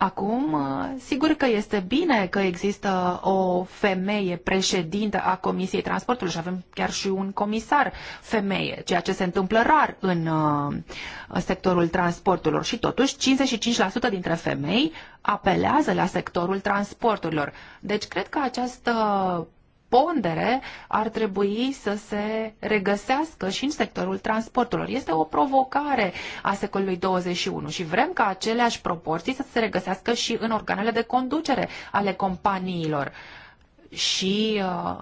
Acum, uh, sigur că este bine că există o femeie președintă a Comisiei Transportului și avem chiar și un comisar femeie, ceea ce se întâmplă rar în uh, sectorul transporturilor. Și totuși, 55% dintre femei apelează la sectorul transporturilor. Deci, cred că această pondere ar trebui să se regăsească și în sectorul transporturilor. Este o provocare a secolului 21 și vrem ca aceleași proporții să se regăsească și în organele de conducere ale companiilor și uh,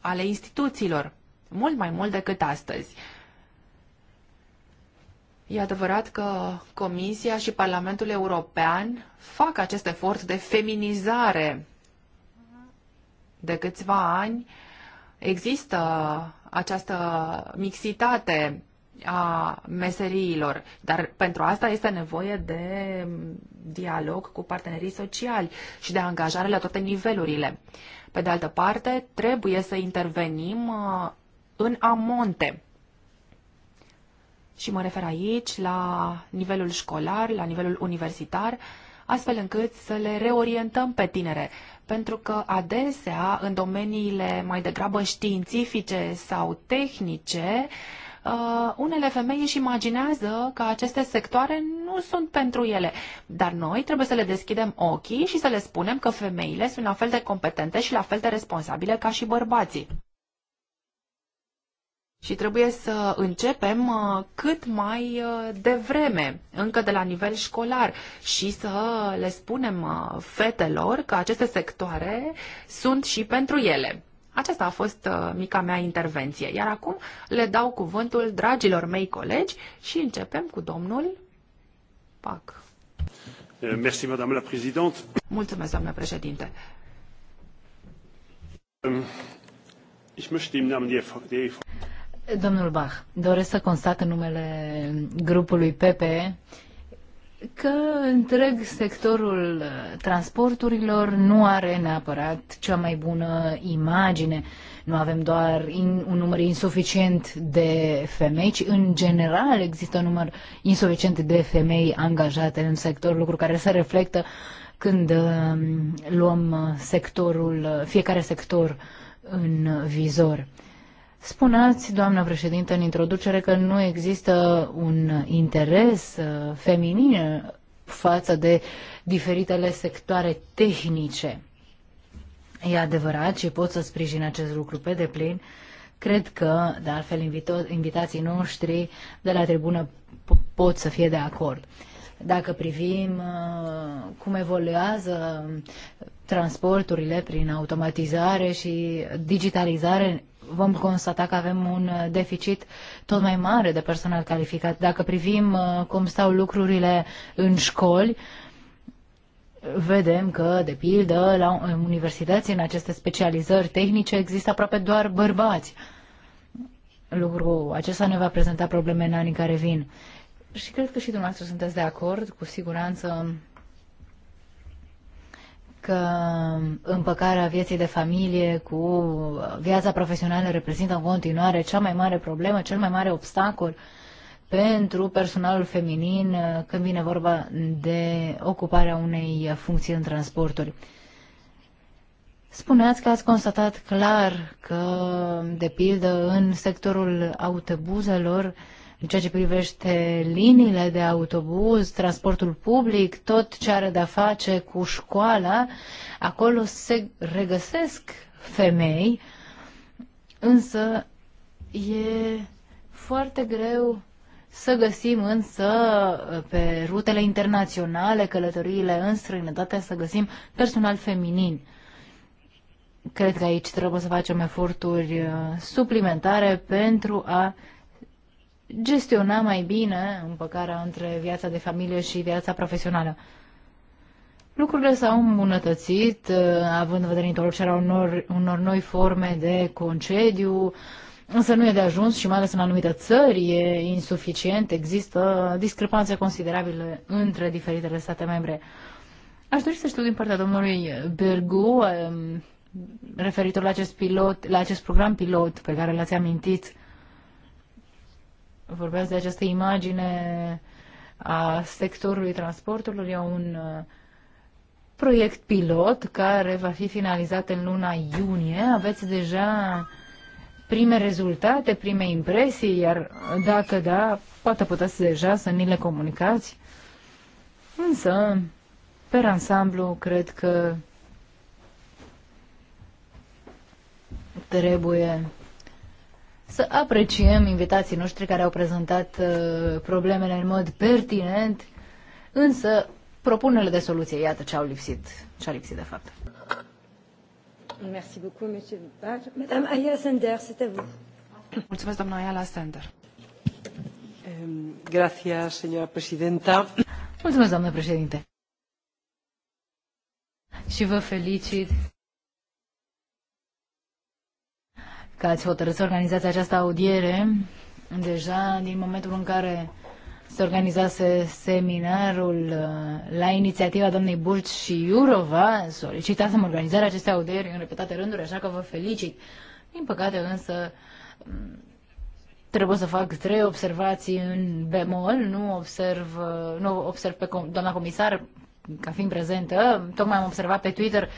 ale instituțiilor, mult mai mult decât astăzi. E adevărat că Comisia și Parlamentul European fac acest efort de feminizare de câțiva ani există această mixitate a meseriilor, dar pentru asta este nevoie de dialog cu partenerii sociali și de angajare la toate nivelurile. Pe de altă parte, trebuie să intervenim uh, în amonte. Și mă refer aici la nivelul școlar, la nivelul universitar, astfel încât să le reorientăm pe tinere. Pentru că adesea, în domeniile mai degrabă științifice sau tehnice, Uh, unele femei își imaginează că aceste sectoare nu sunt pentru ele, dar noi trebuie să le deschidem ochii și să le spunem că femeile sunt la fel de competente și la fel de responsabile ca și bărbații și trebuie să începem uh, cât mai uh, devreme, încă de la nivel școlar și să le spunem uh, fetelor că aceste sectoare sunt și pentru ele. Aceasta a fost mica mea intervenție, iar acum le dau cuvântul dragilor mei colegi și începem cu domnul Pac. Euh, merci, madame la présidente. Mulțumesc, doamnă președinte. Um, ich möchte im Namen der Domnul Bach, doresc să constat în numele grupului PPE că întreg sectorul uh, transporturilor nu are neapărat cea mai bună imagine. Nu avem doar in, un număr insuficient de femei, ci în general există un număr insuficient de femei angajate în sector, lucru care se reflectă când uh, luăm uh, sectorul, fiecare sector în vizor. Spuneați, doamnă președinte, în introducere că nu există un interes uh, feminin uh, față de diferitele sectoare tehnice. E adevărat și pot să sprijin acest lucru pe deplin. Cred că, de altfel, invitații noștri de la tribună pot să fie de acord. Dacă privim uh, cum evoluează transporturile prin automatizare și digitalizare, vom constata că avem un uh, deficit tot mai mare de personal calificat. Dacă privim uh, cum stau lucrurile în școli, vedem că, de pildă, la universități, în aceste specializări tehnice, există aproape doar bărbați. Lucru acesta ne va prezenta probleme în anii care vin. Și cred că și dumneavoastră sunteți de acord, cu siguranță că împăcarea vieții de familie cu viața profesională reprezintă în continuare cea mai mare problemă, cel mai mare obstacol pentru personalul feminin uh, când vine vorba de ocuparea unei funcții în transporturi. Spuneați că ați constatat clar că, de pildă, în sectorul autobuzelor, în ceea ce privește liniile de autobuz, transportul public, tot ce are de-a face cu școala, acolo se regăsesc femei, însă e foarte greu să găsim însă pe rutele internaționale, călătoriile în străinătate, să găsim personal feminin. Cred că aici trebuie să facem eforturi uh, suplimentare pentru a gestiona mai bine împăcarea între viața de familie și viața profesională. Lucrurile s-au îmbunătățit, uh, având în vedere introducerea unor, unor noi forme de concediu, însă nu e de ajuns și mai ales în anumite țări e insuficient, există discrepanțe considerabile între diferitele state membre. Aș dori să știu din partea domnului Bergu, um, referitor la acest, pilot, la acest program pilot pe care l-ați amintit, vorbeați de această imagine a sectorului transporturilor. E un uh, proiect pilot care va fi finalizat în luna iunie. Aveți deja prime rezultate, prime impresii, iar dacă da, poate puteți deja să ni le comunicați. Însă, pe ansamblu, cred că trebuie să apreciem invitații noștri care au prezentat uh, problemele în mod pertinent, însă propunerile de soluție, iată ce au lipsit, ce a lipsit de fapt. Merci beaucoup, monsieur Page. Madame Aya Sander, c'est à vous. Mulțumesc, doamna Ayala Sender. Gracias, señora presidenta. Mulțumesc, doamnă președinte. Și vă felicit că ați hotărât să organizați această audiere. Deja din momentul în care se organizase seminarul uh, la inițiativa doamnei Burci și Iurova, solicitasem organizarea acestei audieri în repetate rânduri, așa că vă felicit. Din păcate însă trebuie să fac trei observații în bemol, nu observ, uh, nu observ pe doamna comisar ca fiind prezentă, tocmai am observat pe Twitter uh,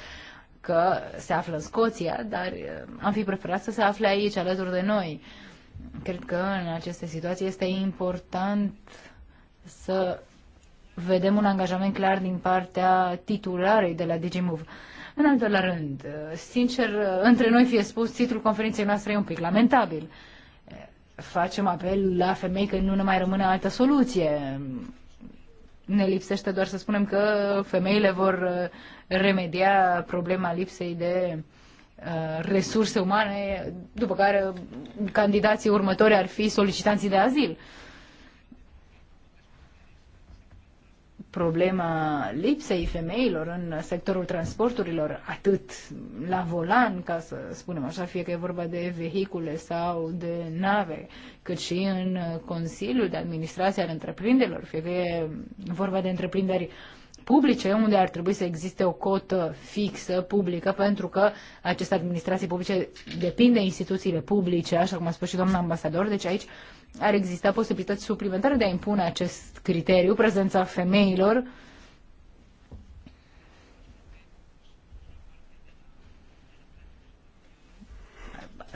că se află în Scoția, dar eh, am fi preferat să se afle aici, alături de noi. Cred că în aceste situații este important să vedem un angajament clar din partea titularei de la DigiMove. În al doilea rând, eh, sincer, eh, între noi fie spus, titlul conferinței noastre e un pic lamentabil. Facem apel la femei că nu ne mai rămâne altă soluție ne lipsește doar să spunem că femeile vor uh, remedia problema lipsei de uh, resurse umane, după care uh, candidații următori ar fi solicitanții de azil. problema lipsei femeilor în sectorul transporturilor, atât la volan, ca să spunem așa, fie că e vorba de vehicule sau de nave, cât și în Consiliul de Administrație al Întreprinderilor, fie că e vorba de întreprinderi uh, publice, unde ar trebui să existe o cotă fixă publică, pentru că aceste administrații publice depind de instituțiile publice, așa cum a spus și doamna ambasador, deci aici ar exista posibilități suplimentare de a impune acest criteriu, prezența femeilor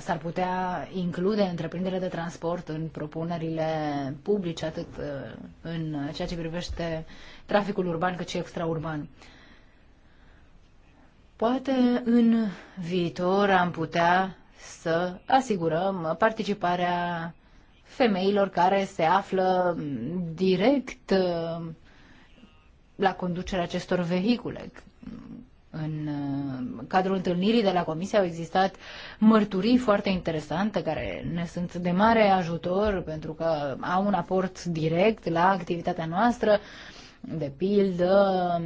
s-ar putea include întreprinderile de transport în propunerile publice, atât uh, în ceea ce privește traficul urban cât și extraurban. Poate în viitor am putea să asigurăm participarea femeilor care se află direct uh, la conducerea acestor vehicule, în uh, cadrul întâlnirii de la Comisie au existat mărturii foarte interesante care ne sunt de mare ajutor pentru că au un aport direct la activitatea noastră, de pildă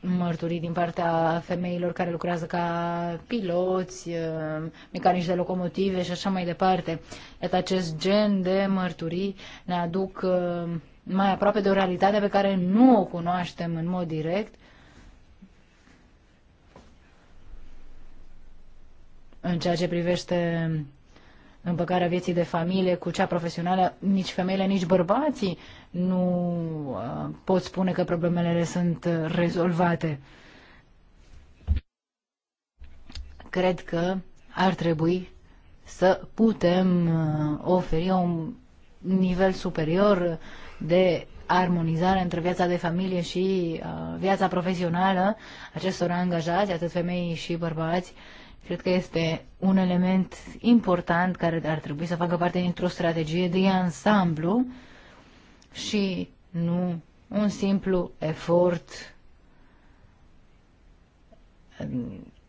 mărturii din partea femeilor care lucrează ca piloți, uh, mecanici de locomotive și așa mai departe. Iată, acest gen de mărturii ne aduc uh, mai aproape de o realitate pe care nu o cunoaștem în mod direct în ceea ce privește împăcarea vieții de familie cu cea profesională, nici femeile, nici bărbații nu uh, pot spune că problemele sunt uh, rezolvate. Cred că ar trebui să putem uh, oferi un nivel superior de armonizare între viața de familie și viața profesională acestor angajați, atât femei și bărbați, uh, Cred că este un element important care ar trebui să facă parte dintr-o strategie de ansamblu și nu un simplu efort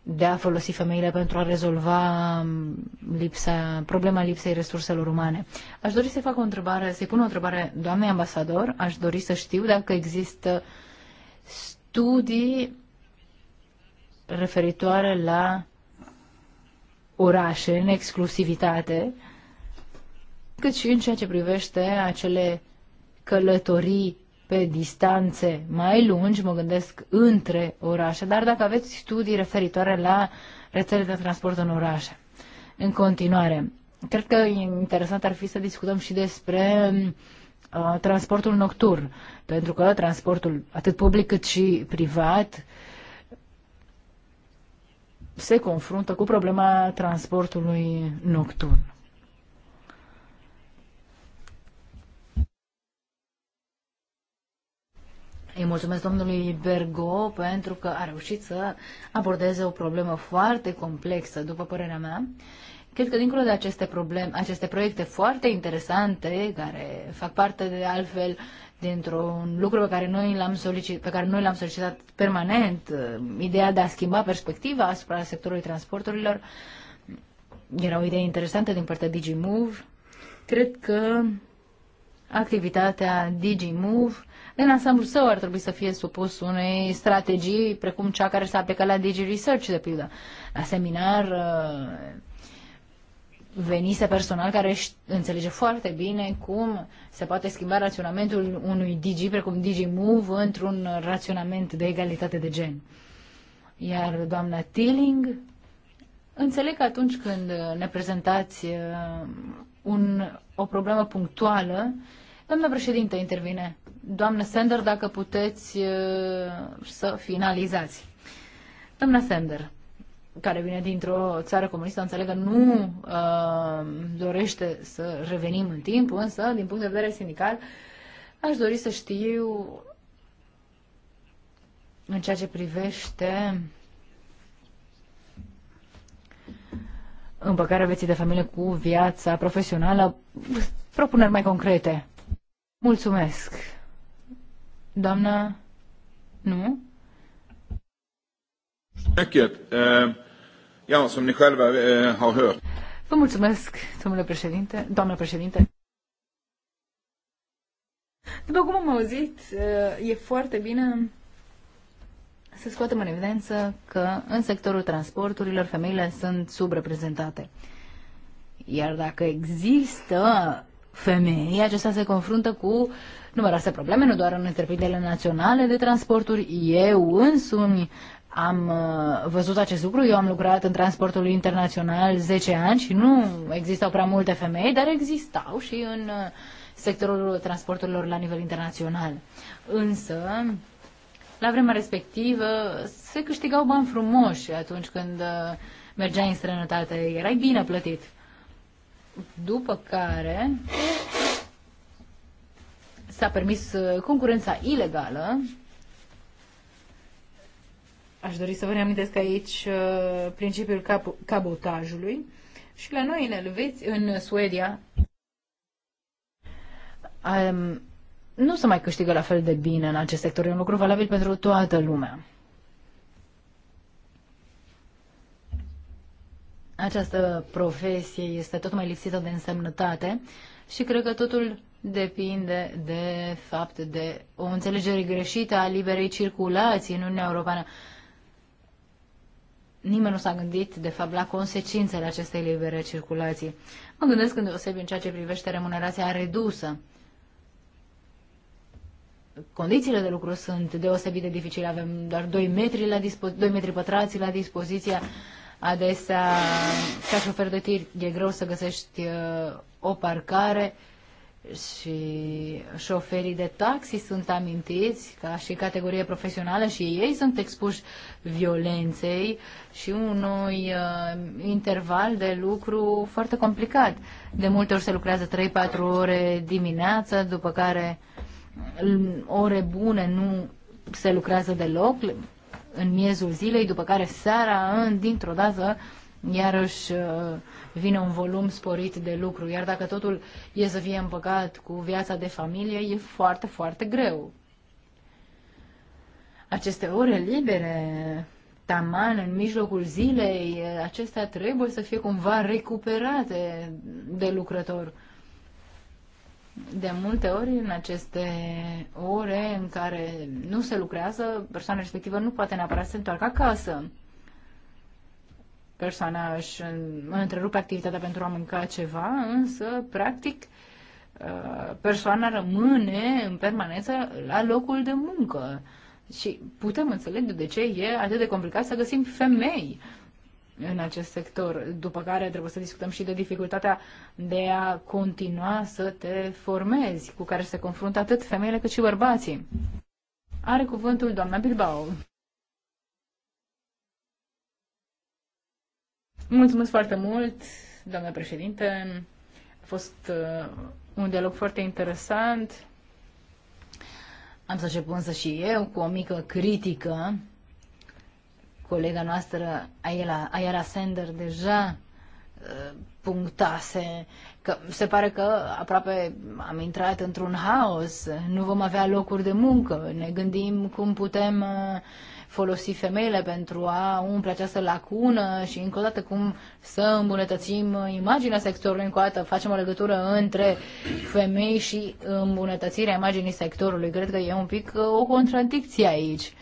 de a folosi femeile pentru a rezolva lipsa, problema lipsei resurselor umane. Aș dori să fac o întrebare, să-i pun o întrebare doamnei ambasador, aș dori să știu dacă există studii referitoare la orașe în exclusivitate, cât și în ceea ce privește acele călătorii pe distanțe mai lungi, mă gândesc între orașe, dar dacă aveți studii referitoare la rețele de transport în orașe. În continuare, cred că interesant ar fi să discutăm și despre um, uh, transportul nocturn, pentru că transportul atât public cât și privat se confruntă cu problema transportului nocturn. Îi mulțumesc domnului Bergo pentru că a reușit să abordeze o problemă foarte complexă, după părerea mea. Cred că dincolo de aceste, probleme, aceste proiecte foarte interesante, care fac parte de altfel dintr-un lucru pe care noi l-am solicitat, pe care noi l-am solicitat permanent, uh, ideea de a schimba perspectiva asupra sectorului transporturilor. Era o idee interesantă din partea DigiMove. Cred că activitatea DigiMove în ansamblu său ar trebui să fie supus unei strategii precum cea care s-a aplicat la DigiResearch, de pildă. La seminar uh, venise personal care înțelege foarte bine cum se poate schimba raționamentul unui Digi, precum DigiMove, într-un raționament de egalitate de gen. Iar doamna Tilling, înțeleg că atunci când ne prezentați uh, un, o problemă punctuală, doamna președinte intervine. Doamna Sender, dacă puteți uh, să finalizați. Doamna Sender, care vine dintr-o țară comunistă, înțeleg că nu uh, dorește să revenim în timp, însă, din punct de vedere sindical, aș dori să știu în ceea ce privește împăcarea vieții de familie cu viața profesională, propuneri mai concrete. Mulțumesc. Doamna, nu? Echiet, uh... Ja, som ni själva eh, Vă mulțumesc, domnule președinte, doamnă președinte. După cum am auzit, eh, e foarte bine să scoatem în evidență că în sectorul transporturilor femeile sunt subreprezentate. Iar dacă există femei, acestea se confruntă cu numeroase probleme, nu doar în întreprinderile naționale de transporturi. Eu însumi am uh, văzut acest lucru, eu am lucrat în transportul internațional 10 ani și nu existau prea multe femei, dar existau și în uh, sectorul transporturilor la nivel internațional. Însă, la vremea respectivă, se câștigau bani frumoși atunci când uh, mergeai în străinătate, erai bine plătit. După care s-a permis concurența ilegală Aș dori să vă reamintesc aici uh, principiul cap- cabotajului. Și la noi, în Elveți, în Suedia, um, nu se mai câștigă la fel de bine în acest sector. E un lucru valabil pentru toată lumea. Această profesie este tot mai lipsită de însemnătate și cred că totul depinde de fapt de o înțelegere greșită a liberei circulații în Uniunea Europeană nimeni nu s-a gândit, de fapt, la consecințele acestei libere circulații. Mă gândesc deosebi în ceea ce privește remunerația redusă. Condițiile de lucru sunt deosebit de dificile. Avem doar 2 metri, la dispo- 2 metri pătrați la dispoziție. Adesea, ca șofer de tir, e greu să găsești uh, o parcare. Uh, și șoferii de taxi sunt amintiți ca și categorie profesională și ei sunt expuși violenței și unui uh, interval de lucru foarte complicat. De multe ori se lucrează 3-4 ore dimineața, după care mm, ore bune nu se lucrează deloc în miezul zilei, după care seara, dintr-o dată, uh, iarăși uh, vine un volum sporit de lucru. Iar dacă totul e să fie împăcat cu viața de familie, e foarte, foarte greu. Aceste ore libere, taman în mijlocul zilei, uh, acestea trebuie să fie cumva recuperate de lucrător. De multe ori, în aceste ore în care nu se lucrează, persoana respectivă nu poate neapărat să se întoarcă acasă persoana își întrerupe activitatea pentru a mânca ceva, însă, practic, uh, persoana rămâne în permanență la locul de muncă. Și putem înțelege de ce e atât de complicat să găsim femei în acest sector, după care trebuie să discutăm și de dificultatea de a continua să te formezi, cu care se confruntă atât femeile cât și bărbații. Are cuvântul doamna Bilbao. Mulțumesc foarte mult, doamna președinte. A fost uh, un dialog foarte interesant. Am să încep însă și eu cu o mică critică. Colega noastră, Aiela, Aiela Sender, deja uh, punctase că se pare că aproape am intrat într-un haos, nu vom avea locuri de muncă, ne gândim cum putem uh, folosi femeile pentru a umple această lacună și încă o dată cum să îmbunătățim imaginea sectorului, încă o dată facem o legătură între femei și îmbunătățirea imaginii sectorului. Cred că e un pic uh, o contradicție aici.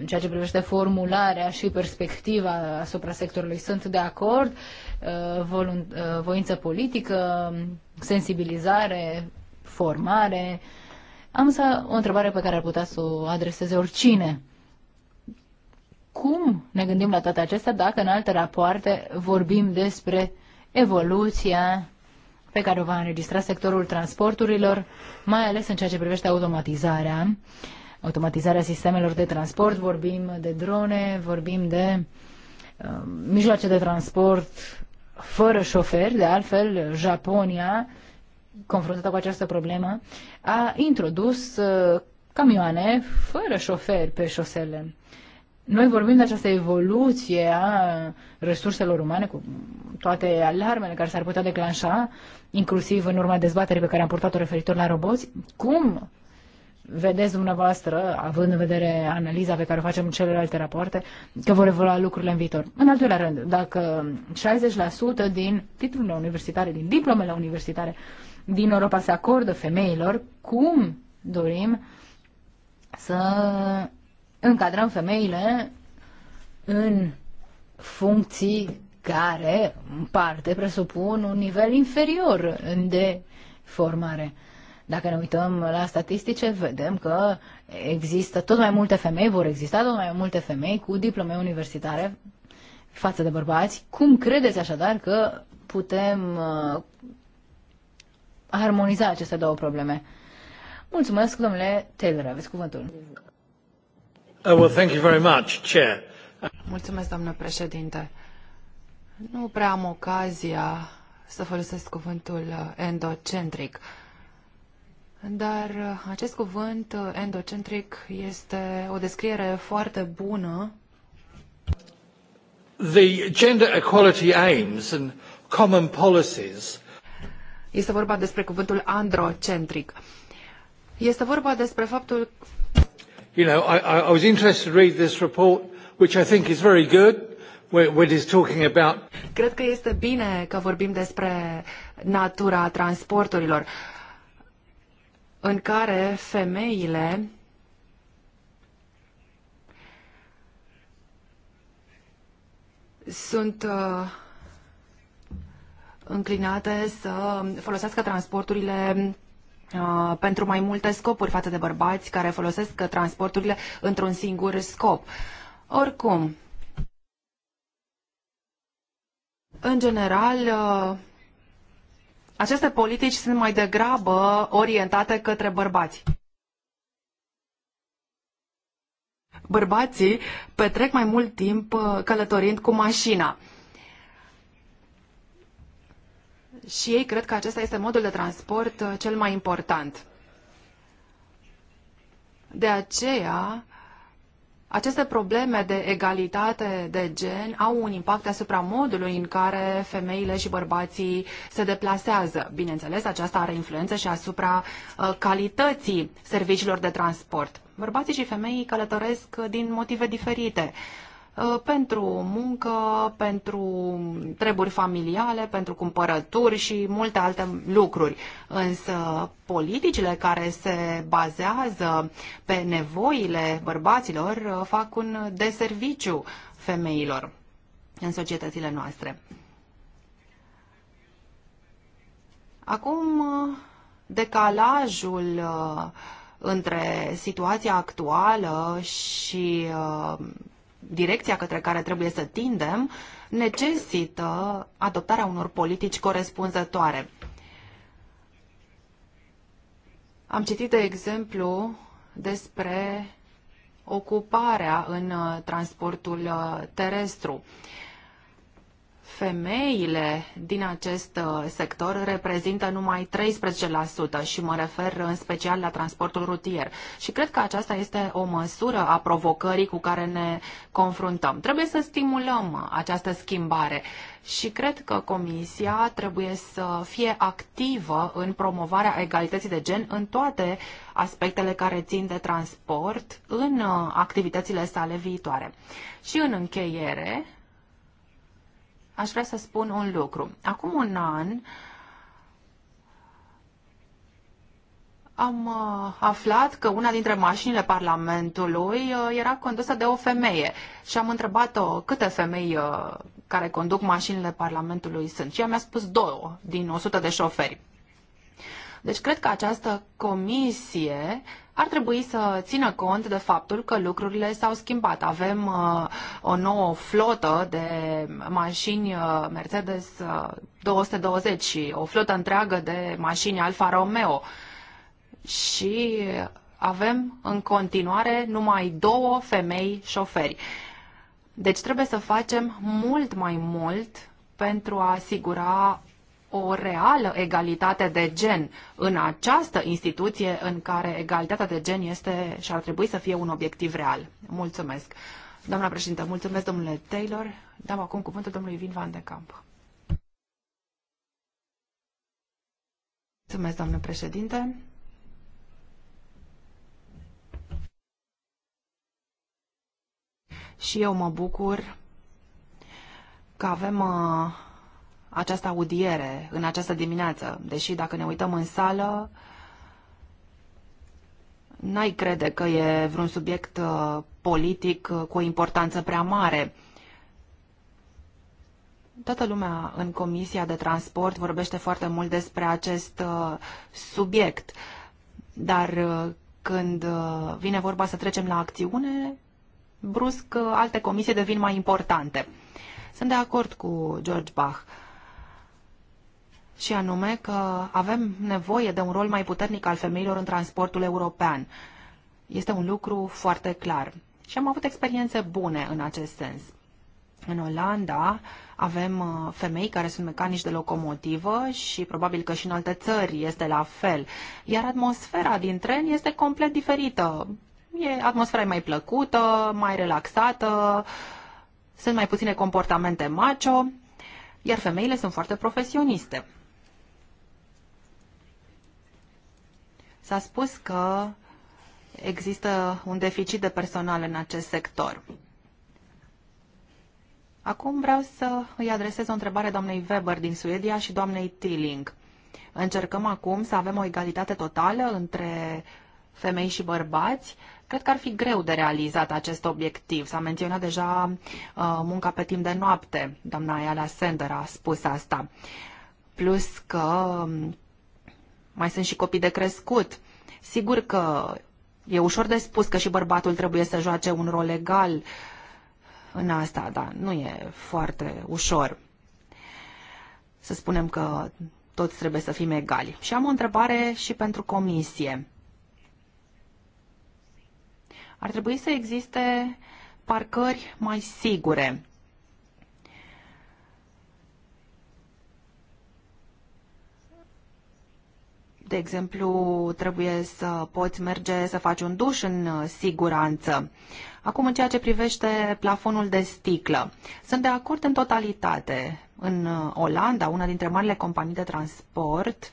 În ceea ce privește formularea și perspectiva asupra sectorului, sunt de acord, uh, uh, voință politică, sensibilizare, formare. Am să o întrebare pe care ar putea să o adreseze oricine cum ne gândim la toate acestea dacă în alte rapoarte vorbim despre evoluția pe care o va înregistra sectorul transporturilor, mai ales în ceea ce privește automatizarea, automatizarea sistemelor de transport, vorbim de drone, vorbim de uh, mijloace de transport fără șoferi, de altfel Japonia, confruntată cu această problemă, a introdus uh, camioane fără șoferi pe șosele. Noi vorbim de această evoluție a resurselor umane cu toate alarmele care s-ar putea declanșa, inclusiv în urma dezbaterii pe care am purtat-o referitor la roboți. Cum vedeți dumneavoastră, având în vedere analiza pe care o facem în celelalte rapoarte, că vor evolua lucrurile în viitor. În al doilea rând, dacă 60% din titlurile universitare, din diplomele universitare din Europa se acordă femeilor, cum dorim să încadrăm femeile în funcții care, în parte, presupun un nivel inferior de formare. Dacă ne uităm la statistice, vedem că există tot mai multe femei, vor exista tot mai multe femei cu diplome universitare față de bărbați. Cum credeți așadar că putem uh, armoniza aceste două probleme? Mulțumesc, domnule Taylor, aveți cuvântul. Uh, Mulțumesc, președinte. Nu prea am ocazia să folosesc cuvântul uh, endocentric, dar uh, acest cuvânt endocentric este o descriere foarte bună. The gender equality aims and common policies. Este vorba despre cuvântul androcentric. Este vorba despre faptul you know, I, I, I was interested to read this report, which I think is very good. talking about. Cred că este bine că vorbim despre natura transporturilor în care femeile sunt uh, înclinate să folosească transporturile Uh, pentru mai multe scopuri față de bărbați care folosesc transporturile într-un singur scop. Oricum, în general, uh, aceste politici sunt mai degrabă orientate către bărbați. Bărbații petrec mai mult timp uh, călătorind cu mașina și ei cred că acesta este modul de transport uh, cel mai important. De aceea, aceste probleme de egalitate de gen au un impact asupra modului în care femeile și bărbații se deplasează. Bineînțeles, aceasta are influență și asupra uh, calității serviciilor de transport. Bărbații și femeii călătoresc uh, din motive diferite. Uh, pentru muncă, pentru treburi familiale, pentru cumpărături și multe alte lucruri. Însă politicile care se bazează pe nevoile bărbaților uh, fac un deserviciu femeilor în societățile noastre. Acum, uh, decalajul între situația actuală și direcția către care trebuie să tindem necesită adoptarea unor politici corespunzătoare. Am citit, de exemplu, despre ocuparea în uh, transportul uh, terestru femeile din acest uh, sector reprezintă numai 13% și mă refer în special la transportul rutier. Și cred că aceasta este o măsură a provocării cu care ne confruntăm. Trebuie să stimulăm această schimbare și cred că Comisia trebuie să fie activă în promovarea egalității de gen în toate aspectele care țin de transport în uh, activitățile sale viitoare. Și în încheiere, aș vrea să spun un lucru. Acum un an am uh, aflat că una dintre mașinile Parlamentului uh, era condusă de o femeie și am întrebat-o câte femei uh, care conduc mașinile Parlamentului sunt. Și ea mi-a spus două din 100 de șoferi. Deci cred că această comisie uh, ar trebui să țină cont de faptul că lucrurile s-au schimbat. Avem uh, o nouă flotă de mașini uh, Mercedes uh, 220 și o flotă întreagă de mașini Alfa Romeo. Și avem în continuare numai două femei șoferi. Deci trebuie să facem mult mai mult pentru a asigura o reală egalitate de gen în această instituție în care egalitatea de gen este și ar trebui să fie un obiectiv real. Mulțumesc. Doamna președintă, mulțumesc domnule Taylor. Dăm acum cuvântul domnului Vin Van de Camp. Mulțumesc, doamnă președinte. Și eu mă bucur că avem uh, această audiere în această dimineață, deși dacă ne uităm în sală, n-ai crede că e vreun subiect uh, politic uh, cu o importanță prea mare. Toată lumea în Comisia de Transport vorbește foarte mult despre acest uh, subiect, dar când vine vorba să trecem la acțiune, brusc alte comisii devin mai importante. Sunt de acord cu George Bach și anume că avem nevoie de un rol mai puternic al femeilor în transportul european. Este un lucru foarte clar. Și am avut experiențe bune în acest sens. În Olanda avem uh, femei care sunt mecanici de locomotivă și probabil că și în alte țări este la fel. Iar atmosfera din tren este complet diferită. E, atmosfera e mai plăcută, mai relaxată, sunt mai puține comportamente macho, iar femeile sunt foarte profesioniste. S-a spus că există un deficit de personal în acest sector. Acum vreau să îi adresez o întrebare doamnei Weber din Suedia și doamnei Tilling. Încercăm acum să avem o egalitate totală între femei și bărbați. Cred că ar fi greu de realizat acest obiectiv. S-a menționat deja uh, munca pe timp de noapte. Doamna Ayala Sender a spus asta. Plus că um, mai sunt și copii de crescut. Sigur că e ușor de spus că și bărbatul trebuie să joace un rol legal în asta, dar nu e foarte ușor. Să spunem că toți trebuie să fim egali. Și am o întrebare și pentru comisie. Ar trebui să existe parcări mai sigure De exemplu, trebuie să poți merge să faci un duș în uh, siguranță. Acum, în ceea ce privește plafonul de sticlă, sunt de acord în totalitate. În uh, Olanda, una dintre marile companii de transport,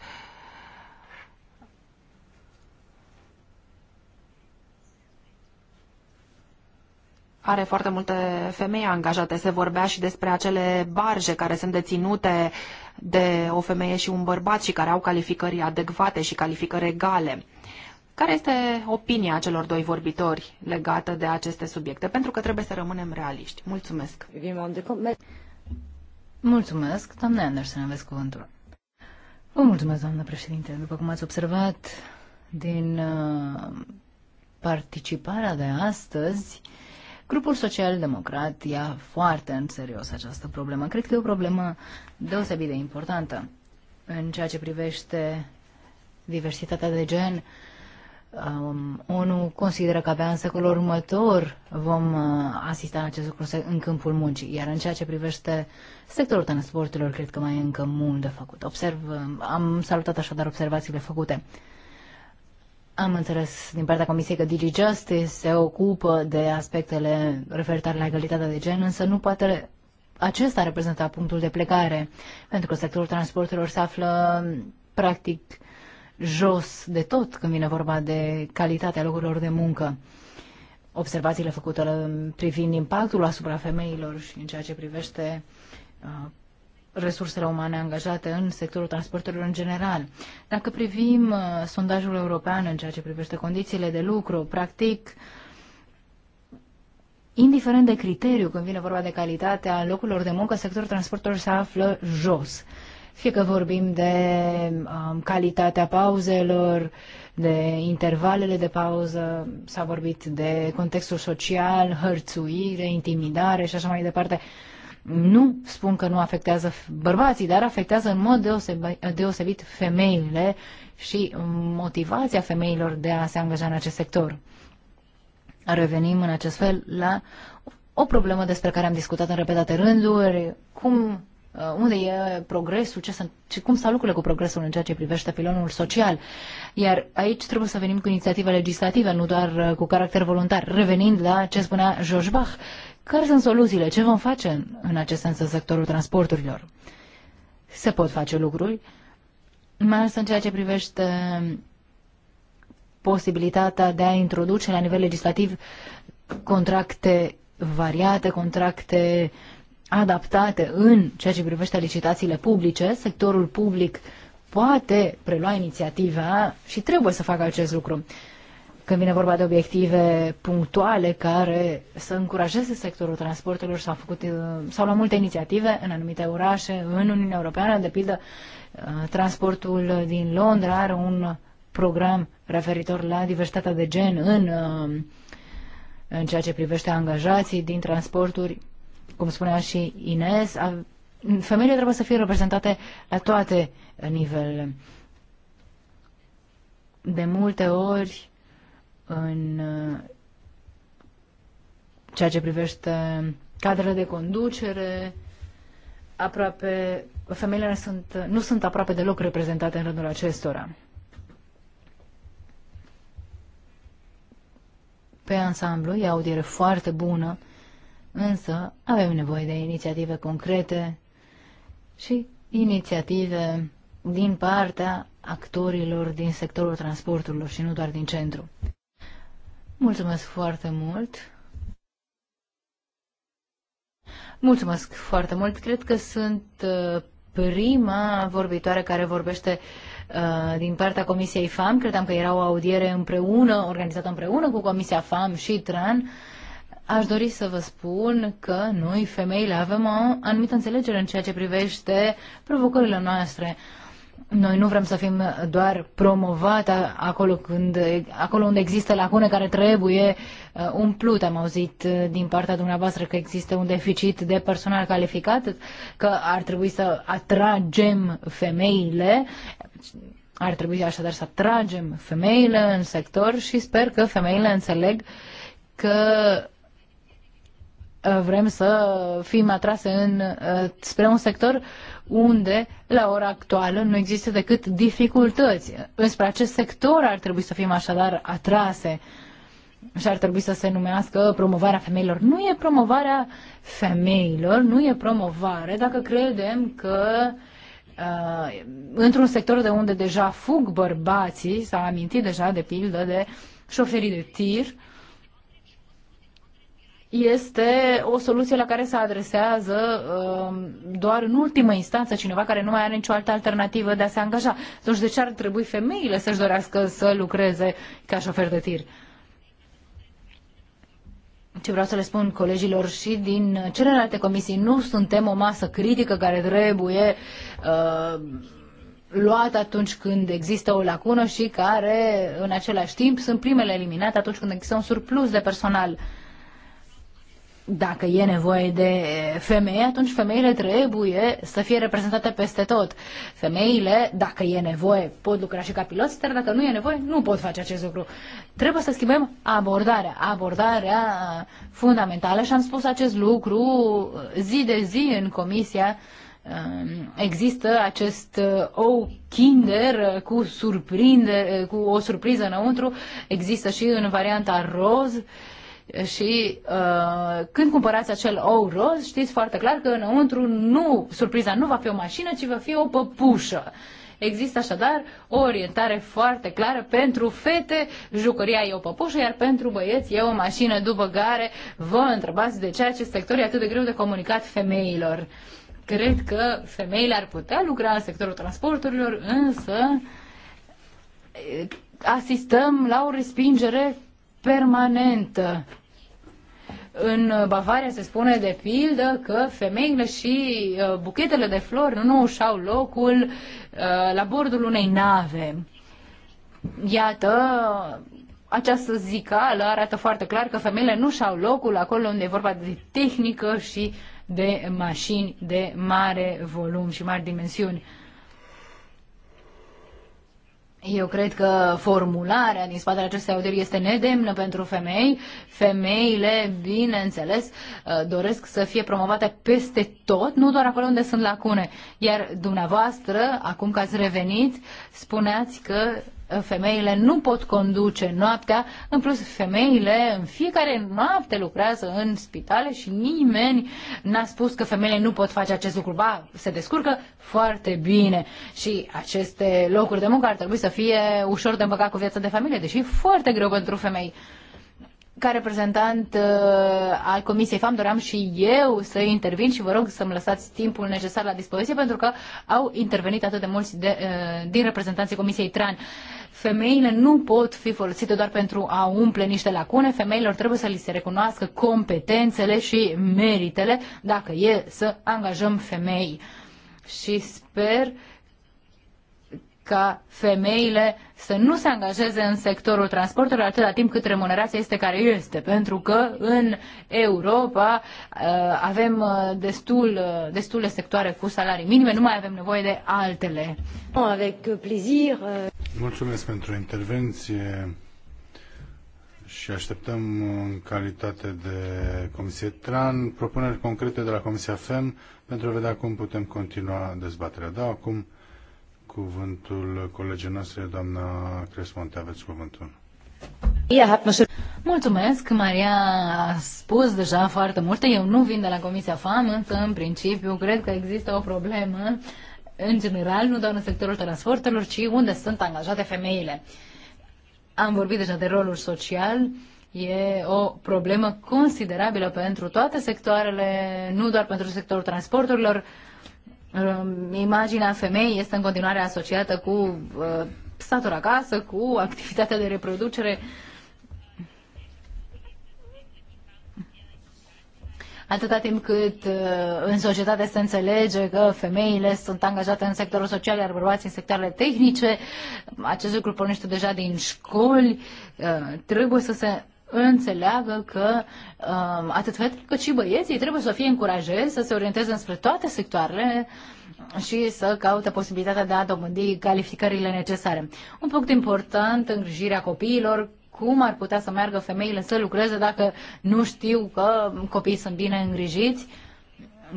are foarte multe femei angajate. Se vorbea și despre acele barje care sunt deținute uh, de o femeie și un bărbat și care au calificări adecvate și calificări egale. Care este opinia celor doi vorbitori legată de aceste subiecte? Pentru că trebuie să rămânem realiști. Mulțumesc! Mulțumesc, doamne Anderson, aveți cuvântul. Vă mulțumesc, doamnă președinte. După cum ați observat din uh, participarea de astăzi, Grupul Social-Democrat ia foarte în serios această problemă. Cred că e o problemă deosebit de importantă în ceea ce privește diversitatea de gen. Um, ONU consideră că abia în secolul următor vom uh, asista la acest lucru în câmpul muncii, iar în ceea ce privește sectorul transporturilor, cred că mai e încă mult de făcut. Observ, um, am salutat așadar observațiile făcute. Am înțeles din partea Comisiei că Digi Justice se ocupă de aspectele referitoare la egalitatea de gen, însă nu poate acesta reprezenta punctul de plecare, pentru că sectorul transporturilor se află practic jos de tot când vine vorba de calitatea locurilor de muncă. Observațiile făcute uh, privind impactul asupra femeilor și în ceea ce privește uh, resursele umane angajate în sectorul transporturilor în general. Dacă privim uh, sondajul european în ceea ce privește condițiile de lucru, practic, indiferent de criteriu, când vine vorba de calitatea locurilor de muncă, sectorul transporturilor se află jos. Fie că vorbim de um, calitatea pauzelor, de intervalele de pauză, s-a vorbit de contextul social, hărțuire, intimidare și așa mai departe. Uh, nu spun că nu afectează bărbații, dar afectează în mod deosebit femeile și motivația femeilor de a se angaja în acest sector. Revenim în acest fel la o problemă despre care am discutat în repetate rânduri, cum Uh, unde e progresul, ce sunt, ce, cum stau lucrurile cu progresul în ceea ce privește pilonul social. Iar aici trebuie să venim cu inițiative legislative, nu doar uh, cu caracter voluntar. Revenind la ce spunea George Bach, care sunt soluțiile? Ce vom face în, în acest sens în sectorul transporturilor? Se pot face lucruri, mai ales în ceea ce privește posibilitatea de a introduce la nivel legislativ contracte variate, contracte uh, adaptate în ceea ce privește licitațiile publice, sectorul public poate prelua inițiativa și trebuie să facă acest lucru. Când vine vorba de obiective punctuale care să încurajeze sectorul transportelor, s-au făcut uh, sau luat multe inițiative în anumite orașe, în Uniunea Europeană, de pildă uh, transportul din Londra are un program referitor la diversitatea de gen în, uh, în ceea ce privește angajații din transporturi cum spunea și Ines, femeile trebuie să fie reprezentate la toate nivelele. De multe ori, în uh, ceea ce privește cadrele de conducere, aproape, femeile sunt, nu sunt aproape deloc reprezentate în rândul acestora. Pe ansamblu, e o audiere foarte bună însă avem nevoie de inițiative concrete și inițiative din partea actorilor din sectorul transporturilor și nu doar din centru. Mulțumesc foarte mult! Mulțumesc foarte mult! Cred că sunt uh, prima vorbitoare care vorbește uh, din partea Comisiei FAM. Credeam că era o audiere împreună, organizată împreună cu Comisia FAM și TRAN. Aș dori să vă spun că noi, femeile, avem o anumită înțelegere în ceea ce privește provocările noastre. Noi nu vrem să fim doar promovate acolo, când, acolo unde există lacune care trebuie uh, umplute. Am auzit uh, din partea dumneavoastră că există un deficit de personal calificat, că ar trebui să atragem femeile. Ar trebui așadar să atragem femeile în sector și sper că femeile înțeleg că vrem să fim atrase în, uh, spre un sector unde, la ora actuală, nu există decât dificultăți. Înspre acest sector ar trebui să fim așadar atrase și ar trebui să se numească promovarea femeilor. Nu e promovarea femeilor, nu e promovare dacă credem că uh, într-un sector de unde deja fug bărbații, s-a amintit deja de pildă de șoferii de tir, uh, este o soluție la care se adresează um, doar în ultimă instanță cineva care nu mai are nicio altă alternativă de a se angaja. Deci de ce ar trebui femeile să-și dorească să lucreze ca șofer de tir? Ce vreau să le spun colegilor și din celelalte comisii, nu suntem o masă critică care trebuie uh, luată atunci când există o lacună și care în același timp sunt primele eliminate atunci când există un surplus de personal. Uh, dacă e nevoie de femei, atunci femeile trebuie să fie reprezentate peste tot. Femeile, dacă e nevoie, pot lucra și ca piloți, dar dacă nu e nevoie, nu pot face acest lucru. Trebuie să schimbăm abordarea, abordarea fundamentală și am spus acest lucru zi de zi în comisia um, există acest uh, ou kinder uh, cu, surprinde, uh, cu o surpriză înăuntru, există și în varianta roz și uh, când cumpărați acel ou roz, știți foarte clar că înăuntru nu, surpriza nu va fi o mașină, ci va fi o păpușă. Există așadar o orientare foarte clară pentru fete, jucăria e o păpușă, iar pentru băieți e o mașină, după care vă întrebați de ce acest sector e atât de greu de comunicat femeilor. Cred că femeile ar putea lucra în sectorul transporturilor, însă eh, asistăm la o respingere permanentă. În Bavaria se spune de pildă că femeile și uh, buchetele de flori nu își au locul uh, la bordul unei nave. Iată, această zicală arată foarte clar că femeile nu și-au locul acolo unde e vorba de tehnică și de mașini de mare volum și mari dimensiuni. Eu cred că formularea din spatele acestei audieri este nedemnă pentru femei. Femeile, bineînțeles, uh, doresc să fie promovate peste tot, nu doar acolo unde sunt lacune. Iar dumneavoastră, acum că ați revenit, spuneați că femeile nu pot conduce noaptea, în plus femeile în fiecare noapte lucrează în spitale și nimeni n-a spus că femeile nu pot face acest lucru. Ba, se descurcă foarte bine și aceste locuri de muncă ar trebui să fie ușor de împăcat cu viața de familie, deși e foarte greu pentru femei. Ca reprezentant uh, al Comisiei FAM doream și eu să intervin și vă rog să-mi lăsați timpul necesar la dispoziție pentru că au intervenit atât de mulți de, uh, din reprezentanții Comisiei TRAN. Uh, femeile nu pot fi folosite doar pentru a umple niște lacune, femeilor trebuie să li se recunoască competențele și meritele dacă e să angajăm femei. Și sper ca femeile să nu se angajeze în sectorul transportului atâta timp cât remunerația este care este, pentru că în Europa uh, avem uh, destul, uh, destule sectoare cu salarii minime, nu mai avem nevoie de altele. Avec plaisir. Mulțumesc pentru intervenție și așteptăm în calitate de Comisie TRAN propuneri concrete de la Comisia FEM pentru a vedea cum putem continua dezbaterea. Da, acum cuvântul colegii noastre, doamna Cresmonte. Aveți cuvântul. Mulțumesc, Maria a spus deja foarte multe. Eu nu vin de la Comisia FAM, însă în principiu cred că există o problemă în general, nu doar în sectorul transportelor, ci unde sunt angajate femeile. Am vorbit deja de rolul social, e o problemă considerabilă pentru toate sectoarele, nu doar pentru sectorul transporturilor, Um, imaginea femeii este în continuare asociată cu uh, statul acasă, cu activitatea de reproducere. Atâta timp cât uh, în societate se înțelege că femeile sunt angajate în sectorul social, iar bărbații în sectoarele tehnice, acest lucru pornește deja din școli, uh, trebuie să se înțeleagă că um, atât fetele cât și băieții trebuie să fie încurajați să se orienteze înspre toate sectoarele și să caute posibilitatea de a dobândi calificările necesare. Un punct important, îngrijirea copiilor, cum ar putea să meargă femeile să lucreze dacă nu știu că copiii sunt bine îngrijiți,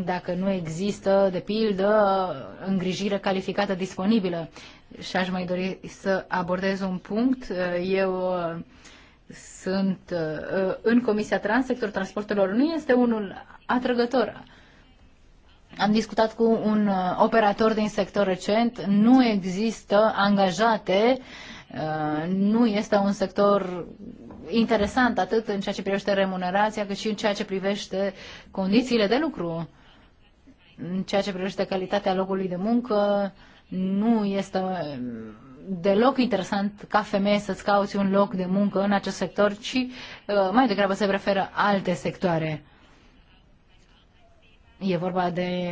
dacă nu există, de pildă, îngrijire calificată disponibilă. Și aș mai dori să abordez un punct. Eu sunt uh, în Comisia Trans, sectorul transportelor nu este unul atrăgător. Am discutat cu un uh, operator din sector recent, nu există angajate, uh, nu este un sector interesant atât în ceea ce privește remunerația, cât și în ceea ce privește condițiile de lucru, în ceea ce privește calitatea locului de muncă, nu este deloc interesant ca femeie să-ți cauți un loc de muncă în acest sector, ci uh, mai degrabă se preferă alte sectoare. E vorba de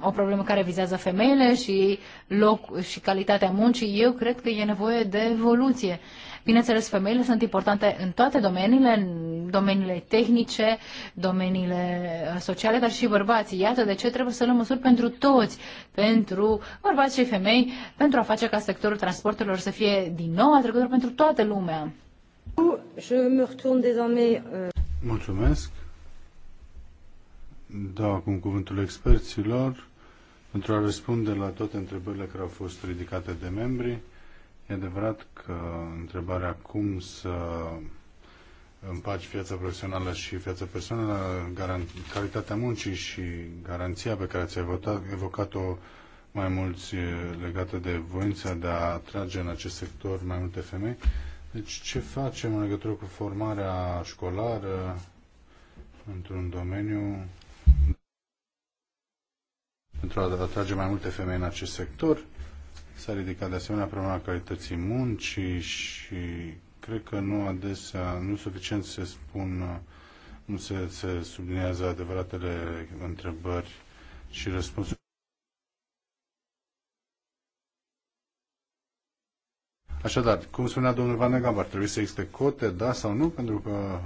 o problemă care vizează femeile și loc și calitatea muncii. Eu cred că e nevoie de evoluție. Uh, Bineînțeles, femeile sunt importante în toate domeniile, în domeniile tehnice, domeniile uh, sociale, dar și bărbații. Iată de ce trebuie să luăm măsuri pentru toți, pentru bărbați și femei, pentru a face ca sectorul transporturilor să fie din nou atrăgător pentru toată lumea. Uh, Mulțumesc. Da, acum cuvântul experților pentru a răspunde la toate întrebările care au fost ridicate de membri. E adevărat întrebarea cum să împaci viața profesională și viața personală, garan- calitatea muncii și garanția pe care ți-ai evocat-o mai mulți legată de voința de a atrage în acest sector mai multe femei. Deci ce facem în legătură cu formarea școlară într-un domeniu pentru a atrage mai multe femei în acest sector? S-a ridicat de asemenea problema calității muncii și cred că nu adesea, nu suficient se spun, nu se, se subliniază adevăratele întrebări și răspunsuri. Așadar, cum spunea domnul Van Gamp, ar trebui să existe cote, da sau nu, pentru că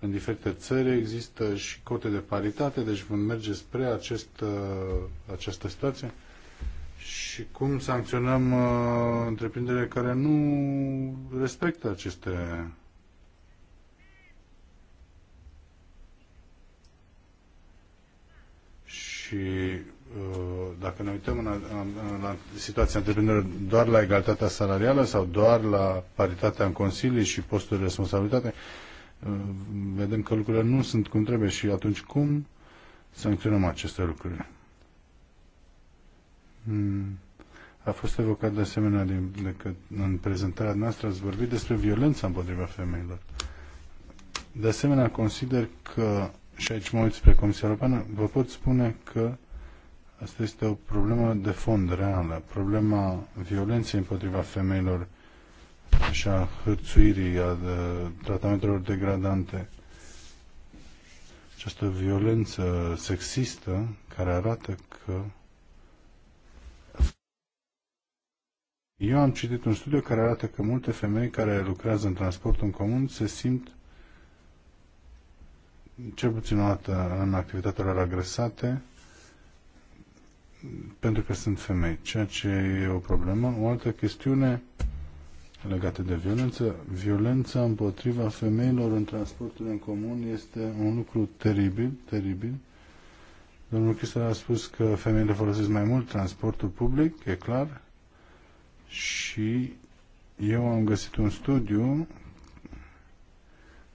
în diferite țări există și cote de paritate, deci vom merge spre acest, această situație și cum sancționăm uh, întreprinderile care nu respectă aceste și uh, dacă ne uităm în, în, la situația întreprinderilor doar la egalitatea salarială sau doar la paritatea în consilii și postul de responsabilitate, uh, vedem că lucrurile nu sunt cum trebuie și atunci cum sancționăm aceste lucruri? Mm. a fost evocat de asemenea din, de, în prezentarea noastră, ați vorbit despre violența împotriva femeilor. De asemenea, consider că, și aici mă uit spre Comisia Europeană, vă pot spune că asta este o problemă de fond reală. Problema violenței împotriva femeilor și a hârțuirii, a de, tratamentelor degradante, această violență sexistă care arată că Eu am citit un studiu care arată că multe femei care lucrează în transportul în comun se simt cel puțin o dată în activitatea lor agresate pentru că sunt femei, ceea ce e o problemă. O altă chestiune legată de violență, violența împotriva femeilor în transportul în comun este un lucru teribil, teribil. Domnul Chisler a spus că femeile folosesc mai mult transportul public, e clar, și eu am găsit un studiu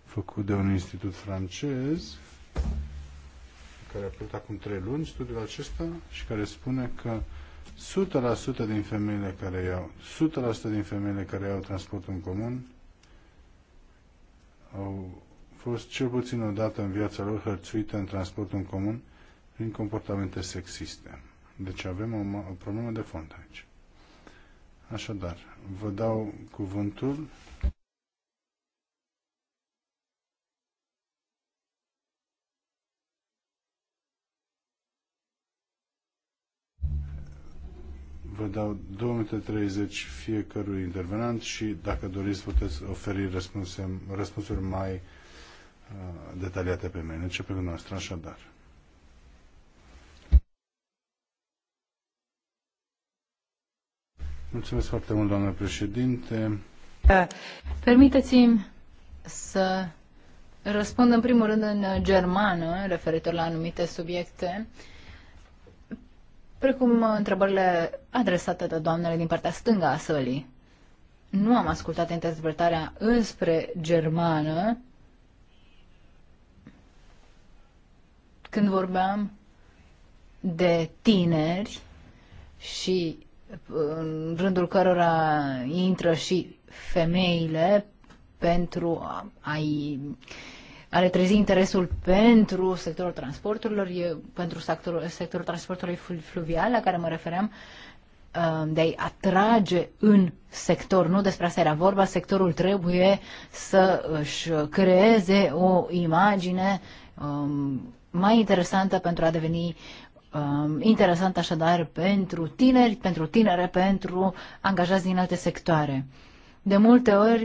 făcut de un institut francez care a apărut acum trei luni, studiul acesta, și care spune că 100% din femeile care iau, 100% din femeile care iau transportul în comun au fost cel puțin o dată în viața lor hărțuite în transportul în comun prin comportamente sexiste. Deci avem o, o problemă de fond aici. Așadar, vă dau cuvântul. Vă dau 230 fiecărui intervenant și dacă doriți puteți oferi răspunse, răspunsuri mai uh, detaliate pe mine. Începem cu noastră așadar. Mulțumesc foarte mult, doamnă președinte. Permiteți-mi să răspund în primul rând în germană, referitor la anumite subiecte, precum întrebările adresate de doamnele din partea stângă a sălii. Nu am ascultat interpretarea înspre germană când vorbeam de tineri și în rândul cărora intră și femeile pentru a-i a le trezi interesul pentru sectorul transporturilor, e, pentru sectorul, sectorul transportului fluvial la care mă refeream, um, de a-i atrage în sector, nu despre asta era vorba, sectorul trebuie să își creeze o imagine um, mai interesantă pentru a deveni Um, interesant așadar pentru tineri, pentru tinere, pentru angajați din alte sectoare. De multe ori,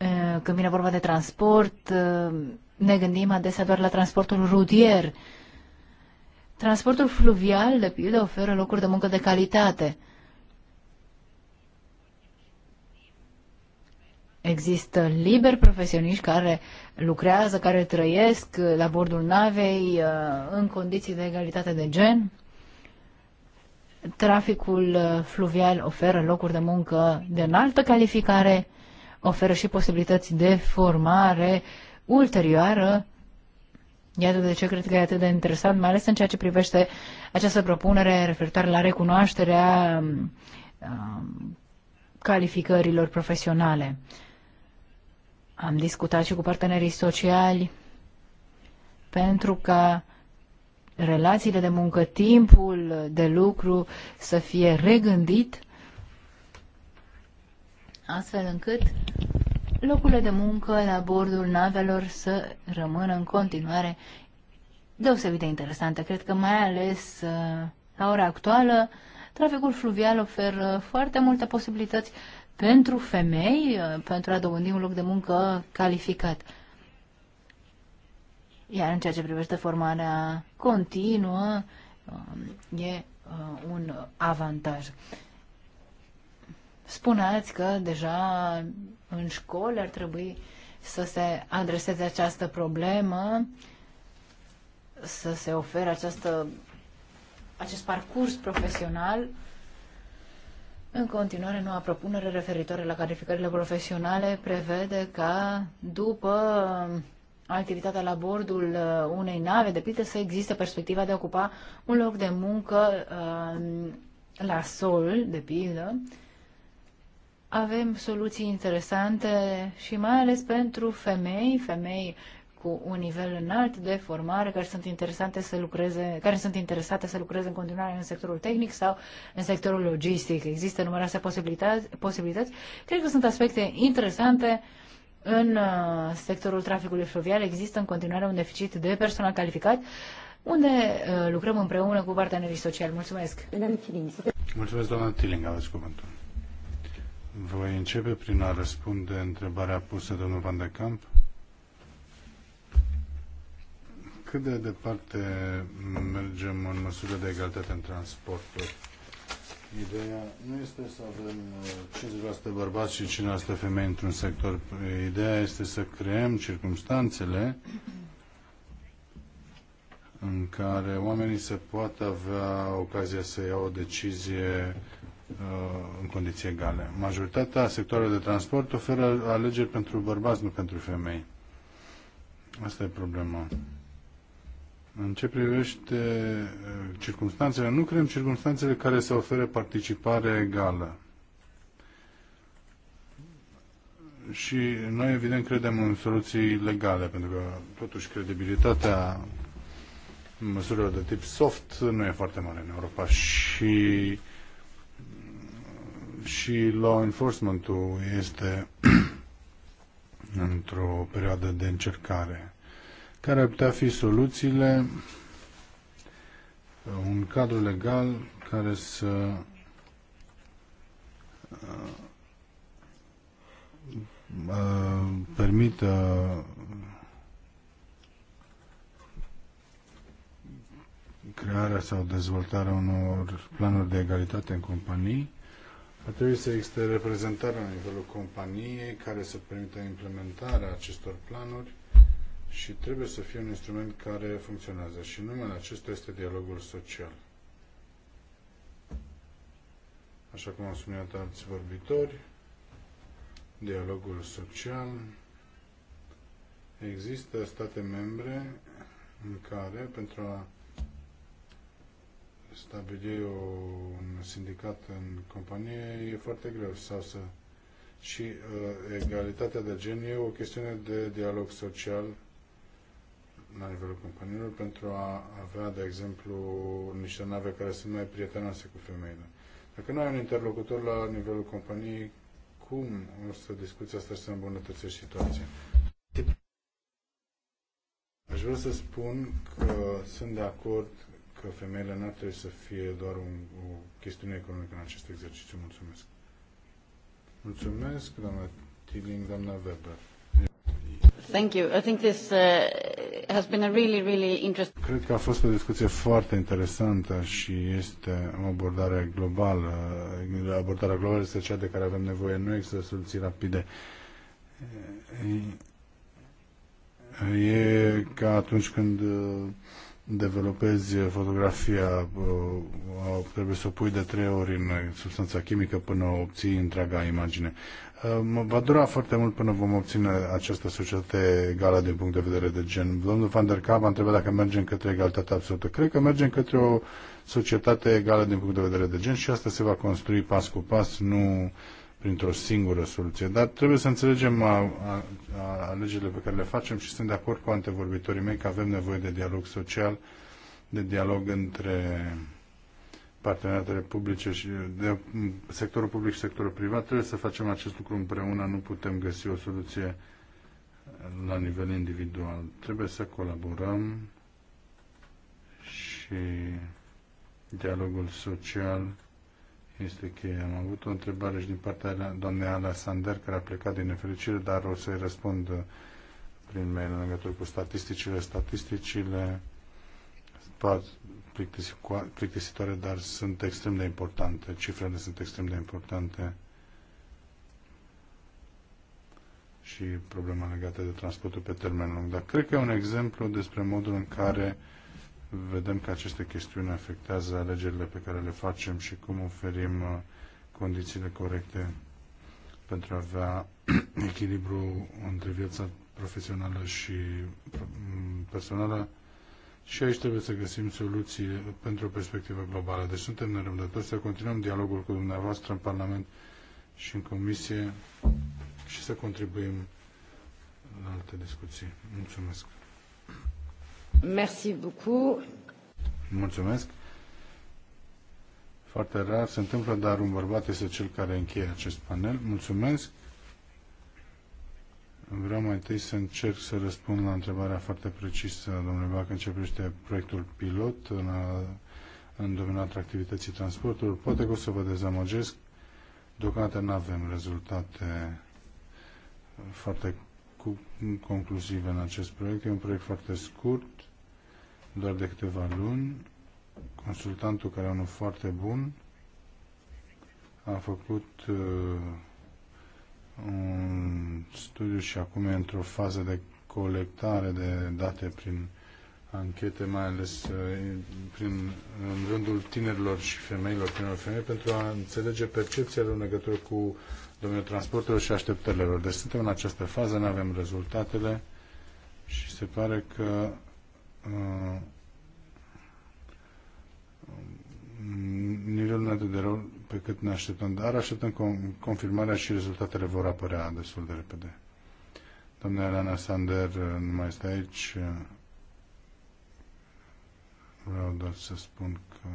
uh, când vine vorba de transport, uh, ne gândim adesea doar la transportul rutier. Transportul fluvial, de pildă, oferă locuri de muncă de calitate – Există liberi profesioniști care lucrează, care trăiesc la bordul navei uh, în condiții de egalitate de gen. Traficul uh, fluvial oferă locuri de muncă de înaltă calificare, oferă și posibilități de formare ulterioară. Iată de ce cred că e atât de interesant, mai ales în ceea ce privește această propunere referitoare la recunoașterea um, um, calificărilor profesionale. Am discutat și cu partenerii sociali pentru ca relațiile de muncă, timpul de lucru să fie regândit astfel încât locurile de muncă la bordul navelor să rămână în continuare deosebit de interesante. Cred că mai ales uh, la ora actuală traficul fluvial oferă foarte multe posibilități pentru femei, uh, pentru a dobândi un loc de muncă calificat. Iar în ceea ce privește formarea continuă, um, e uh, un avantaj. Spuneați că deja în școli ar trebui să se adreseze această problemă, să se ofere această, acest parcurs profesional în continuare, noua propunere referitoare la calificările profesionale prevede ca după um, activitatea la bordul uh, unei nave, de pildă, să există perspectiva de a ocupa un loc de muncă um, la sol, de pildă. Avem soluții interesante și mai ales pentru femei, femei cu un nivel înalt de formare care sunt interesante să lucreze, care sunt interesate să lucreze în continuare în sectorul tehnic sau în sectorul logistic. Există numeroase posibilități, posibilități. Cred că sunt aspecte interesante în uh, sectorul traficului fluvial. Există în continuare un deficit de personal calificat unde uh, lucrăm împreună cu partenerii sociali. Mulțumesc! Mulțumesc, doamna Tiling, aveți cuvântul. Voi începe prin a răspunde întrebarea pusă de domnul Van de Camp cât de departe mergem în măsură de egalitate în transporturi? Ideea nu este să avem 50% uh, bărbați și 50% femei într-un sector. Ideea este să creăm circumstanțele în care oamenii se poată avea ocazia să iau o decizie uh, în condiții egale. Majoritatea sectoarelor de transport oferă alegeri pentru bărbați, nu pentru femei. Asta e problema. În ce privește uh, circunstanțele, nu creăm circunstanțele care să ofere participare egală. Și noi, evident, credem în soluții legale, pentru că, totuși, credibilitatea măsurilor de tip soft nu e foarte mare în Europa și și law enforcement-ul este [CLEARS THROAT] într-o perioadă de încercare care ar putea fi soluțiile, un cadru legal care să uh, uh, permită crearea sau dezvoltarea unor planuri de egalitate în companii, ar trebui să existe reprezentarea la nivelul companiei care să permită implementarea acestor planuri și trebuie să fie un instrument care funcționează. Și numele acesta este dialogul social. Așa cum au subliniat alți vorbitori, dialogul social există state membre în care, pentru a stabili o, un sindicat în companie, e foarte greu sau să și uh, egalitatea de gen e o chestiune de dialog social la nivelul companiilor pentru a avea, de exemplu, niște nave care sunt mai prietenoase cu femeile. Dacă nu ai un interlocutor la nivelul companiei, cum o să discuția asta să îmbunătățești situația? Aș vrea să spun că sunt de acord că femeile n-ar trebui să fie doar un, o chestiune economică în acest exercițiu. Mulțumesc. Mulțumesc, doamna Tiling, doamna Weber. Thank you. I think this uh, has been a really, really interesting... Cred că a fost o discuție foarte interesantă și este o abordare globală. Abordarea globală este cea de care avem nevoie. Nu există soluții rapide. E ca atunci când uh, developezi fotografia, uh, trebuie să o pui de trei ori în substanța chimică până obții întreaga imagine. Va dura foarte mult până vom obține această societate egală din punct de vedere de gen. Domnul Van der Kamp a întrebat dacă mergem către egalitate absolută. Cred că mergem către o societate egală din punct de vedere de gen și asta se va construi pas cu pas, nu printr-o singură soluție. Dar trebuie să înțelegem a, a, a alegerile pe care le facem și sunt de acord cu antevorbitorii mei că avem nevoie de dialog social, de dialog între parteneriatele publice și de sectorul public și sectorul privat, trebuie să facem acest lucru împreună, nu putem găsi o soluție la nivel individual. Trebuie să colaborăm și dialogul social este cheia. Am avut o întrebare și din partea doamnei Alexander, care a plecat din nefericire, dar o să-i răspund prin mail în legătură cu statisticile. Statisticile plictisitoare, dar sunt extrem de importante. Cifrele sunt extrem de importante și problema legată de transportul pe termen lung. Dar cred că e un exemplu despre modul în care vedem că aceste chestiuni afectează alegerile pe care le facem și cum oferim uh, condițiile corecte pentru a avea [CLEARS THROAT] echilibru între viața profesională și mm, personală și aici trebuie să găsim soluții pentru o perspectivă globală. Deci suntem nerăbdători să continuăm dialogul cu dumneavoastră în Parlament și în Comisie și să contribuim la alte discuții. Mulțumesc! Merci beaucoup! Mulțumesc! Foarte rar se întâmplă, dar un bărbat este cel care încheie acest panel. Mulțumesc! Vreau mai întâi să încerc să răspund la întrebarea foarte precisă, domnule Bac, în ce privește proiectul pilot în, în domeniul atractivității transportului. Poate că o să vă dezamăgesc. Deocamdată nu avem rezultate foarte cu, concluzive în acest proiect. E un proiect foarte scurt, doar de câteva luni. Consultantul, care e unul foarte bun, a făcut uh, un studiu și acum e într-o fază de colectare de date prin anchete, mai ales uh, prin, în rândul tinerilor și femeilor, tinerilor femei, pentru a înțelege percepția în legătură cu domeniul transportelor și așteptările lor. Deci suntem în această fază, nu avem rezultatele și se pare că uh, nivelul de rău pe cât ne așteptăm, dar așteptăm confirmarea și rezultatele vor apărea destul de repede. Doamna Elena Sander uh, nu mai este aici. Uh, vreau doar să spun că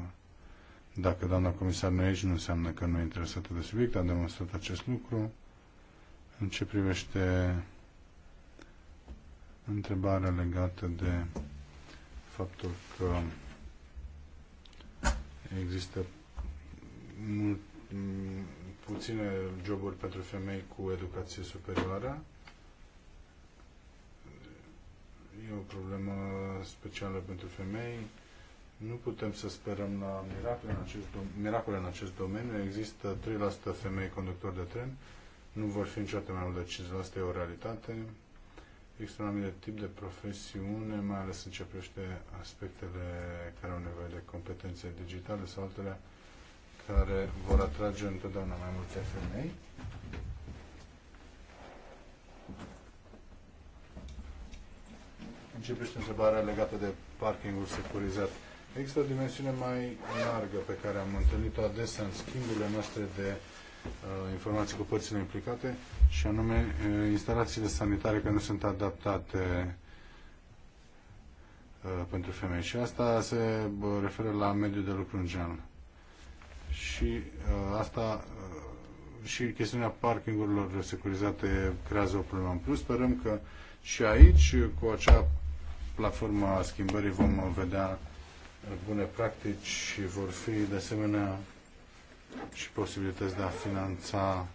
dacă doamna comisar nu e aici, nu înseamnă că nu e interesată de subiect, a demonstrat acest lucru. În ce privește întrebarea legată de faptul că există mult, mm, puține joburi pentru femei cu educație superioară. E o problemă specială pentru femei. Nu putem să sperăm la miracole în acest, dom- miracole în acest domeniu. Există 3% femei conductori de tren. Nu vor fi niciodată mai mult de 5%. E o realitate. Există un anumit de tip de profesiune, mai ales în ce privește aspectele care au nevoie de competențe digitale sau altele care vor atrage întotdeauna mai multe femei. și întrebarea legată de parkingul securizat. Există o dimensiune mai largă pe care am întâlnit-o adesea în schimburile noastre de uh, informații cu părțile implicate și anume uh, instalațiile sanitare care nu sunt adaptate uh, pentru femei. Și asta se uh, referă la mediul de lucru în general și uh, asta uh, și chestiunea parkingurilor securizate creează o problemă în plus. Sperăm că și aici, cu acea platformă a schimbării, vom vedea uh, bune practici și vor fi, de asemenea, și posibilități de a finanța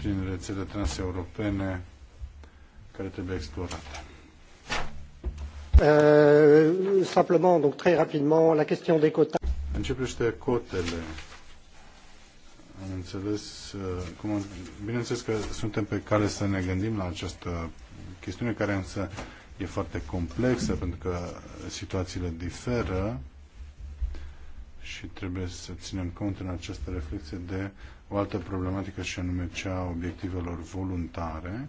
prin rețele transeuropene care trebuie explorate. Euh, simplement, donc très rapidement, la question des quotas. Începește cotele. Am înțeles, uh, cum, bineînțeles că suntem pe care să ne gândim la această chestiune care însă e foarte complexă pentru că situațiile diferă și trebuie să ținem cont în această reflexie de o altă problematică și anume cea a obiectivelor voluntare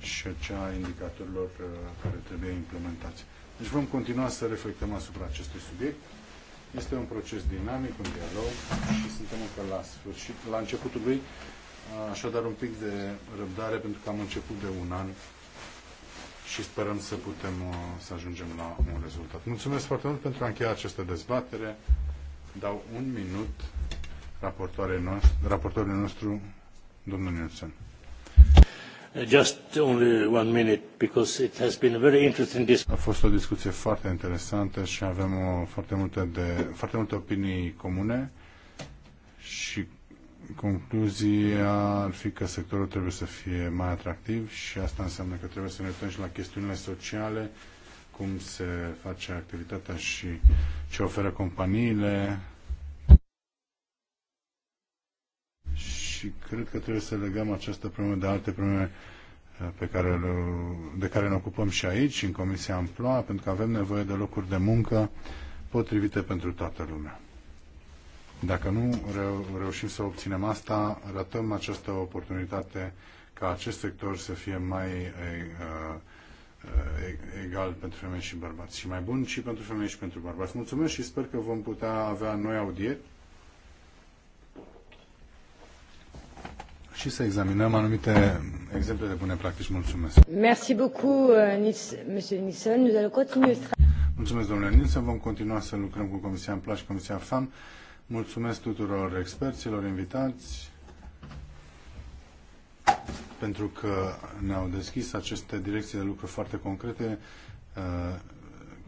și cea a indicatorilor uh, care trebuie implementați. Deci vom continua să reflectăm asupra acestui subiect. Este un proces dinamic, un dialog și suntem încă la sfârșit, la începutul lui, așadar un pic de răbdare pentru că am început de un an și sperăm să putem uh, să ajungem la un rezultat. Mulțumesc foarte mult pentru a încheia această dezbatere. Dau un minut raportoarei noastre, raportorului nostru, domnul Nielsen. Just only one minute, because it has been a very interesting discussion. A fost o discuție foarte interesantă și avem o, foarte, multe de, foarte multe opinii comune și concluzia ar fi că sectorul trebuie să fie mai atractiv și asta înseamnă că trebuie să ne uităm și la chestiunile sociale, cum se face activitatea și ce oferă companiile. Și și cred că trebuie să legăm această problemă de alte probleme uh, pe care le, de care ne ocupăm și aici, în Comisia Amploa, pentru că avem nevoie de locuri de muncă potrivite pentru toată lumea. Dacă nu reu- reușim să obținem asta, ratăm această oportunitate ca acest sector să fie mai e, uh, e, uh, egal pentru femei și bărbați și mai bun și pentru femei și pentru bărbați. Mulțumesc și sper că vom putea avea noi audieri și să examinăm anumite exemple de bune practici. Mulțumesc. Merci beaucoup, euh, monsieur Nielsen. Nous allons continuer. Mulțumesc, domnule Nissen, Vom continua să lucrăm cu Comisia Ampla și Comisia FAM. Mulțumesc tuturor experților invitați pentru că ne-au deschis aceste direcții de lucru foarte concrete uh,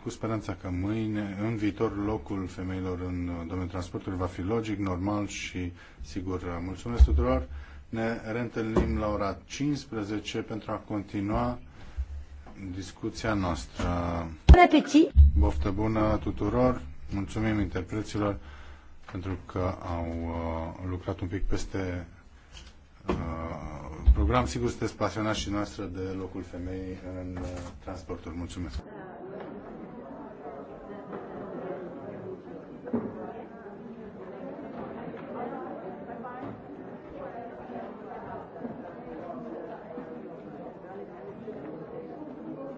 cu speranța că mâine, în viitor, locul femeilor în domeniul transportului va fi logic, normal și sigur. Mulțumesc tuturor! Ne reîntâlnim la ora 15 pentru a continua discuția noastră. Bun apetit! Boftă bună tuturor! Mulțumim interpreților pentru că au uh, lucrat un pic peste uh, program. Sigur, sunteți pasionați și noastră de locul femeii în uh, transporturi. Mulțumesc!